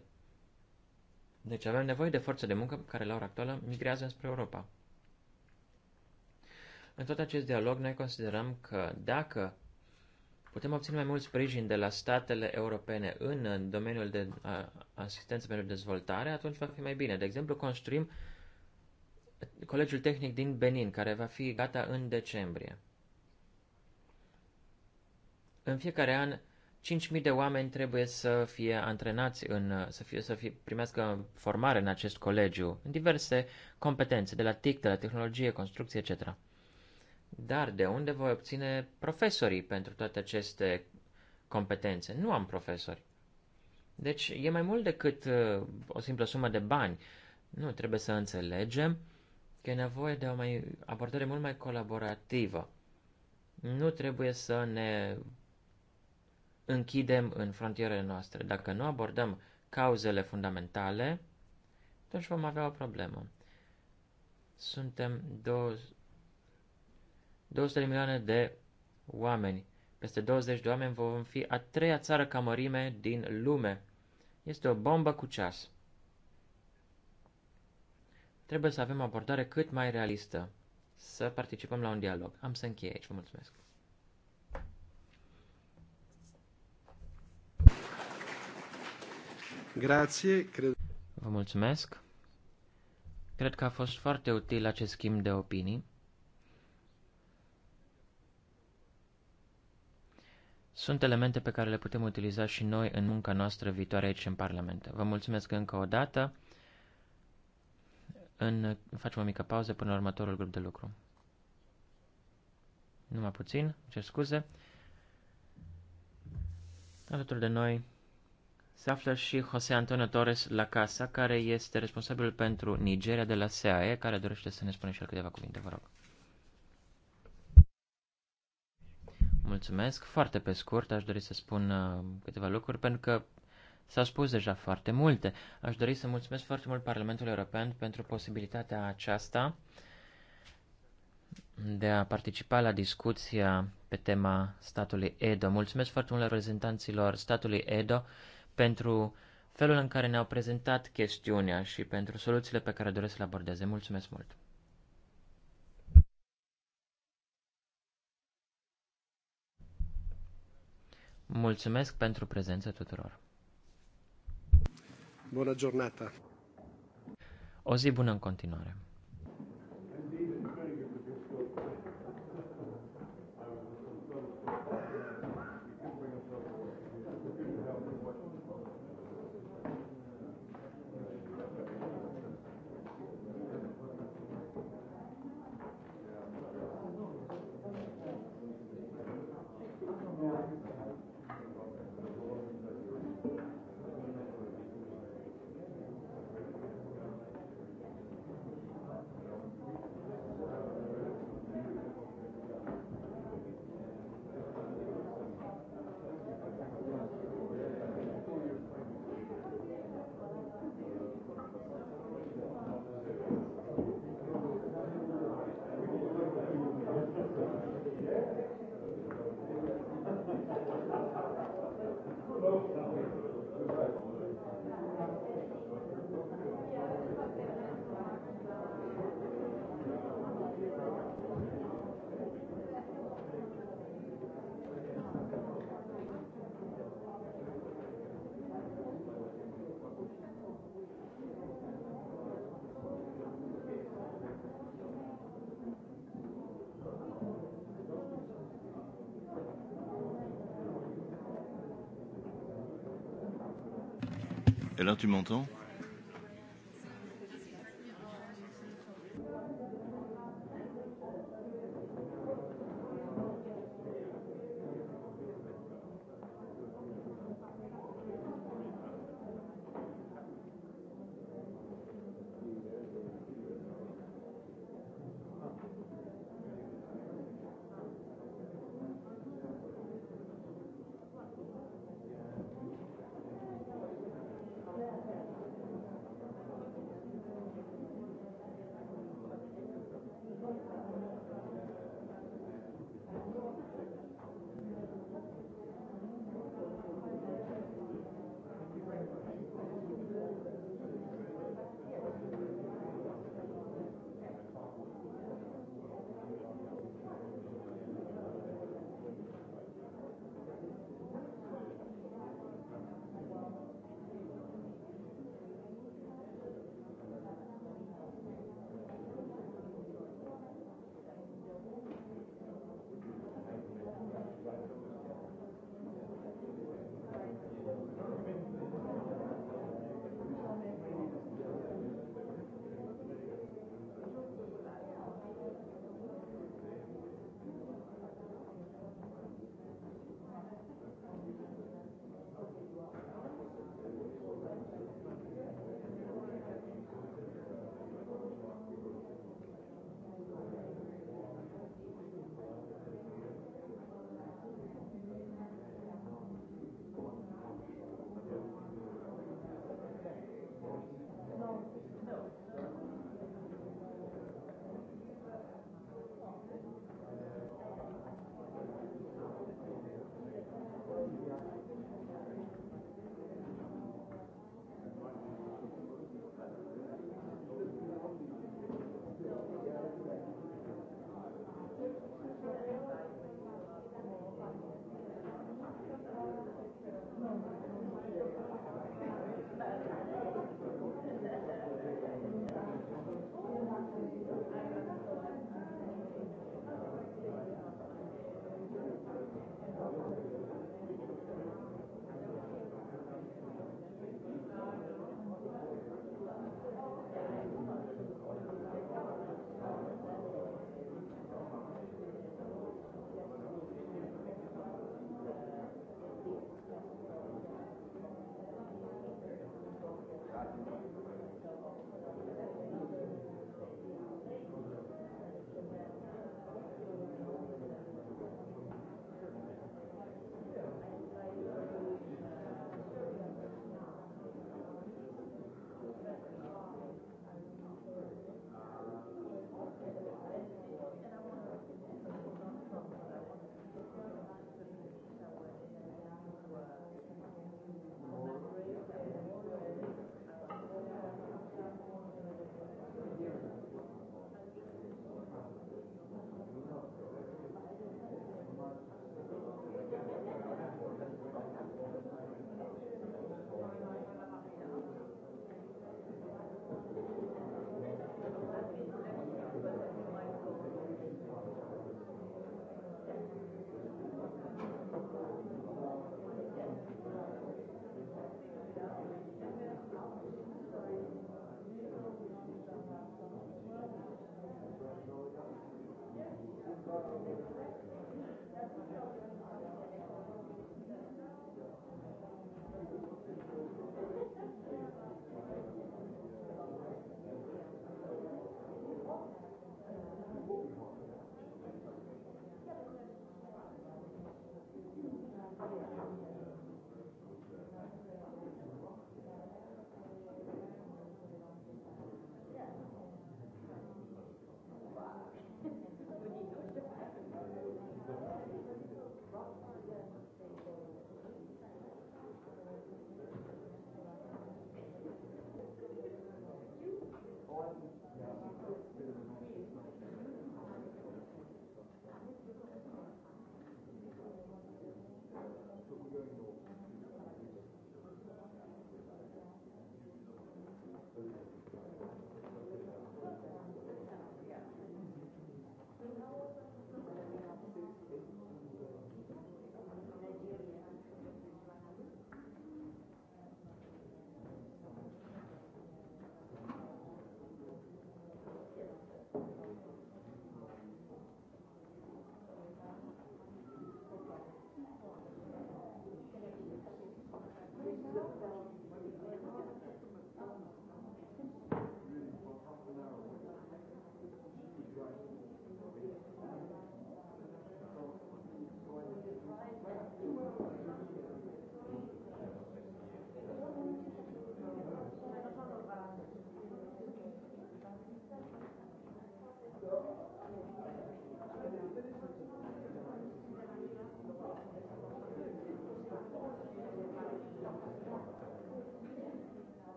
Deci avem nevoie de forță de muncă care la ora actuală migrează spre Europa. În tot acest dialog noi considerăm că dacă putem obține mai mult sprijin de la statele europene în domeniul de asistență pentru dezvoltare, atunci va fi mai bine. De exemplu, construim Colegiul Tehnic din Benin, care va fi gata în decembrie. În fiecare an, 5.000 de oameni trebuie să fie antrenați, în, să, fie, să fie, primească formare în acest colegiu, în diverse competențe, de la TIC, de la tehnologie, construcție, etc. Dar de unde voi obține profesorii pentru toate aceste competențe? Nu am profesori. Deci e mai mult decât uh, o simplă sumă de bani. Nu, trebuie să înțelegem că e nevoie de o mai, abordare mult mai colaborativă. Nu trebuie să ne închidem în frontierele noastre. Dacă nu abordăm cauzele fundamentale, atunci vom avea o problemă. Suntem 200 de milioane de oameni. Peste 20 de oameni vom fi a treia țară ca mărime din lume. Este o bombă cu ceas. Trebuie să avem o abordare cât mai realistă, să participăm la un dialog. Am să închei aici, vă mulțumesc. cred... Vă mulțumesc. Cred că a fost foarte util acest schimb de opinii. Sunt elemente pe care le putem utiliza și noi în munca noastră viitoare aici în Parlament. Vă mulțumesc încă o dată în, facem o mică pauză până la următorul grup de lucru. Numai puțin, cer scuze. Alături de noi se află și José Antonio Torres la casa, care este responsabil pentru Nigeria de la SAE, care dorește să ne spună și el câteva cuvinte, vă rog. Mulțumesc. Foarte pe scurt aș dori să spun uh, câteva lucruri, pentru că s a spus deja foarte multe. Aș dori să mulțumesc foarte mult Parlamentului European pentru posibilitatea aceasta de a participa la discuția pe tema statului Edo. Mulțumesc foarte mult reprezentanților statului Edo pentru felul în care ne-au prezentat chestiunea și pentru soluțiile pe care doresc să le abordeze. Mulțumesc mult! Mulțumesc pentru prezența tuturor! Bună giornata! O zi bună în continuare! Alain, tu m'entends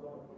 Thank you.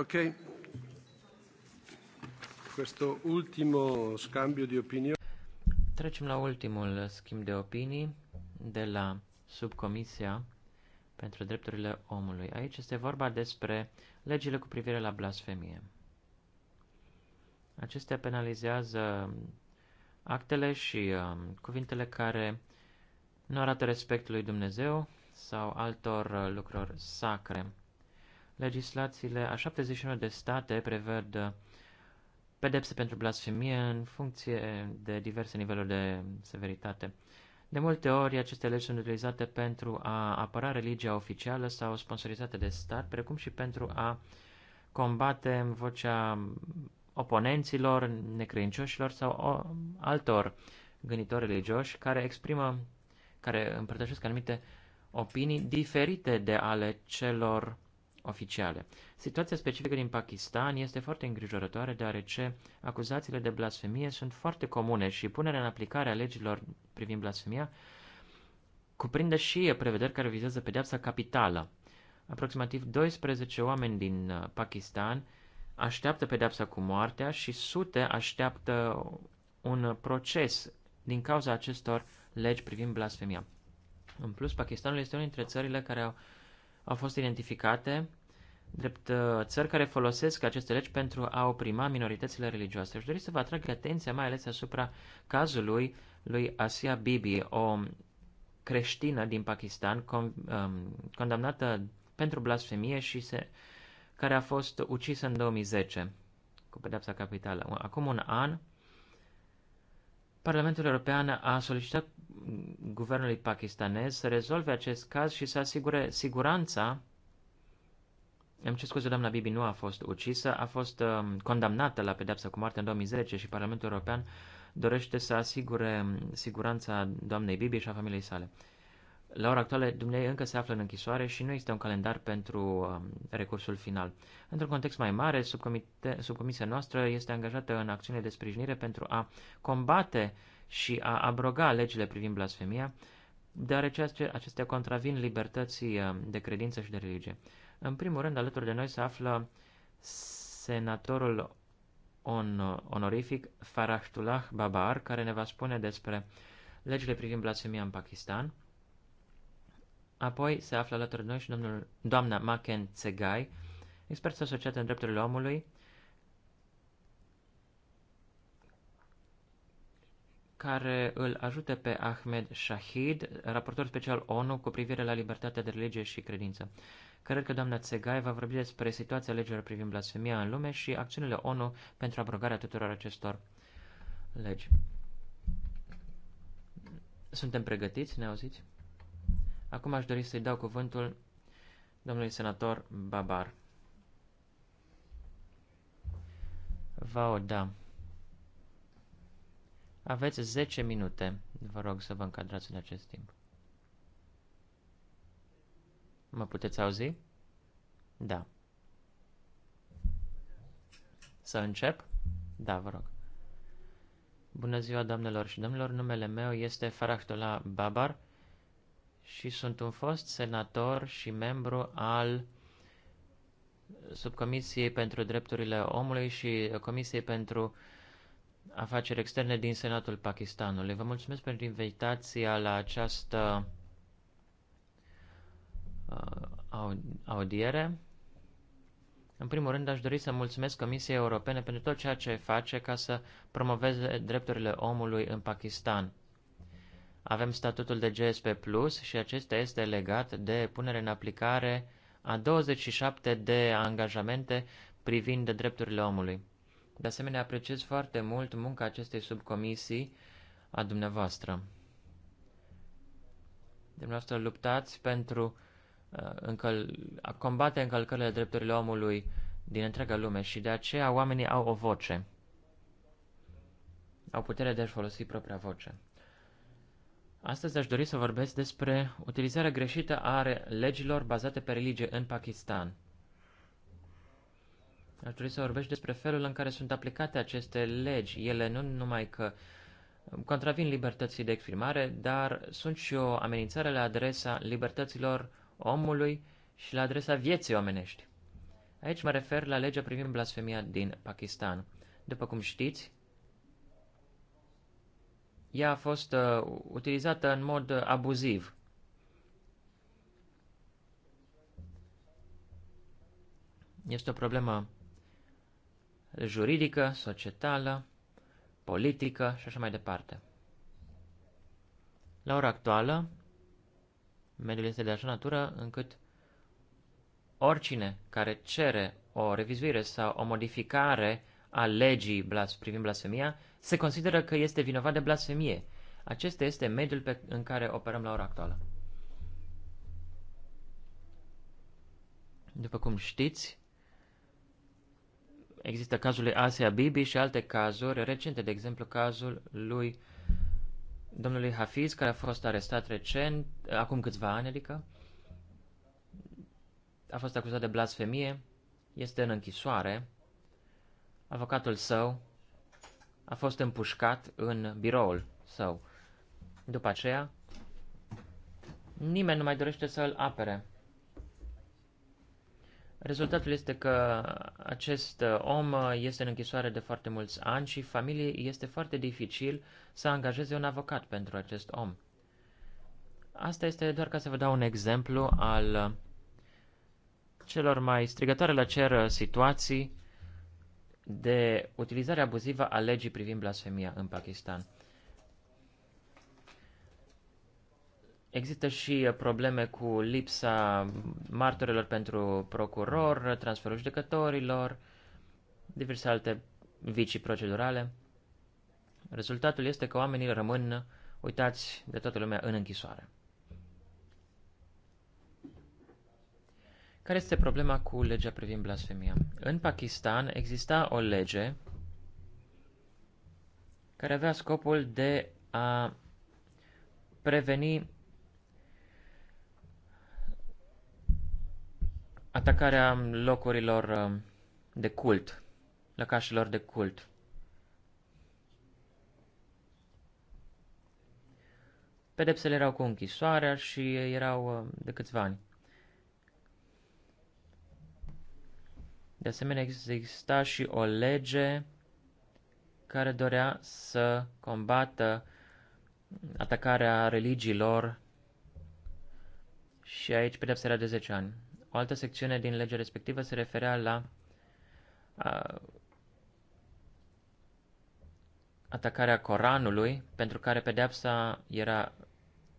Ok. Questo ultimo scambio di opinioni. Trecem la ultimul schimb de opinii de la subcomisia pentru drepturile omului. Aici este vorba despre legile cu privire la blasfemie. Acestea penalizează actele și uh, cuvintele care nu arată respectul lui Dumnezeu sau altor uh, lucruri sacre. Legislațiile a 71 de state prevăd uh, pedepse pentru blasfemie în funcție de diverse niveluri de severitate. De multe ori, aceste legi sunt utilizate pentru a apăra religia oficială sau sponsorizată de stat, precum și pentru a combate vocea oponenților, necredincioșilor sau o, altor gânditori religioși care exprimă, care împărtășesc anumite opinii diferite de ale celor oficiale. Situația specifică din Pakistan este foarte îngrijorătoare deoarece acuzațiile de blasfemie sunt foarte comune și punerea în aplicare a legilor privind blasfemia cuprinde și prevederi care vizează pedeapsa capitală. Aproximativ 12 oameni din uh, Pakistan așteaptă pedeapsa cu moartea și sute așteaptă un proces din cauza acestor legi privind blasfemia. În plus, Pakistanul este una dintre țările care au au fost identificate drept uh, țări care folosesc aceste legi pentru a oprima minoritățile religioase. Aș dori să vă atrag atenția mai ales asupra cazului lui Asia Bibi, o creștină din Pakistan um, condamnată pentru blasfemie și se, care a fost ucisă în 2010 cu pedepsa capitală. Acum un an Parlamentul European a solicitat guvernului pakistanez să rezolve acest caz și să asigure siguranța. Îmi ce scuze, doamna Bibi nu a fost ucisă, a fost uh, condamnată la pedepsă cu moarte în 2010 și Parlamentul European dorește să asigure um, siguranța doamnei Bibi și a familiei sale. Uh, la ora actuală, Dumnezeu încă se află în închisoare și nu există un calendar pentru um, recursul final. Într-un context mai mare, subcomite, subcomisia noastră este angajată în acțiune de sprijinire pentru a combate și a abroga legile privind blasfemia, deoarece acestea contravin libertății um, de credință și de religie. În primul rând, alături de noi se află senatorul on, onorific Farahtullah Babar, care ne va spune despre legile privind blasfemia în Pakistan – Apoi se află alături de noi și domnul, doamna Maken Tsegai, expert asociat în drepturile omului, care îl ajută pe Ahmed Shahid, raportor special ONU cu privire la libertatea de religie și credință. Cred că doamna Tsegai va vorbi despre situația legilor privind blasfemia în lume și acțiunile ONU pentru abrogarea tuturor acestor legi. Suntem pregătiți? Ne auziți? Acum aș dori să-i dau cuvântul domnului senator Babar. Vă da. Aveți 10 minute. Vă rog să vă încadrați în acest timp. Mă puteți auzi? Da. Să încep? Da, vă rog. Bună ziua, doamnelor și domnilor. Numele meu este Farahtola Babar și sunt un fost senator și membru al Subcomisiei pentru Drepturile Omului și Comisiei pentru Afaceri Externe din Senatul Pakistanului. Vă mulțumesc pentru invitația la această uh, audiere. În primul rând, aș dori să mulțumesc Comisiei Europene pentru tot ceea ce face ca să promoveze drepturile omului în Pakistan. Avem statutul de GSP Plus și acesta este legat de punere în aplicare a 27 de angajamente privind de drepturile omului. De asemenea, apreciez foarte mult munca acestei subcomisii a dumneavoastră. Dumneavoastră luptați pentru uh, încăl- a combate încălcările drepturile omului din întreaga lume și de aceea oamenii au o voce. Au putere de a-și folosi propria voce. Astăzi aș dori să vorbesc despre utilizarea greșită a legilor bazate pe religie în Pakistan. Aș dori să vorbesc despre felul în care sunt aplicate aceste legi. Ele nu numai că contravin libertății de exprimare, dar sunt și o amenințare la adresa libertăților omului și la adresa vieții omenești. Aici mă refer la legea privind blasfemia din Pakistan. După cum știți, ea a fost uh, utilizată în mod uh, abuziv. Este o problemă juridică, societală, politică și așa mai departe. La ora actuală, mediul este de așa natură încât oricine care cere o revizuire sau o modificare a legii privind blasfemia se consideră că este vinovat de blasfemie. Acesta este mediul pe, în care operăm la ora actuală. După cum știți, există cazul lui Asia Bibi și alte cazuri recente, de exemplu cazul lui domnului Hafiz, care a fost arestat recent, acum câțiva ani, adică, a fost acuzat de blasfemie, este în închisoare, avocatul său a fost împușcat în biroul său. După aceea, nimeni nu mai dorește să îl apere. Rezultatul este că acest om este în închisoare de foarte mulți ani și familiei este foarte dificil să angajeze un avocat pentru acest om. Asta este doar ca să vă dau un exemplu al celor mai strigătoare la cer situații de utilizare abuzivă a legii privind blasfemia în Pakistan. Există și probleme cu lipsa martorilor pentru procuror, transferul judecătorilor, diverse alte vicii procedurale. Rezultatul este că oamenii rămân uitați de toată lumea în închisoare. Care este problema cu legea privind blasfemia? În Pakistan exista o lege care avea scopul de a preveni atacarea locurilor um, de cult, lăcașilor de cult. Pedepsele erau cu închisoarea și erau um, de câțiva ani. De asemenea, exista și o lege care dorea să combată atacarea religiilor și aici pedepsa era de 10 ani. O altă secțiune din legea respectivă se referea la uh, atacarea Coranului, pentru care pedepsa era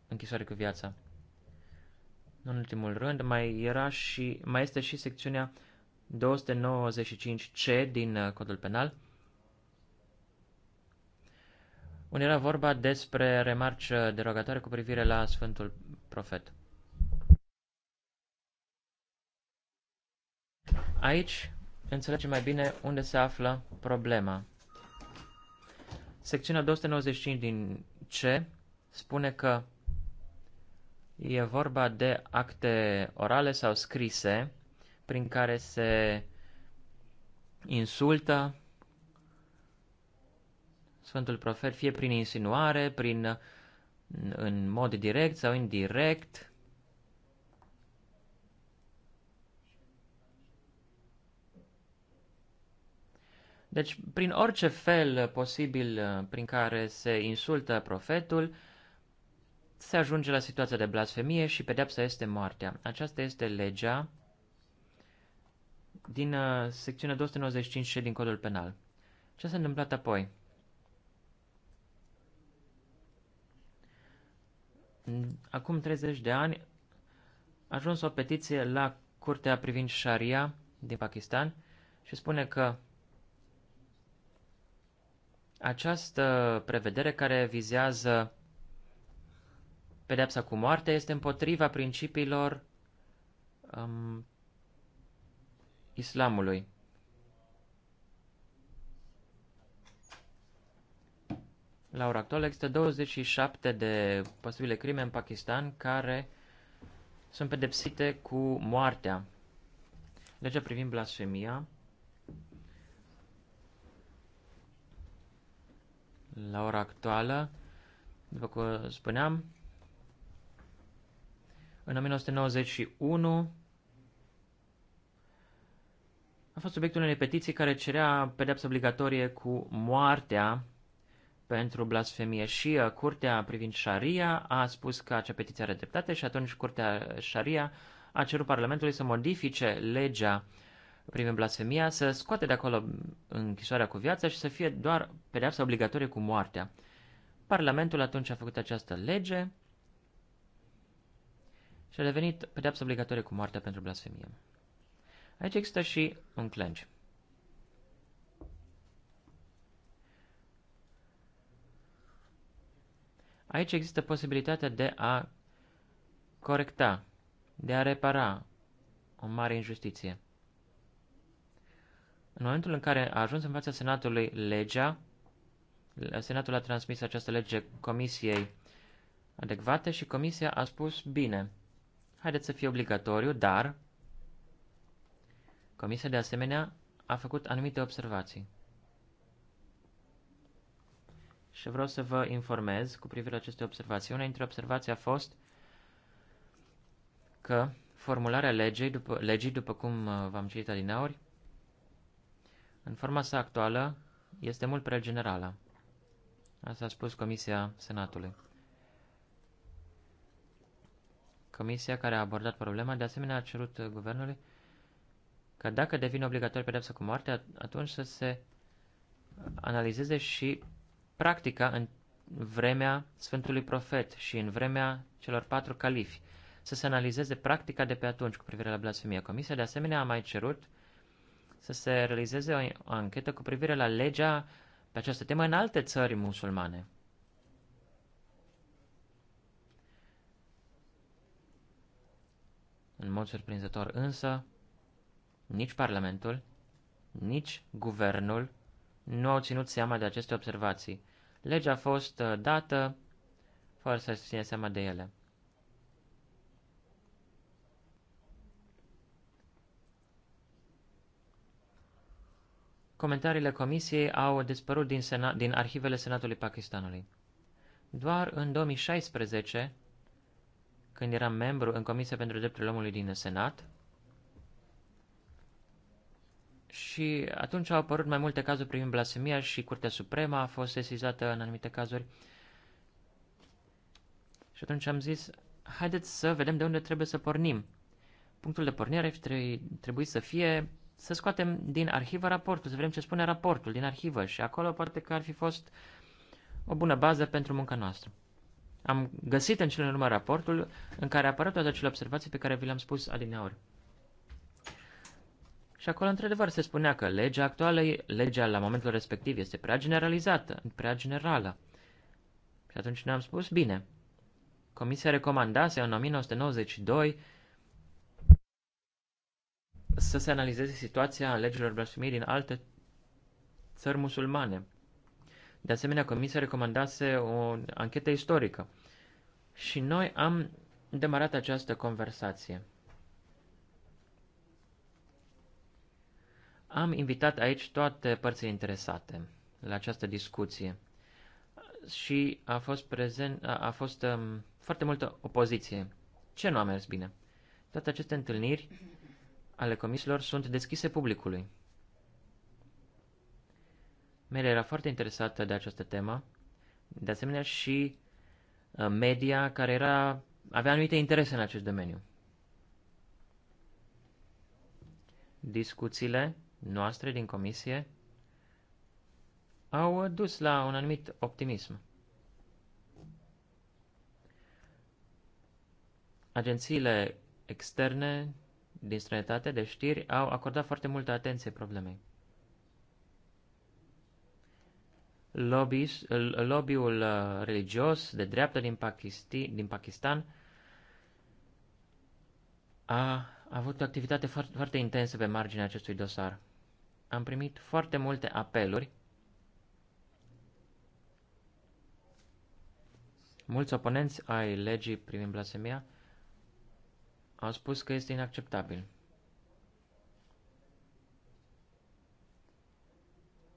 închisoare cu viața. În ultimul rând, mai era și mai este și secțiunea 295C din uh, Codul Penal, unde era vorba despre remarci uh, derogatoare cu privire la Sfântul Profet. Aici înțelegem mai bine unde se află problema. Secțiunea 295 din C spune că e vorba de acte orale sau scrise prin care se insultă Sfântul Profet, fie prin insinuare, prin, în mod direct sau indirect. Deci, prin orice fel posibil prin care se insultă profetul, se ajunge la situația de blasfemie și pedepsa este moartea. Aceasta este legea din uh, secțiunea 295 și din codul penal. Ce s-a întâmplat apoi? Acum 30 de ani a ajuns o petiție la Curtea privind Sharia din Pakistan și spune că această prevedere care vizează pedepsa cu moarte este împotriva principiilor um, islamului. La ora actuală există 27 de posibile crime în Pakistan care sunt pedepsite cu moartea. Legea privind blasfemia la ora actuală, după cum spuneam, în 1991 fost subiectul unei petiții care cerea pedeapsă obligatorie cu moartea pentru blasfemie și uh, curtea privind șaria a spus că acea petiție are dreptate și atunci curtea șaria a cerut Parlamentului să modifice legea privind blasfemia, să scoate de acolo închisoarea cu viața și să fie doar pedeapsa obligatorie cu moartea. Parlamentul atunci a făcut această lege și a devenit pedeapsa obligatorie cu moartea pentru blasfemie. Aici există și un clench. Aici există posibilitatea de a corecta, de a repara o mare injustiție. În momentul în care a ajuns în fața Senatului legea, Senatul a transmis această lege Comisiei adecvate și Comisia a spus, bine, haideți să fie obligatoriu, dar Comisia, de asemenea, a făcut anumite observații. Și vreau să vă informez cu privire la aceste observații. Una dintre observații a fost că formularea legii, după, legii, după cum uh, v-am citit adineauri, în forma sa actuală, este mult prea generală. Asta a spus Comisia Senatului. Comisia care a abordat problema, de asemenea, a cerut uh, guvernului Că dacă devine obligatorie pedepsa cu moartea, atunci să se analizeze și practica în vremea Sfântului Profet și în vremea celor patru califi, să se analizeze practica de pe atunci cu privire la blasfemie. Comisia de asemenea a mai cerut să se realizeze o anchetă cu privire la legea pe această temă în alte țări musulmane. În mod surprinzător însă, nici Parlamentul, nici Guvernul nu au ținut seama de aceste observații. Legea a fost uh, dată fără să se ține seama de ele. Comentariile comisiei au dispărut din, sena- din arhivele Senatului Pakistanului. Doar în 2016, când eram membru în Comisia pentru Drepturile Omului din Senat, și atunci au apărut mai multe cazuri privind blasfemia și Curtea Supremă a fost sesizată în anumite cazuri. Și atunci am zis, haideți să vedem de unde trebuie să pornim. Punctul de pornire trebuie să fie să scoatem din arhivă raportul, să vedem ce spune raportul din arhivă și acolo poate că ar fi fost o bună bază pentru munca noastră. Am găsit în cele urmă raportul în care apar toate acele observații pe care vi le-am spus adineori. Și acolo, într-adevăr, se spunea că legea actuală, legea la momentul respectiv este prea generalizată, prea generală. Și atunci ne-am spus, bine, Comisia recomandase în 1992 să se analizeze situația legilor blasfemiei din alte țări musulmane. De asemenea, Comisia recomandase o anchetă istorică. Și noi am demarat această conversație. Am invitat aici toate părțile interesate la această discuție și a fost, prezent, a, a fost um, foarte multă opoziție. Ce nu a mers bine? Toate aceste întâlniri ale comisiilor sunt deschise publicului. Mary era foarte interesată de această temă, de asemenea și uh, media care era, avea anumite interese în acest domeniu. Discuțiile noastre din comisie au dus la un anumit optimism. Agențiile externe din străinătate de știri au acordat foarte multă atenție problemei. Lobbyul lobby-ul uh, religios de dreapta din, Pakisti, din Pakistan a avut o activitate foarte, foarte intensă pe marginea acestui dosar am primit foarte multe apeluri. Mulți oponenți ai legii privind blasemia au spus că este inacceptabil.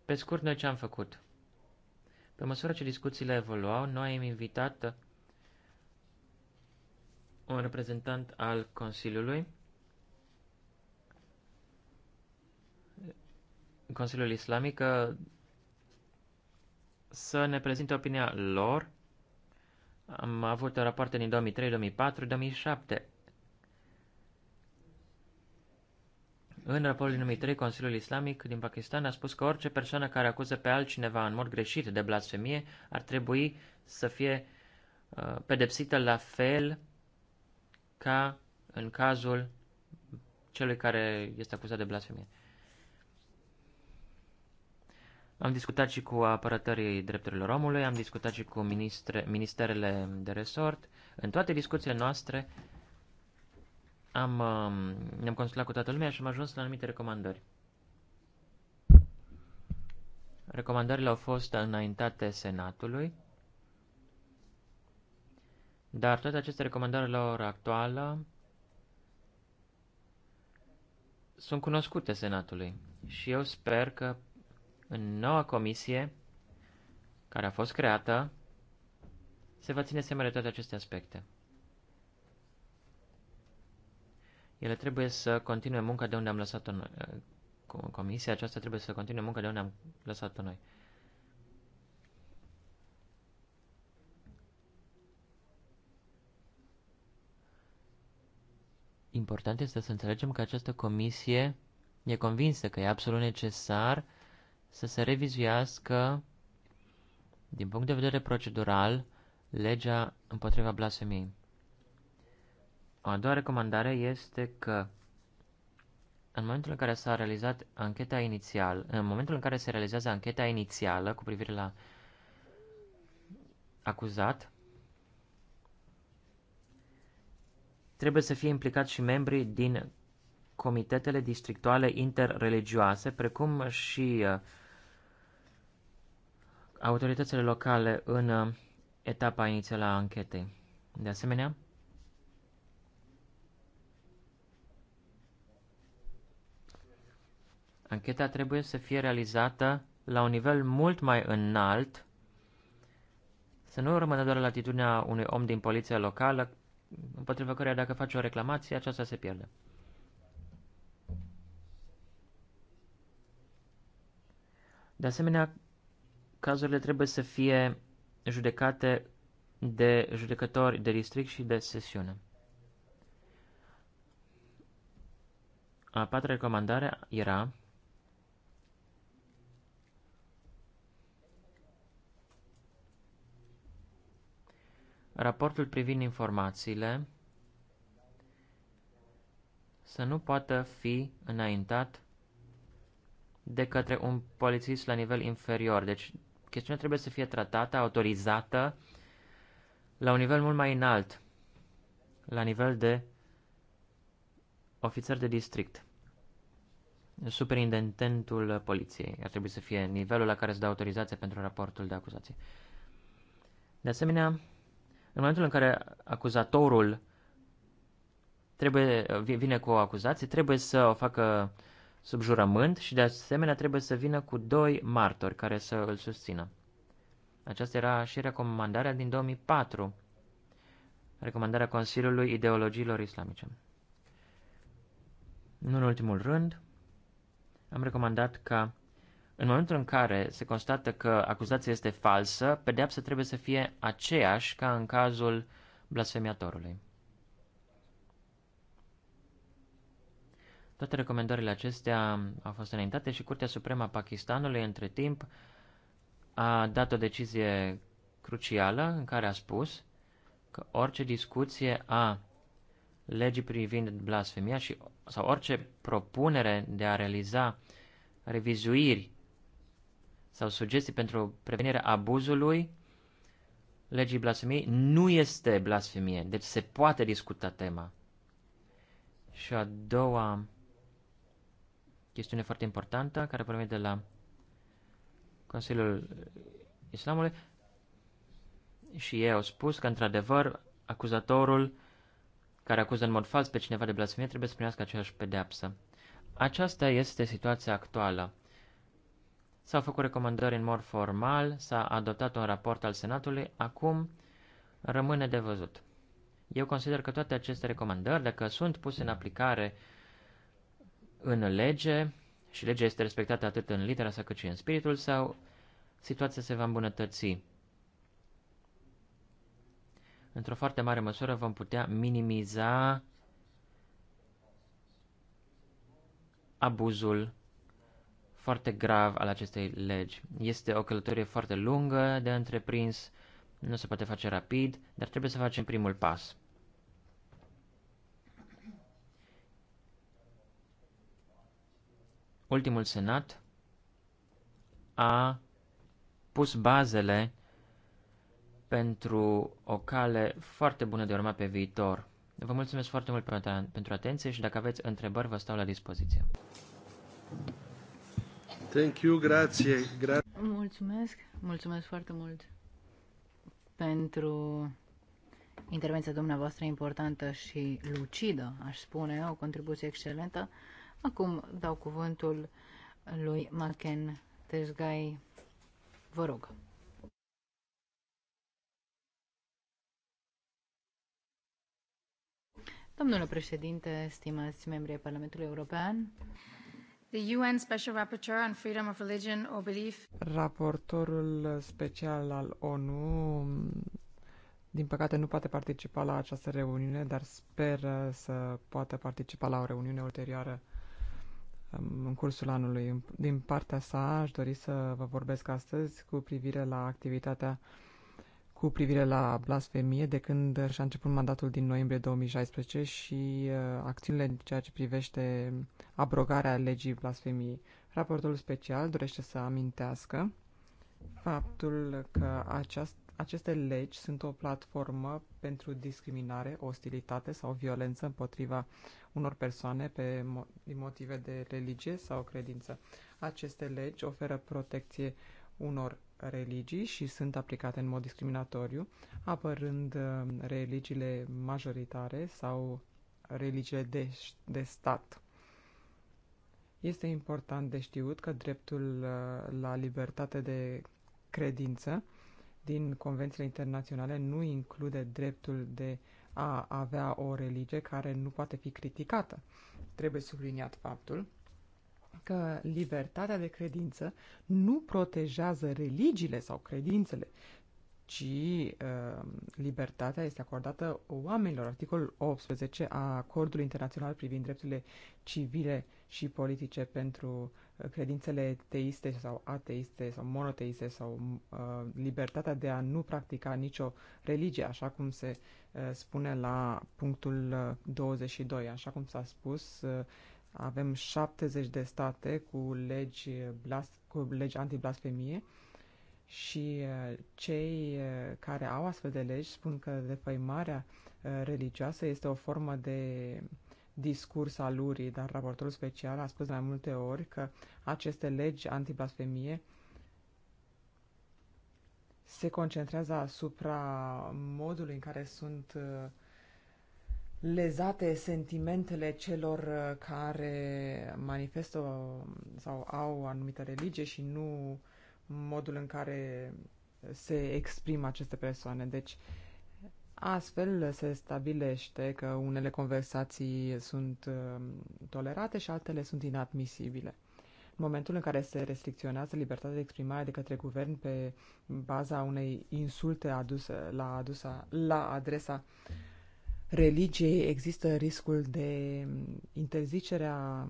Pe scurt, noi ce am făcut? Pe măsură ce discuțiile evoluau, noi am invitat un reprezentant al Consiliului Consiliul Islamic uh, să ne prezinte opinia lor. Am avut rapoarte din 2003, 2004, 2007. În raportul din 2003, Consiliul Islamic din Pakistan a spus că orice persoană care acuză pe altcineva în mod greșit de blasfemie ar trebui să fie uh, pedepsită la fel ca în cazul celui care este acuzat de blasfemie. Am discutat și cu apărătorii drepturilor omului, am discutat și cu ministre, ministerele de resort. În toate discuțiile noastre am, um, ne-am consultat cu toată lumea și am ajuns la anumite recomandări. Recomandările au fost înaintate Senatului, dar toate aceste recomandări la ora actuală sunt cunoscute Senatului și eu sper că în noua comisie care a fost creată, se va ține seama de toate aceste aspecte. Ele trebuie să continue munca de unde am lăsat-o noi. Uh, comisia aceasta trebuie să continue munca de unde am lăsat-o noi. Important este să înțelegem că această comisie e convinsă că e absolut necesar uh, să se revizuiască, din punct de vedere procedural, legea împotriva blasfemiei. O a doua recomandare este că în momentul în care s-a realizat ancheta inițială, în momentul în care se realizează ancheta inițială cu privire la acuzat, trebuie să fie implicați și membrii din comitetele districtuale interreligioase, precum și uh, autoritățile locale în uh, etapa inițială a anchetei. De asemenea, ancheta trebuie să fie realizată la un nivel mult mai înalt, să nu rămână doar la atitudinea unui om din poliția locală, împotriva căreia dacă face o reclamație, aceasta se pierde. De asemenea, cazurile trebuie să fie judecate de judecători de district și de sesiune. A patra recomandare era raportul privind informațiile să nu poată fi înaintat de către un polițist la nivel inferior. Deci chestiunea trebuie să fie tratată, autorizată la un nivel mult mai înalt, la nivel de ofițer de district. Superintendentul poliției ar trebui să fie nivelul la care se dă autorizație pentru raportul de acuzație. De asemenea, în momentul în care acuzatorul trebuie, vine cu o acuzație, trebuie să o facă uh, sub jurământ și de asemenea trebuie să vină cu doi martori care să îl susțină. Aceasta era și recomandarea din 2004, recomandarea Consiliului Ideologiilor Islamice. Nu în ultimul rând, am recomandat ca în momentul în care se constată că acuzația este falsă, pedeapsa trebuie să fie aceeași ca în cazul blasfemiatorului. Toate recomandările acestea au fost înaintate și Curtea Supremă a Pakistanului, între timp, a dat o decizie crucială în care a spus că orice discuție a legii privind blasfemia și, sau orice propunere de a realiza revizuiri sau sugestii pentru prevenirea abuzului legii blasfemiei nu este blasfemie, deci se poate discuta tema. Și a doua chestiune foarte importantă care provine de la Consiliul Islamului și ei au spus că, într-adevăr, acuzatorul care acuză în mod fals pe cineva de blasfemie trebuie să primească aceeași pedeapsă. Aceasta este situația actuală. S-au făcut recomandări în mod formal, s-a adoptat un raport al Senatului, acum rămâne de văzut. Eu consider că toate aceste recomandări, dacă sunt puse în aplicare în lege și legea este respectată atât în litera sa cât și în spiritul sau situația se va îmbunătăți. Într-o foarte mare măsură vom putea minimiza abuzul foarte grav al acestei legi. Este o călătorie foarte lungă de întreprins, nu se poate face rapid, dar trebuie să facem primul pas. ultimul senat a pus bazele pentru o cale foarte bună de urmat pe viitor. Vă mulțumesc foarte mult pentru atenție și dacă aveți întrebări, vă stau la dispoziție. Thank you, grazie. Gra- mulțumesc, mulțumesc foarte mult pentru intervenția dumneavoastră importantă și lucidă, aș spune, o contribuție excelentă. Acum dau cuvântul lui Marken Tezgai. Vă rog. Domnule președinte, stimați ai Parlamentului European, The UN Special Rapporteur on Freedom of Religion or Belief. Raportorul special al ONU din păcate nu poate participa la această reuniune, dar speră să poată participa la o reuniune ulterioară în cursul anului. Din partea sa aș dori să vă vorbesc astăzi cu privire la activitatea cu privire la blasfemie de când și-a început mandatul din noiembrie 2016 și uh, acțiunile în ceea ce privește abrogarea legii blasfemiei. Raportul special dorește să amintească faptul că această aceste legi sunt o platformă pentru discriminare, ostilitate sau violență împotriva unor persoane pe motive de religie sau credință. Aceste legi oferă protecție unor religii și sunt aplicate în mod discriminatoriu, apărând um, religiile majoritare sau religiile de, de stat. Este important de știut că dreptul uh, la libertate de credință din convențiile internaționale nu include dreptul de a avea o religie care nu poate fi criticată. Trebuie subliniat faptul că libertatea de credință nu protejează religiile sau credințele, ci uh, libertatea este acordată oamenilor. Articolul 18 a Acordului Internațional privind drepturile civile uh, și politice pentru uh, credințele teiste sau ateiste sau monoteiste sau uh, libertatea de a nu practica nicio religie, așa cum se uh, spune la punctul 22. Uh, așa cum s-a spus, uh, avem 70 de state cu legi, blas, cu legi antiblasfemie și uh, cei uh, care au astfel de legi spun că defăimarea uh, religioasă este o formă de discurs al lurii, dar raportorul special a spus mai multe ori că aceste legi antiblasfemie se concentrează asupra modului în care sunt uh, lezate sentimentele celor uh, care manifestă uh, sau au anumite religie și nu modul în care se exprimă aceste persoane. Deci, uh, Astfel se stabilește că unele conversații sunt um, tolerate și altele sunt inadmisibile. În momentul în care se restricționează libertatea de exprimare de către guvern pe baza unei insulte aduse la, adusa, la adresa religiei, există riscul de um, interzicerea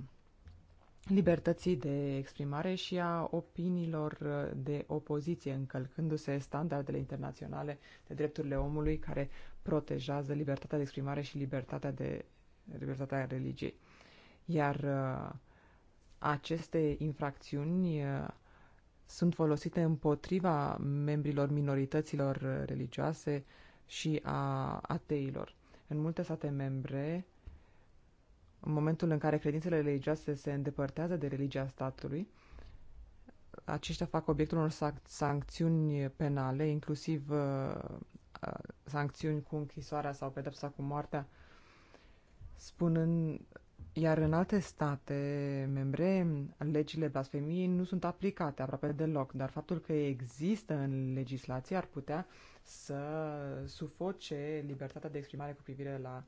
libertății de exprimare și a opiniilor de opoziție, încălcându-se standardele internaționale de drepturile omului care protejează libertatea de exprimare și libertatea, de, libertatea religiei. Iar uh, aceste infracțiuni uh, sunt folosite împotriva membrilor minorităților religioase și a ateilor. În multe state membre, în momentul în care credințele religioase se îndepărtează de religia statului, aceștia fac obiectul unor sanc sancțiuni penale, inclusiv uh, uh, sancțiuni cu închisoarea sau pedepsa cu moartea, spunând, iar în alte state membre, legile blasfemiei nu sunt aplicate aproape deloc, dar faptul că există în legislație ar putea să sufoce libertatea de exprimare cu privire la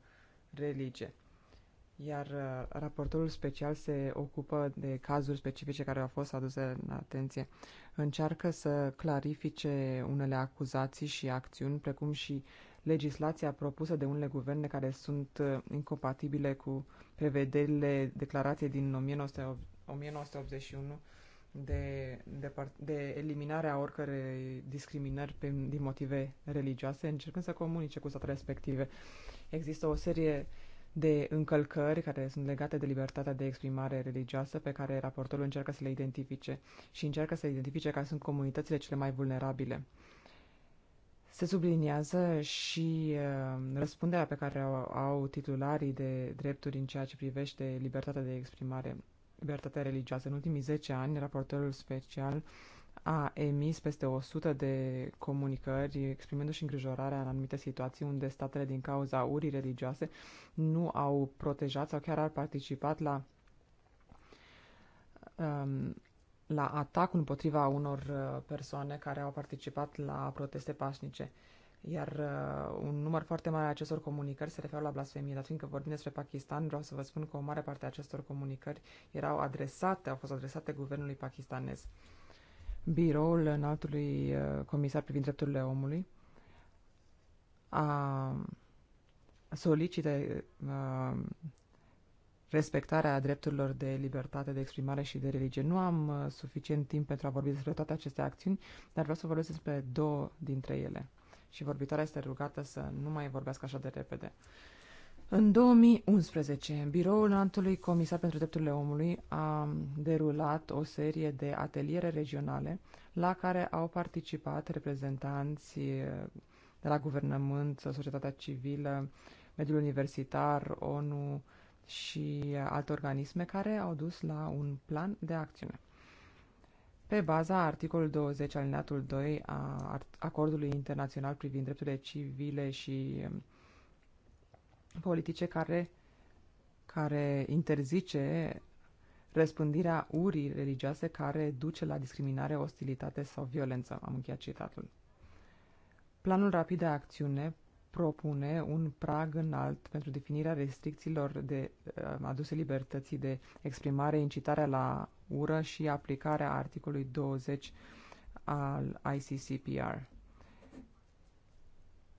religie iar uh, raportorul special se ocupă de cazuri specifice care au fost aduse în atenție. Încearcă să clarifice unele acuzații și acțiuni, precum și legislația propusă de unele guverne care sunt uh, incompatibile cu prevederile declarației din 1981 de, de, de eliminarea oricărei discriminări pe, din motive religioase, încercând să comunice cu statele respective. Există o serie de încălcări care sunt legate de libertatea de exprimare religioasă pe care raportorul încearcă să le identifice și încearcă să identifice care sunt comunitățile cele mai vulnerabile. Se subliniază și uh, răspunderea pe care au, au titularii de drepturi în ceea ce privește libertatea de exprimare, libertatea religioasă. În ultimii 10 ani, raportorul special uh, a emis peste 100 de comunicări exprimându-și îngrijorarea în anumite situații unde statele din cauza urii religioase nu au protejat sau chiar ar participat la um, la atacul împotriva unor uh, persoane care au participat la proteste pașnice. Iar uh, un număr foarte mare a acestor comunicări se referă la blasfemie, dar fiindcă vorbim despre Pakistan, vreau să vă spun că o mare parte a acestor comunicări erau adresate, au fost adresate guvernului pakistanez. Uh, biroul înaltului uh, comisar privind drepturile omului a solicite a, uh, respectarea drepturilor de libertate de exprimare și de religie. Nu am uh, suficient timp pentru a vorbi despre toate aceste acțiuni, dar vreau să vorbesc despre două dintre ele. Și vorbitoarea este rugată să nu mai vorbească așa de repede. Uh, în 2011, Biroul Înaltului Comisar pentru Drepturile Omului a derulat o serie de ateliere regionale la care au participat reprezentanți de la guvernământ, societatea civilă, mediul universitar, ONU și alte organisme care au dus la un plan de acțiune. Pe baza articolului 20 alineatul 2 a Acordului Internațional privind drepturile civile și politice care, care interzice răspândirea urii religioase care duce la discriminare, ostilitate sau violență. Am încheiat citatul. Planul rapid de acțiune propune un prag înalt pentru definirea restricțiilor de, uh, aduse libertății de exprimare, incitarea la ură și aplicarea articolului 20 al ICCPR,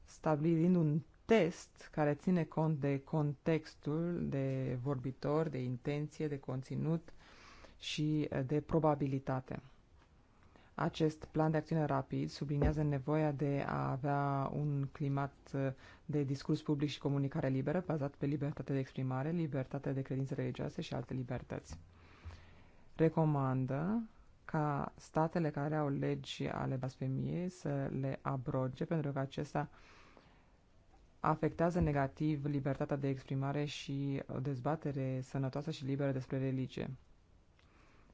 stabilind un test care ține cont de contextul, de vorbitor, de intenție, de conținut și eh, de probabilitate. Acest plan de acțiune rapid subliniază nevoia de a avea un climat eh, de discurs public și comunicare liberă, bazat pe libertate de exprimare, libertate de credințe religioase și alte libertăți. Recomandă ca statele care au legi ale blasfemiei să le abroge, pentru că acestea afectează negativ libertatea de exprimare și o dezbatere sănătoasă și liberă despre religie.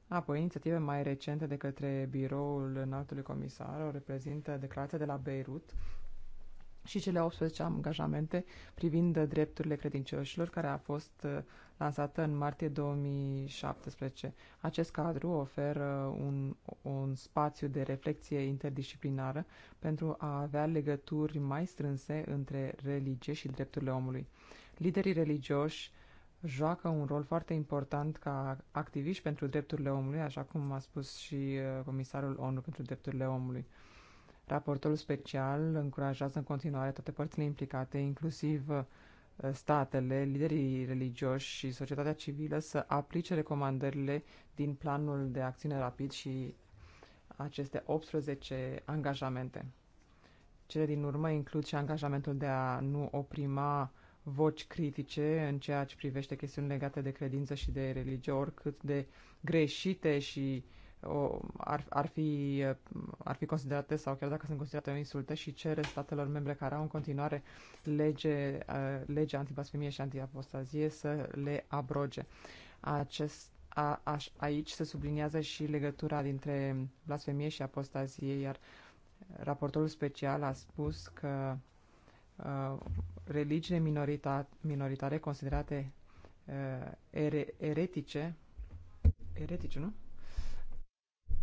Apoi, inițiative mai recente de către biroul înaltului comisar o reprezintă declarația de la Beirut și cele 18 angajamente privind drepturile credincioșilor, care a fost uh, lansată în martie 2017. Acest cadru oferă un, un spațiu de reflexie interdisciplinară pentru a avea legături mai strânse între religie și drepturile omului. Liderii religioși joacă un rol foarte important ca activiști pentru drepturile omului, așa cum a spus și uh, comisarul ONU pentru drepturile omului. Raportorul special încurajează în continuare toate părțile implicate, inclusiv uh, statele, liderii religioși și societatea civilă să aplice recomandările din planul de acțiune rapid și aceste 18 angajamente. Cele din urmă includ și angajamentul de a nu oprima voci critice în ceea ce privește chestiuni legate de credință și de religie, oricât de greșite și uh, o, ar, ar, fi, ar fi considerate sau chiar dacă sunt considerate o insultă și cere statelor membre care au în continuare lege, lege antibasfemie și antiapostazie să le abroge. Acest, a, a, aici se subliniază și legătura dintre blasfemie și apostazie, iar raportorul special a spus că a, religiile minorita, minoritare considerate a, ere, eretice, eretice, nu?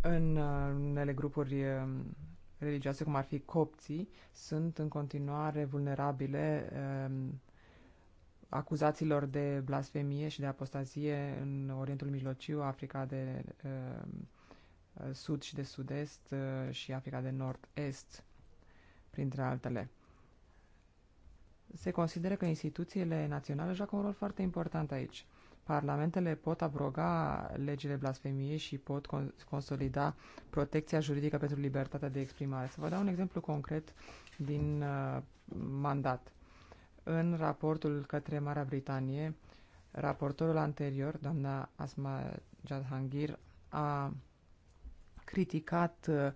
În uh, unele grupuri um, religioase, cum ar fi copții, sunt în continuare vulnerabile um, acuzațiilor de blasfemie și de apostazie în Orientul Mijlociu, Africa de um, Sud și de Sud-Est uh, și Africa de Nord-Est, printre altele. Se consideră că instituțiile naționale joacă un rol foarte important aici. Parlamentele pot abroga legile blasfemiei și pot consolida protecția juridică pentru libertatea de exprimare. Să vă dau un exemplu concret din uh, mandat. În raportul către Marea Britanie, raportorul anterior, doamna Asma Jadhangir, a criticat uh,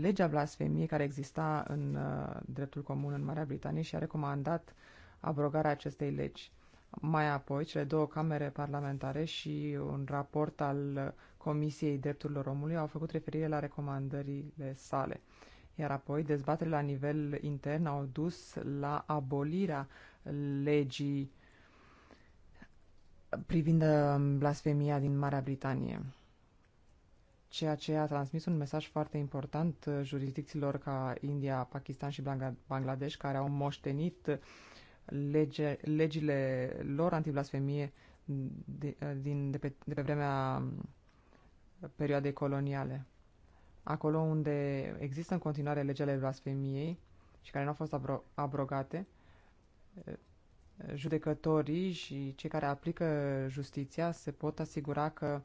legea blasfemiei care exista în uh, dreptul comun în Marea Britanie și a recomandat abrogarea acestei legi mai apoi cele două camere parlamentare și un raport al Comisiei Drepturilor Omului au făcut referire la recomandările sale. Iar apoi dezbaterile la nivel intern au dus la abolirea legii privind um, blasfemia din Marea Britanie, ceea ce a transmis un mesaj foarte important uh, jurisdicțiilor ca India, Pakistan și Bangladesh, care au moștenit uh, lege, legile lor antiblasfemie de, din, de, pe, de pe vremea um, perioadei coloniale. Acolo unde există în continuare legile blasfemiei și care nu au fost abro- abrogate, judecătorii și cei care aplică justiția se pot asigura că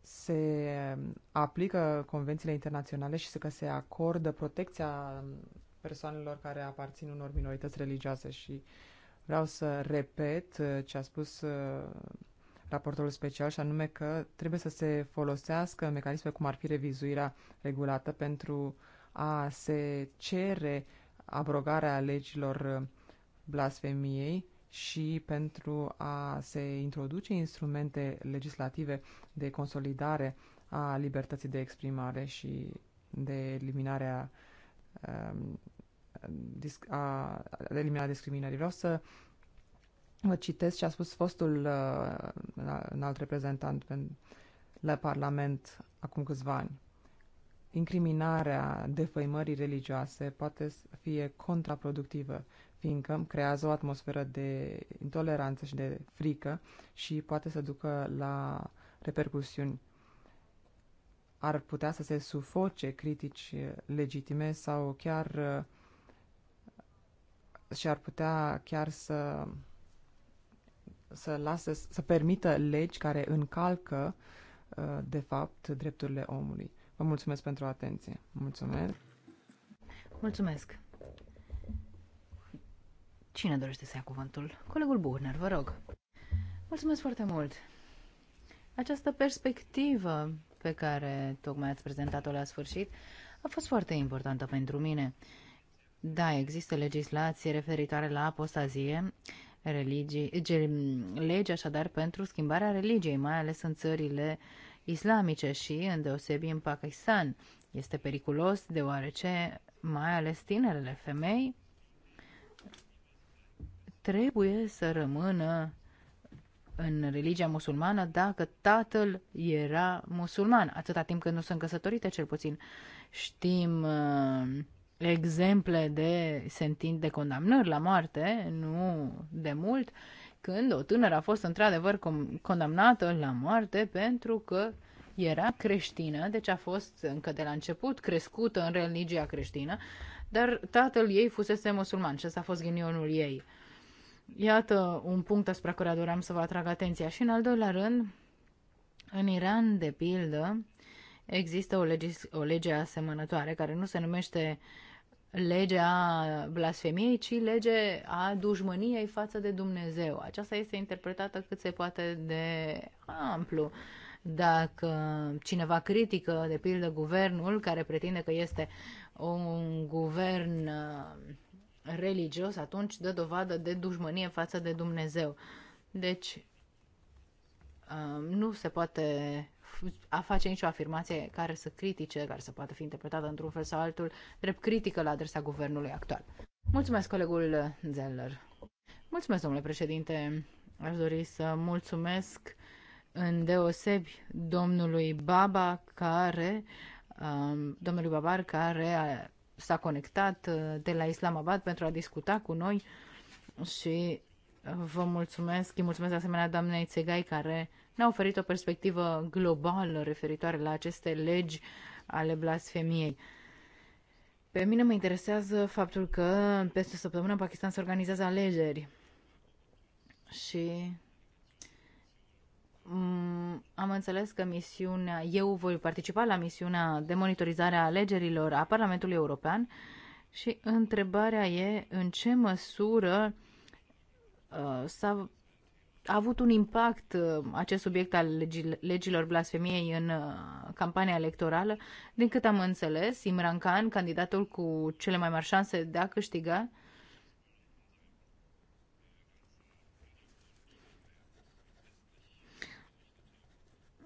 se um, aplică convențiile internaționale și că se acordă protecția um, persoanelor care aparțin unor minorități religioase și vreau să repet uh, ce a spus uh, raportorul special și anume că trebuie să se folosească mecanisme cum ar fi revizuirea regulată pentru a se cere abrogarea legilor uh, blasfemiei și pentru a se introduce instrumente legislative de consolidare a libertății de exprimare și de eliminarea um, a, a eliminarea discriminării. Vreau să vă citesc ce a spus fostul uh, alt reprezentant la Parlament acum câțiva ani. Incriminarea defăimării religioase poate să fie contraproductivă, fiindcă creează o atmosferă de intoleranță și de frică și poate să ducă la repercusiuni. Ar putea să se sufoce critici legitime sau chiar uh, și ar putea chiar să să lasă să permită legi care încalcă uh, de fapt drepturile omului. Vă mulțumesc pentru atenție. Mulțumesc. Mulțumesc. Cine dorește să ia cuvântul? Colegul Buhner, vă rog. Mulțumesc foarte mult. Această perspectivă pe care tocmai ați prezentat-o la sfârșit a fost foarte importantă pentru mine. Da, există legislație referitoare la apostazie, religii, lege așadar pentru schimbarea religiei, mai ales în țările islamice și îndeosebi în Pakistan. Este periculos deoarece mai ales tinerele femei trebuie să rămână în religia musulmană dacă tatăl era musulman, atâta timp când nu sunt căsătorite cel puțin. Știm uh, exemple de sentin de condamnări la moarte, nu de mult, când o tânără a fost într-adevăr condamnată la moarte pentru că era creștină, deci a fost încă de la început crescută în religia creștină, dar tatăl ei fusese musulman și ăsta a fost ghinionul ei. Iată un punct asupra care doream să vă atrag atenția. Și în al doilea rând, în Iran, de pildă, există o, lege, o lege asemănătoare care nu se numește legea blasfemiei, ci lege a dușmăniei față de Dumnezeu. Aceasta este interpretată cât se poate de amplu. Dacă cineva critică, de pildă, guvernul care pretinde că este un guvern uh, religios, atunci dă dovadă de dușmănie față de Dumnezeu. Deci, uh, nu se poate a face nicio afirmație care să critique, care să poată fi interpretată într-un fel sau altul, drept critică la adresa guvernului actual. Mulțumesc, colegul Zeller. Mulțumesc, domnule președinte. Aș dori să mulțumesc în deosebi domnului Baba care um, domnului Babar care s-a conectat uh, de la Islamabad pentru a discuta cu noi și Vă mulțumesc, îi mulțumesc de asemenea doamnei Țegai care ne-a oferit o perspectivă globală referitoare la aceste legi ale blasfemiei. Pe mine mă interesează faptul că peste o săptămână în Pakistan se organizează alegeri și mm, am înțeles că misiunea, eu voi participa la misiunea de monitorizare a alegerilor a Parlamentului European și întrebarea e în ce măsură uh, Uh, s-a a avut un impact uh, acest subiect al legilor blasfemiei în uh, campania electorală. Din cât am înțeles, Imran Khan, candidatul cu cele mai mari șanse de a câștiga,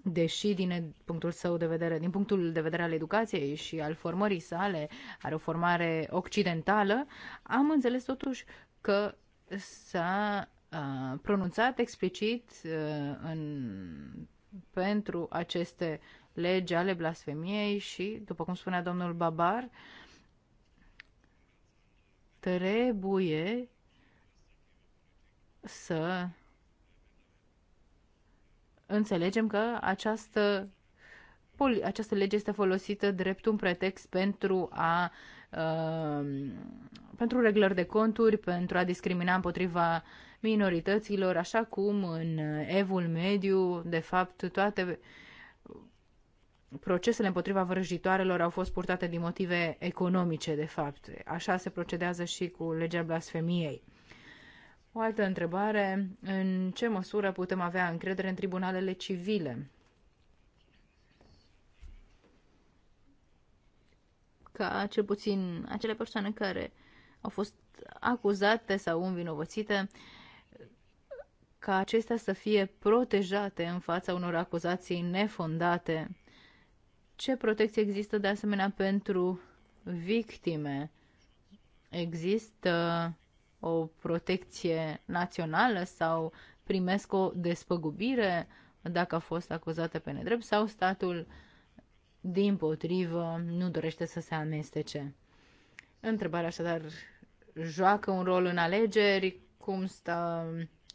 deși din punctul său de vedere, din punctul de vedere al educației și al formării sale, are o formare occidentală, am înțeles totuși că s-a pronunțat explicit în, pentru aceste legi ale blasfemiei și, după cum spunea domnul Babar, trebuie să înțelegem că această, această lege este folosită drept un pretext pentru a pentru reglări de conturi, pentru a discrimina împotriva minorităților, așa cum în evul mediu, de fapt, toate procesele împotriva vrăjitoarelor au fost purtate din motive economice, de fapt. Așa se procedează și cu legea blasfemiei. O altă întrebare, în ce măsură putem avea încredere în tribunalele civile? Ca cel puțin acele persoane care au fost acuzate sau învinovățite ca acestea să fie protejate în fața unor acuzații nefondate. Ce protecție există de asemenea pentru victime? Există o protecție națională sau primesc o despăgubire dacă a fost acuzată pe nedrept sau statul din potrivă nu dorește să se amestece. Întrebarea așadar joacă un rol în alegeri, cum stă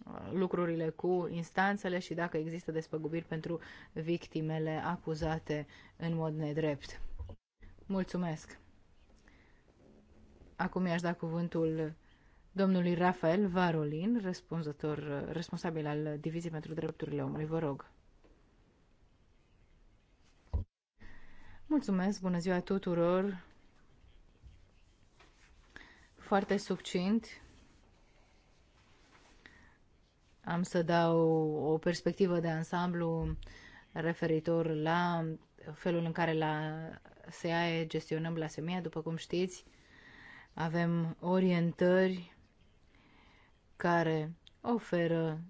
uh, lucrurile cu instanțele și dacă există despăgubiri pentru victimele acuzate în mod nedrept. Mulțumesc! Acum i-aș da cuvântul domnului Rafael Varolin, răspunzător, responsabil al Diviziei pentru Drepturile Omului. Vă rog! Mulțumesc! Bună ziua tuturor! foarte succint. Am să dau o perspectivă de ansamblu referitor la felul în care la SEAE gestionăm blasfemia. După cum știți, avem orientări care oferă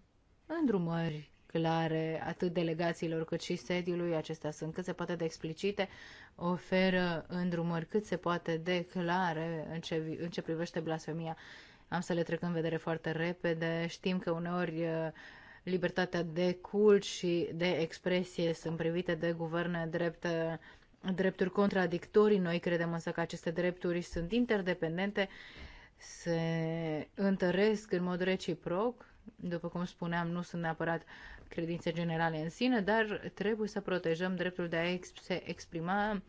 îndrumări clare atât delegațiilor cât și sediului. Acestea sunt cât se poate de explicite oferă îndrumări cât se poate de clare în ce, în ce privește blasfemia. Am să le trec în vedere foarte repede. Știm că uneori uh, libertatea de cult și de expresie sunt privite de guverne drept uh, drepturi contradictorii. Noi credem însă că aceste drepturi sunt interdependente, se întăresc în mod reciproc. După cum spuneam, nu sunt neapărat credințe generale în sine, dar trebuie să protejăm dreptul de a se exprima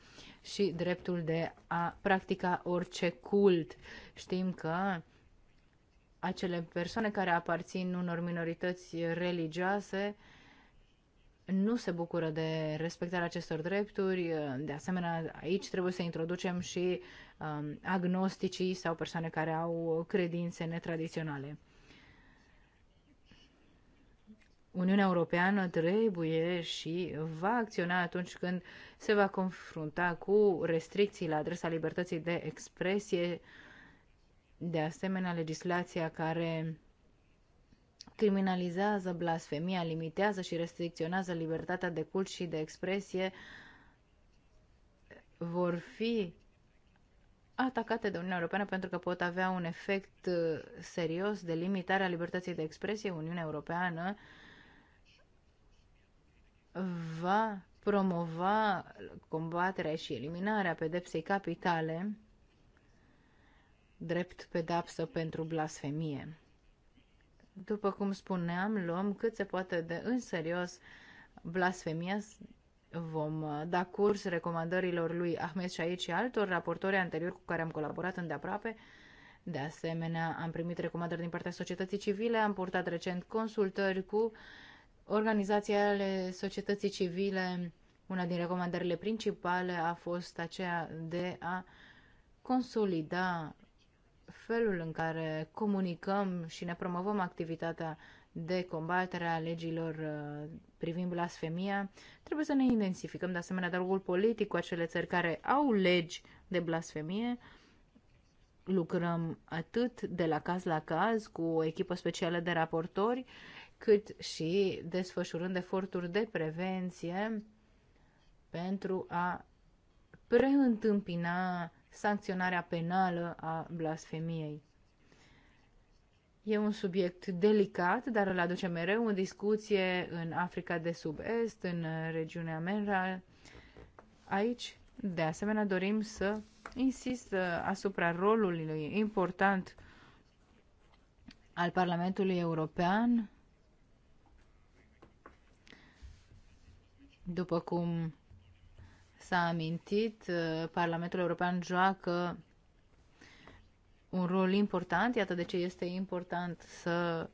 și dreptul de a practica orice cult. Știm că acele persoane care aparțin unor minorități religioase nu se bucură de respectarea acestor drepturi. De asemenea, aici trebuie să introducem și um, agnosticii sau persoane care au credințe netradiționale. Uniunea Europeană trebuie și va acționa atunci când se va confrunta cu restricții la adresa libertății de expresie, de asemenea legislația care criminalizează blasfemia, limitează și restricționează libertatea de cult și de expresie, vor fi atacate de Uniunea Europeană pentru că pot avea un efect uh, serios de limitare a libertății de expresie. Uniunea Europeană uh, va promova combaterea și eliminarea pedepsei capitale drept pedapsă pentru blasfemie. După cum spuneam, luăm cât se poate de în serios blasfemia, vom uh, da curs recomandărilor lui Ahmed aici și altor raportori anteriori cu care am colaborat îndeaproape. De asemenea, am primit recomandări din partea societății civile, am purtat recent consultări cu uh, organizația ale societății civile, una din recomandările principale a fost aceea de a consolida felul în care comunicăm și ne promovăm activitatea de combatere a legilor uh, privind blasfemia, trebuie să ne intensificăm de asemenea dialogul politic cu acele țări care au legi de blasfemie. Lucrăm atât de la caz la caz cu o echipă specială de raportori, cât și desfășurând eforturi de prevenție pentru a preîntâmpina sancționarea penală a blasfemiei. E un subiect delicat, dar îl aduce mereu în discuție în Africa de Sud-Est, în regiunea Menral. Aici, de asemenea, dorim să insist uh, asupra rolului important al Parlamentului European După cum s-a amintit, uh, Parlamentul European joacă un rol important, iată de ce este important să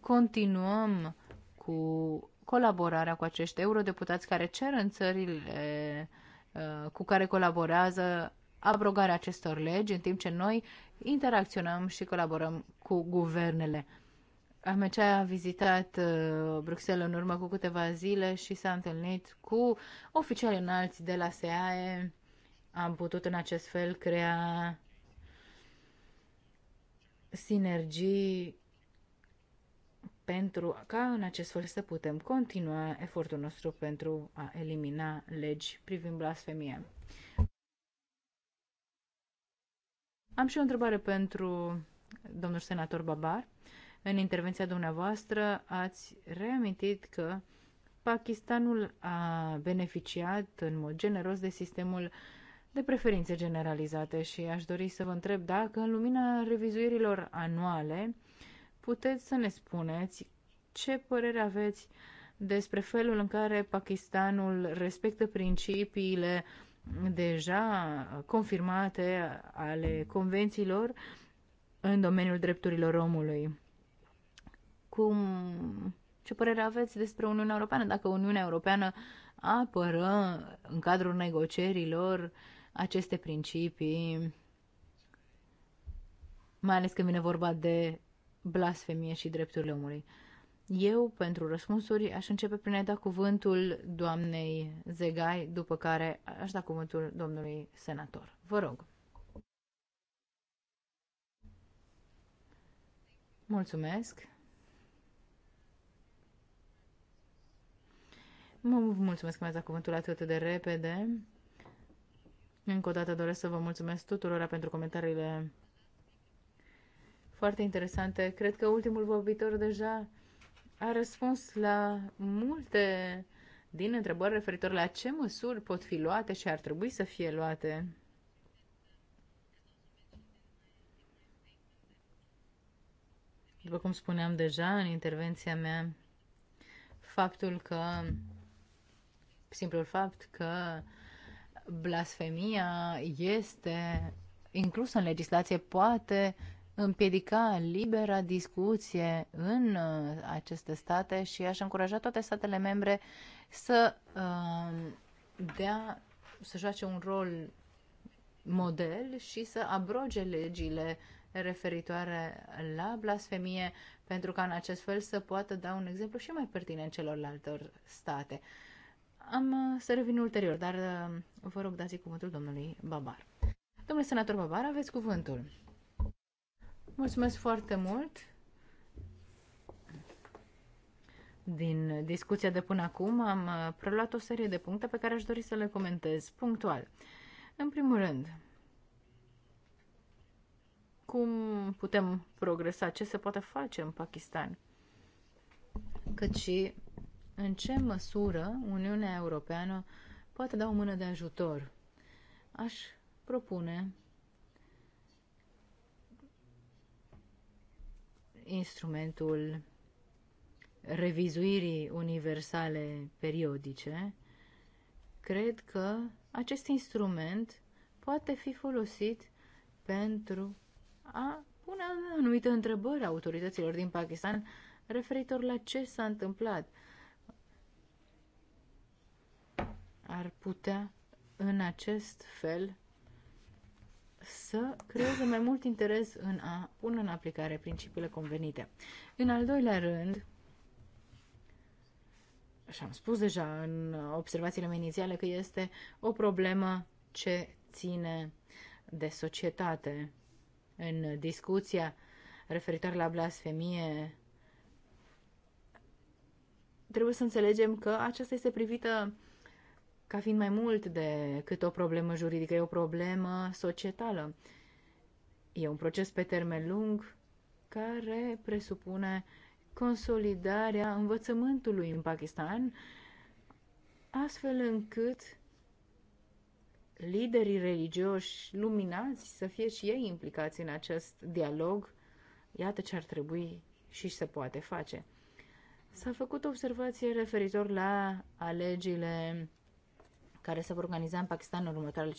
continuăm cu colaborarea cu acești eurodeputați care cer în țările uh, cu care colaborează abrogarea acestor legi, în timp ce noi interacționăm și colaborăm cu guvernele. AMC a vizitat uh, Bruxelles în urmă cu câteva zile și s-a întâlnit cu oficiali înalți de la SEAE. Am putut în acest fel crea sinergii pentru ca în acest fel să putem continua efortul nostru pentru a elimina legi privind blasfemia. Am și o întrebare pentru domnul senator Babar. În intervenția dumneavoastră ați reamintit că Pakistanul a beneficiat în mod generos de sistemul de preferințe generalizate și aș dori să vă întreb dacă în lumina revizuirilor anuale puteți să ne spuneți ce părere aveți despre felul în care Pakistanul respectă principiile deja confirmate ale convențiilor în domeniul drepturilor omului cum, ce părere aveți despre Uniunea Europeană, dacă Uniunea Europeană apără în cadrul negocierilor aceste principii, mai ales când vine vorba de blasfemie și drepturile omului. Eu, pentru răspunsuri, aș începe prin a da cuvântul doamnei Zegai, după care aș da cuvântul domnului senator. Vă rog. Mulțumesc. Mă mulțumesc că mi-ați dat cuvântul atât de repede. Încă o dată doresc să vă mulțumesc tuturora pentru comentariile foarte interesante. Cred că ultimul vorbitor deja a răspuns la multe din întrebări referitor la ce măsuri pot fi luate și ar trebui să fie luate. După cum spuneam deja în intervenția mea, faptul că simplul fapt că blasfemia este inclusă în legislație, poate împiedica libera discuție în uh, aceste state și aș încuraja toate statele membre să uh, dea, să joace un rol model și să abroge legile referitoare la blasfemie pentru ca în acest fel să poată da un exemplu și mai pertinent celorlalte state. Am uh, să revin ulterior, dar uh, vă rog dați cuvântul domnului Babar. Domnule senator Babar, aveți cuvântul. Mulțumesc foarte mult. Din discuția de până acum am uh, preluat o serie de puncte pe care aș dori să le comentez punctual. În primul rând, cum putem progresa, ce se poate face în Pakistan, cât și în ce măsură Uniunea Europeană poate da o mână de ajutor. Aș propune instrumentul revizuirii universale periodice, cred că acest instrument poate fi folosit pentru a pune anumite întrebări autorităților din Pakistan referitor la ce s-a întâmplat ar putea în acest fel să creeze mai mult interes în a pune în aplicare principiile convenite. În al doilea rând, așa am spus deja în observațiile mele inițiale că este o problemă ce ține de societate. În discuția referitoare la blasfemie, trebuie să înțelegem că aceasta este privită ca fiind mai mult decât o problemă juridică, e o problemă societală. E un proces pe termen lung care presupune consolidarea învățământului în Pakistan, astfel încât liderii religioși luminați să fie și ei implicați în acest dialog. Iată ce ar trebui și se poate face. S-a făcut observație referitor la alegerile care se vor organiza în Pakistan în următoarele 15-20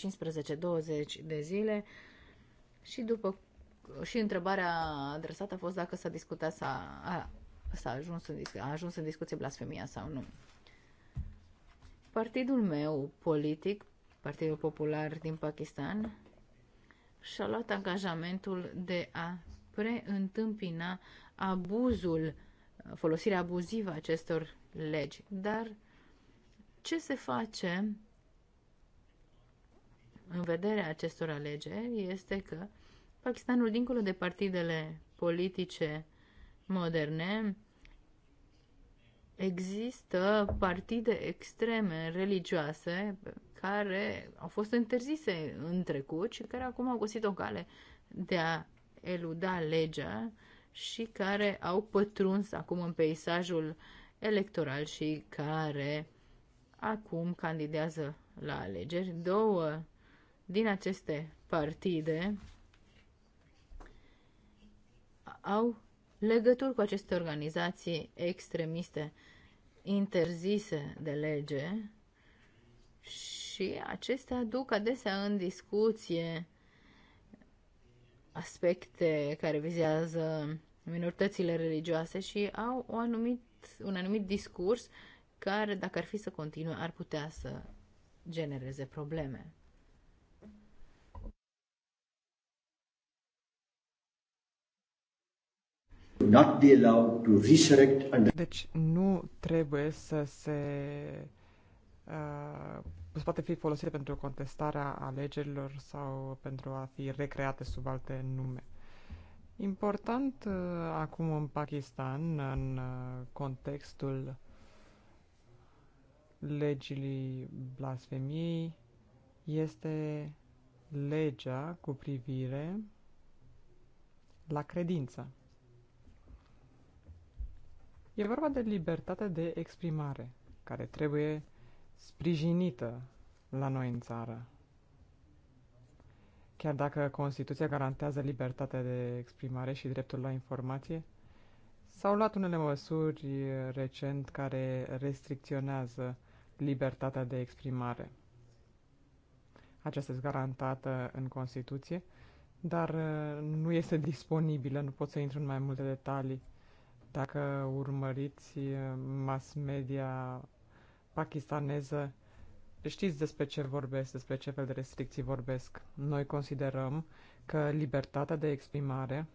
de zile și după și întrebarea adresată a fost dacă s-a discutat, s-a, a, s-a ajuns, în, a ajuns în discuție blasfemia sau nu. Partidul meu politic, Partidul Popular din Pakistan, și-a luat angajamentul de a preîntâmpina abuzul, folosirea abuzivă a acestor legi. Dar ce se face în vederea acestor alegeri este că Pakistanul, dincolo de partidele politice moderne, există partide extreme religioase care au fost interzise în trecut și care acum au găsit o cale de a eluda legea și care au pătruns acum în peisajul electoral și care acum candidează la alegeri. Două din aceste partide au legături cu aceste organizații extremiste interzise de lege și acestea duc adesea în discuție aspecte care vizează minoritățile religioase și au o anumit, un anumit discurs care, dacă ar fi să continue, ar putea să genereze probleme. not be allowed to resurrect Deci nu trebuie să se uh, poate fi folosite pentru contestarea alegerilor sau pentru a fi recreate sub alte nume. Important uh, acum în Pakistan, în uh, contextul legii blasfemiei, este legea cu privire la credință. E vorba de libertate de exprimare, care trebuie sprijinită la noi în țară. Chiar dacă Constituția garantează libertatea de exprimare și dreptul la informație, s-au luat unele măsuri recent care restricționează libertatea de exprimare. Aceasta este garantată în Constituție, dar nu este disponibilă, nu pot să intru în mai multe detalii dacă urmăriți eh, mass media pakistaneză, știți despre ce vorbesc, despre ce fel de restricții vorbesc. Noi considerăm că libertatea de exprimare,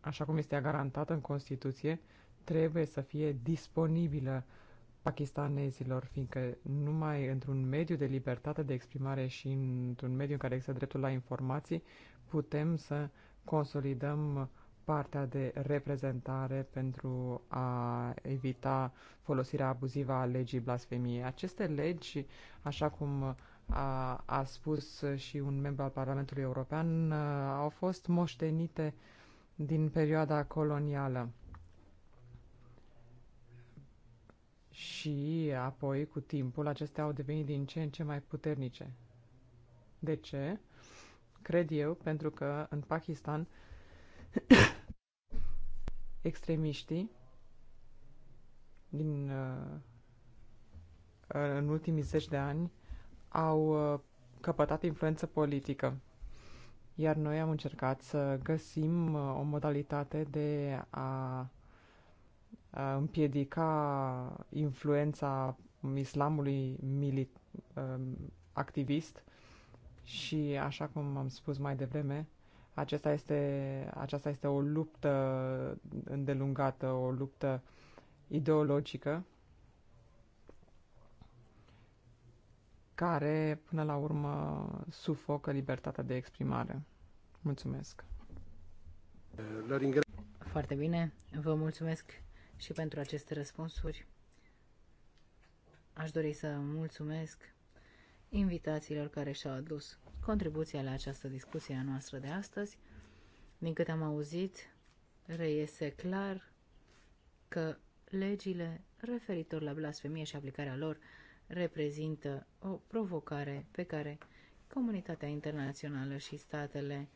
așa cum este garantată în Constituție, trebuie să fie disponibilă pakistanezilor, fiindcă numai într-un mediu de libertate de exprimare și într-un mediu în care există dreptul la informații, putem să consolidăm partea de reprezentare pentru a evita folosirea abuzivă a legii blasfemiei. Aceste legi, așa cum a, a spus și un membru al Parlamentului European, au fost moștenite din perioada colonială. Și apoi, cu timpul, acestea au devenit din ce în ce mai puternice. De ce? Cred eu, pentru că în Pakistan extremiștii din, uh, în ultimii zeci de ani au uh, căpătat influență politică. Iar noi am încercat să găsim uh, o modalitate de a împiedica influența islamului milit, activist și, așa cum am spus mai devreme, acesta este, aceasta este o luptă îndelungată, o luptă ideologică care, până la urmă, sufocă libertatea de exprimare. Mulțumesc! Foarte bine, vă mulțumesc și pentru aceste răspunsuri. Aș dori să mulțumesc invitațiilor care și-au adus contribuția la această discuție a noastră de astăzi. Din câte am auzit, reiese clar că legile referitor la blasfemie și aplicarea lor reprezintă o provocare pe care comunitatea internațională și statele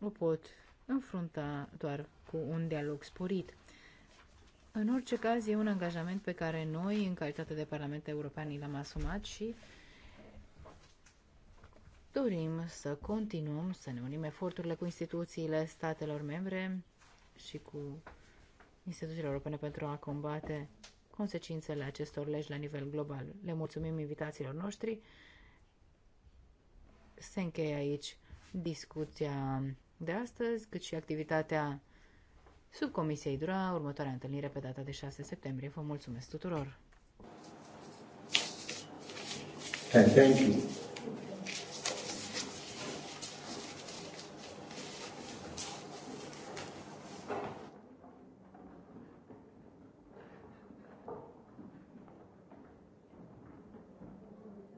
o pot înfrunta doar cu un dialog sporit. În orice caz, e un angajament pe care noi, în calitate de Parlament European, l-am asumat și Dorim să continuăm să ne unim eforturile cu instituțiile statelor membre și cu instituțiile europene pentru a combate consecințele acestor legi la nivel global. Le mulțumim invitațiilor noștri. Se încheie aici discuția de astăzi, cât și activitatea subcomisiei Dura, următoarea întâlnire pe data de 6 septembrie. Vă mulțumesc tuturor! And thank you.